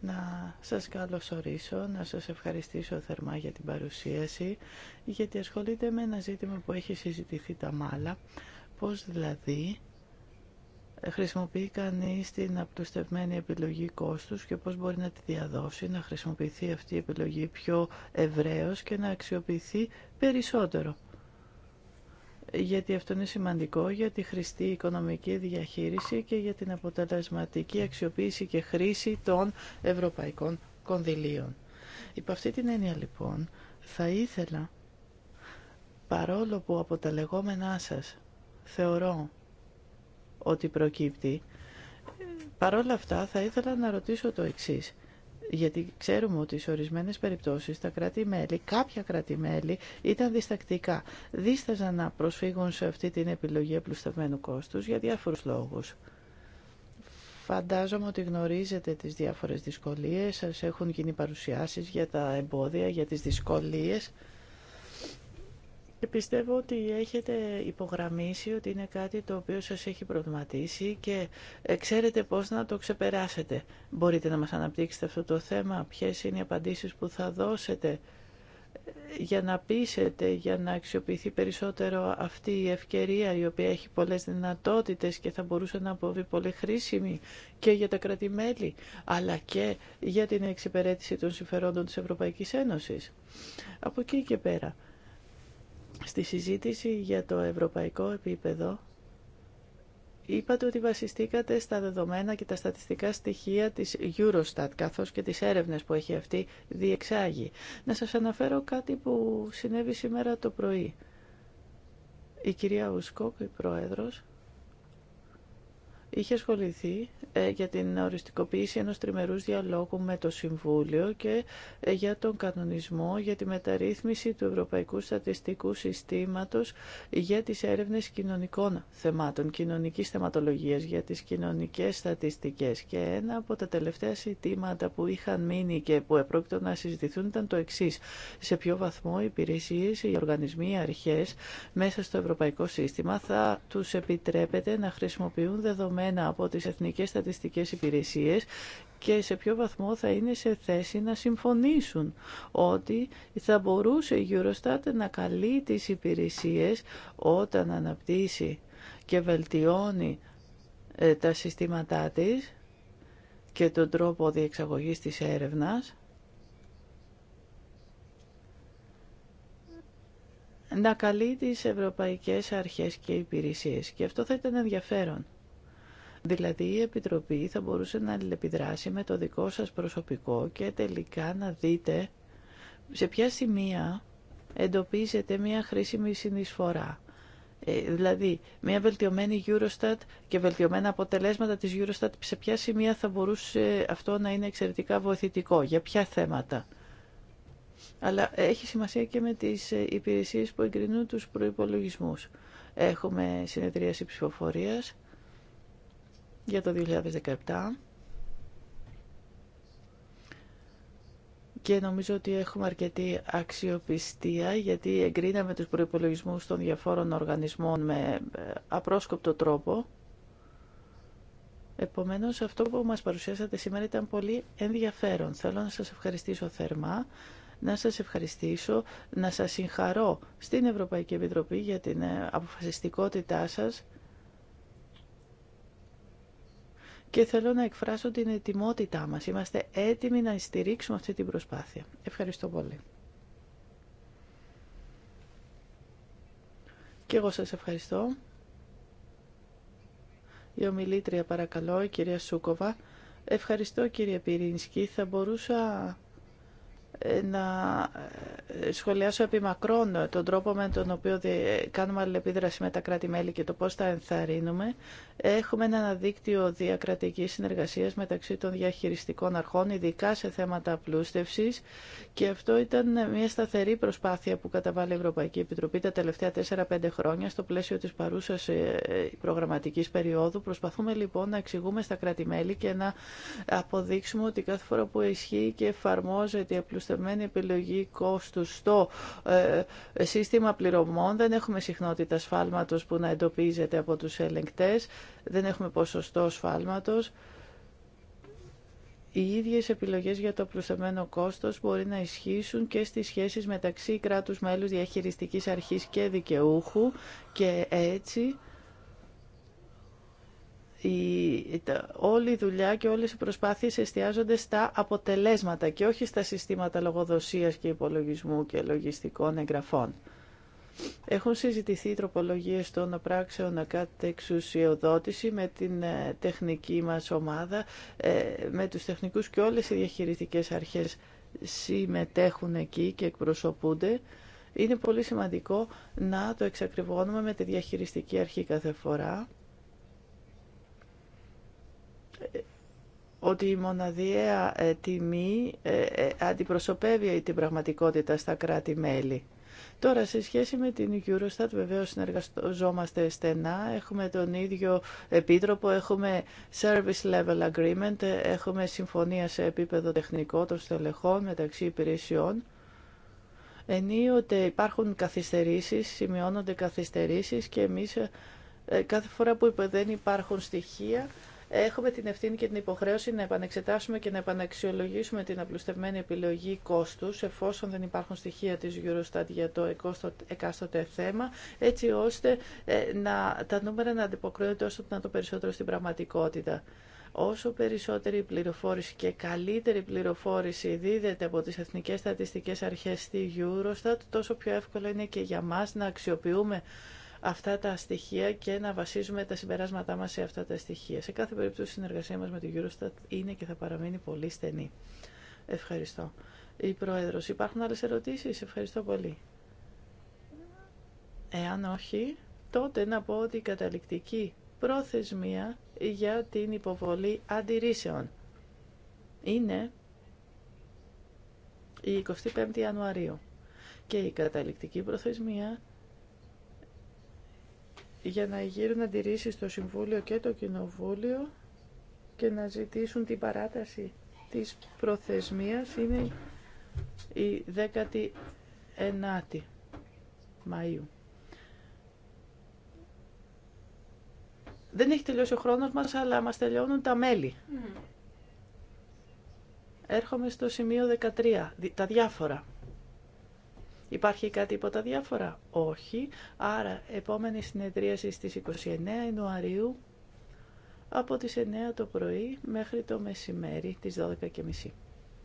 να σας καλωσορίσω, να σας ευχαριστήσω θερμά για την παρουσίαση, γιατί ασχολείται με ένα ζήτημα που έχει συζητηθεί τα μάλα, πώς δηλαδή χρησιμοποιεί κανείς την απλουστευμένη επιλογή κόστους και πώς μπορεί να τη διαδώσει, να χρησιμοποιηθεί αυτή η επιλογή πιο ευρέως και να αξιοποιηθεί περισσότερο. Γιατί αυτό είναι σημαντικό για τη χρηστή οικονομική διαχείριση και για την αποτελεσματική αξιοποίηση και χρήση των ευρωπαϊκών κονδυλίων. Υπό αυτή την έννοια λοιπόν θα ήθελα παρόλο που από τα λεγόμενά σας θεωρώ ότι προκύπτει. Παρ' όλα αυτά θα ήθελα να ρωτήσω το εξής γιατί ξέρουμε ότι σε ορισμένε περιπτώσει τα κράτη-μέλη, κάποια κράτη-μέλη ήταν διστακτικά. Δίσταζαν να προσφύγουν σε αυτή την επιλογή απλουστευμένου κόστου για διάφορου λόγου. Φαντάζομαι ότι γνωρίζετε τις διάφορες δυσκολίες, σας έχουν γίνει παρουσιάσεις για τα εμπόδια, για τις δυσκολίες. Πιστεύω ότι έχετε υπογραμμίσει ότι είναι κάτι το οποίο σας έχει προβληματίσει και ε, ξέρετε πώς να το ξεπεράσετε. Μπορείτε να μας αναπτύξετε αυτό το θέμα, ποιες είναι οι απαντήσεις που θα δώσετε ε, για να πείσετε, για να αξιοποιηθεί περισσότερο αυτή η ευκαιρία η οποία έχει πολλές δυνατότητες και θα μπορούσε να αποβεί πολύ χρήσιμη και για τα κρατημέλη αλλά και για την εξυπηρέτηση των συμφερόντων της Ευρωπαϊκής Ένωσης. Από εκεί και πέρα Στη συζήτηση για το ευρωπαϊκό επίπεδο είπατε ότι βασιστήκατε στα δεδομένα και τα στατιστικά στοιχεία της Eurostat καθώς και τις έρευνες που έχει αυτή διεξάγει. Να σας αναφέρω κάτι που συνέβη σήμερα το πρωί. Η κυρία Ουσκόπη, πρόεδρος, είχε ασχοληθεί ε, για την οριστικοποίηση ενός τριμερούς διαλόγου με το Συμβούλιο και ε, για τον κανονισμό για τη μεταρρύθμιση του Ευρωπαϊκού Στατιστικού Συστήματος για τις έρευνες κοινωνικών θεμάτων, κοινωνικής θεματολογίας για τις κοινωνικές στατιστικές. Και ένα από τα τελευταία ζητήματα που είχαν μείνει και που επρόκειτο να συζητηθούν ήταν το εξή. Σε ποιο βαθμό οι υπηρεσίες, οι οργανισμοί, οι αρχές μέσα στο Ευρωπαϊκό Σύστημα θα τους επιτρέπεται να χρησιμοποιούν δεδομένα δεδομένα από τις Εθνικές Στατιστικές Υπηρεσίες και σε ποιο βαθμό θα είναι σε θέση να συμφωνήσουν ότι θα μπορούσε η Eurostat να καλεί τις υπηρεσίες όταν αναπτύσσει και βελτιώνει ε, τα συστήματά της και τον τρόπο διεξαγωγής της έρευνας να καλεί τις ευρωπαϊκές αρχές και υπηρεσίες. Και αυτό θα ήταν ενδιαφέρον. Δηλαδή η Επιτροπή θα μπορούσε να αλληλεπιδράσει με το δικό σας προσωπικό και τελικά να δείτε σε ποια σημεία εντοπίζεται μια χρήσιμη συνεισφορά. Ε, δηλαδή, μια βελτιωμένη Eurostat και βελτιωμένα αποτελέσματα της Eurostat σε ποια σημεία θα μπορούσε αυτό να είναι εξαιρετικά βοηθητικό, για ποια θέματα. Αλλά έχει σημασία και με τις ε, υπηρεσίες που εγκρινούν τους προϋπολογισμούς. Έχουμε συνεδρίαση ψηφοφορίας για το 2017 και νομίζω ότι έχουμε αρκετή αξιοπιστία γιατί εγκρίναμε τους προϋπολογισμούς των διαφόρων οργανισμών με ε, απρόσκοπτο τρόπο. Επομένως, αυτό που μας παρουσιάσατε σήμερα ήταν πολύ ενδιαφέρον. Θέλω να σας ευχαριστήσω θερμά, να σας ευχαριστήσω, να σας συγχαρώ στην Ευρωπαϊκή Επιτροπή για την ε, αποφασιστικότητά σας και θέλω να εκφράσω την ετοιμότητά μας. Είμαστε έτοιμοι να στηρίξουμε αυτή την προσπάθεια. Ευχαριστώ πολύ. Και εγώ σας ευχαριστώ. Η ομιλήτρια παρακαλώ, η κυρία Σούκοβα. Ευχαριστώ κύριε Πυρίνσκι. Θα μπορούσα να ε, σχολιάσω επί μακρόν τον τρόπο με τον οποίο κάνουμε αλληλεπίδραση με τα κράτη-μέλη και το πώς τα ενθαρρύνουμε. Έχουμε ένα δίκτυο διακρατικής συνεργασίας μεταξύ των διαχειριστικών αρχών, ειδικά σε θέματα απλούστευσης και αυτό ήταν μια σταθερή προσπάθεια που καταβάλει η Ευρωπαϊκή Επιτροπή τα τελευταία 4-5 χρόνια στο πλαίσιο της παρούσας ε, προγραμματικής περίοδου. Προσπαθούμε λοιπόν να εξηγούμε στα κράτη-μέλη και να αποδείξουμε ότι κάθε φορά που ισχύει και εφαρμόζεται η απλούστευση απλουστευμένη επιλογή κόστου στο ε, σύστημα πληρωμών. Δεν έχουμε συχνότητα σφάλματο που να εντοπίζεται από του ελεγκτέ. Δεν έχουμε ποσοστό σφάλματος. Οι ίδιες επιλογές για το προσεμένο κόστος μπορεί να ισχύσουν και στις σχέσεις μεταξύ κράτους μέλους διαχειριστικής αρχής και δικαιούχου και έτσι η, τα, όλη η δουλειά και όλες οι προσπάθειες εστιάζονται στα αποτελέσματα και όχι στα συστήματα λογοδοσίας και υπολογισμού και λογιστικών εγγραφών. Έχουν συζητηθεί οι τροπολογίες των πράξεων κατ' εξουσιοδότηση με την ε, τεχνική μας ομάδα, ε, με τους τεχνικούς και όλες οι διαχειριστικές αρχές συμμετέχουν εκεί και εκπροσωπούνται. Είναι πολύ σημαντικό να το εξακριβώνουμε με τη διαχειριστική αρχή κάθε φορά ότι η μοναδιαία ε, τιμή ε, ε, αντιπροσωπεύει την πραγματικότητα στα κράτη-μέλη. Τώρα, σε σχέση με την Eurostat, βεβαίω συνεργαζόμαστε στενά. Έχουμε τον ίδιο επίτροπο, έχουμε service level agreement, έχουμε συμφωνία σε επίπεδο τεχνικό των στελεχών μεταξύ υπηρεσιών. Ενίοτε υπάρχουν καθυστερήσεις, σημειώνονται καθυστερήσεις και εμείς κάθε φορά που δεν υπάρχουν στοιχεία έχουμε την ευθύνη και την υποχρέωση να επανεξετάσουμε και να επαναξιολογήσουμε την απλουστευμένη επιλογή κόστου εφόσον δεν υπάρχουν στοιχεία τη Eurostat για το εκάστοτε θέμα, έτσι ώστε ε, να, τα νούμερα να αντιποκρίνονται όσο να το περισσότερο στην πραγματικότητα όσο περισσότερη πληροφόρηση και καλύτερη πληροφόρηση δίδεται από τις Εθνικές Στατιστικές Αρχές στη Eurostat, τόσο πιο εύκολο είναι και για μας να αξιοποιούμε αυτά τα στοιχεία και να βασίζουμε τα συμπεράσματά μας σε αυτά τα στοιχεία. Σε κάθε περίπτωση η συνεργασία μας με την Eurostat είναι και θα παραμείνει πολύ στενή. Ευχαριστώ. Η Πρόεδρος, υπάρχουν άλλες ερωτήσεις. Ευχαριστώ πολύ. Εάν όχι, τότε να πω ότι η καταληκτική προθεσμία για την υποβολή αντιρρήσεων είναι η 25η Ιανουαρίου και η καταληκτική προθεσμία για να γύρουν αντιρρήσεις στο Συμβούλιο και το Κοινοβούλιο και να ζητήσουν την παράταση της προθεσμίας είναι η 19η Μαΐου. Δεν έχει τελειώσει ο χρόνος μας, αλλά μας τελειώνουν τα μέλη. Mm-hmm. Έρχομαι στο σημείο 13, τα διάφορα. Υπάρχει κάτι υπό τα διάφορα. Όχι. Άρα, επόμενη συνεδρίαση στις 29 Ιανουαρίου από τις 9 το πρωί μέχρι το μεσημέρι τις 12.30.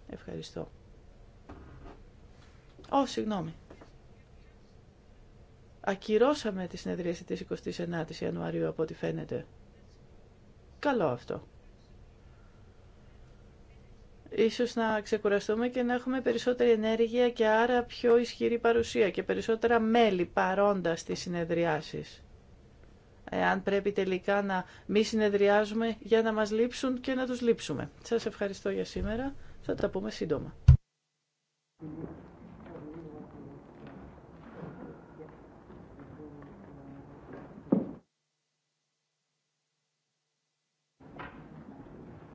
Ευχαριστώ. Ω, συγγνώμη. Ακυρώσαμε τη συνεδρίαση της 29 Ιανουαρίου από ό,τι φαίνεται. Καλό αυτό ίσως να ξεκουραστούμε και να έχουμε περισσότερη ενέργεια και άρα πιο ισχυρή παρουσία και περισσότερα μέλη παρόντα στις συνεδριάσεις. Αν πρέπει τελικά να μη συνεδριάζουμε για να μας λείψουν και να τους λείψουμε. Σας ευχαριστώ για σήμερα. Θα τα πούμε σύντομα.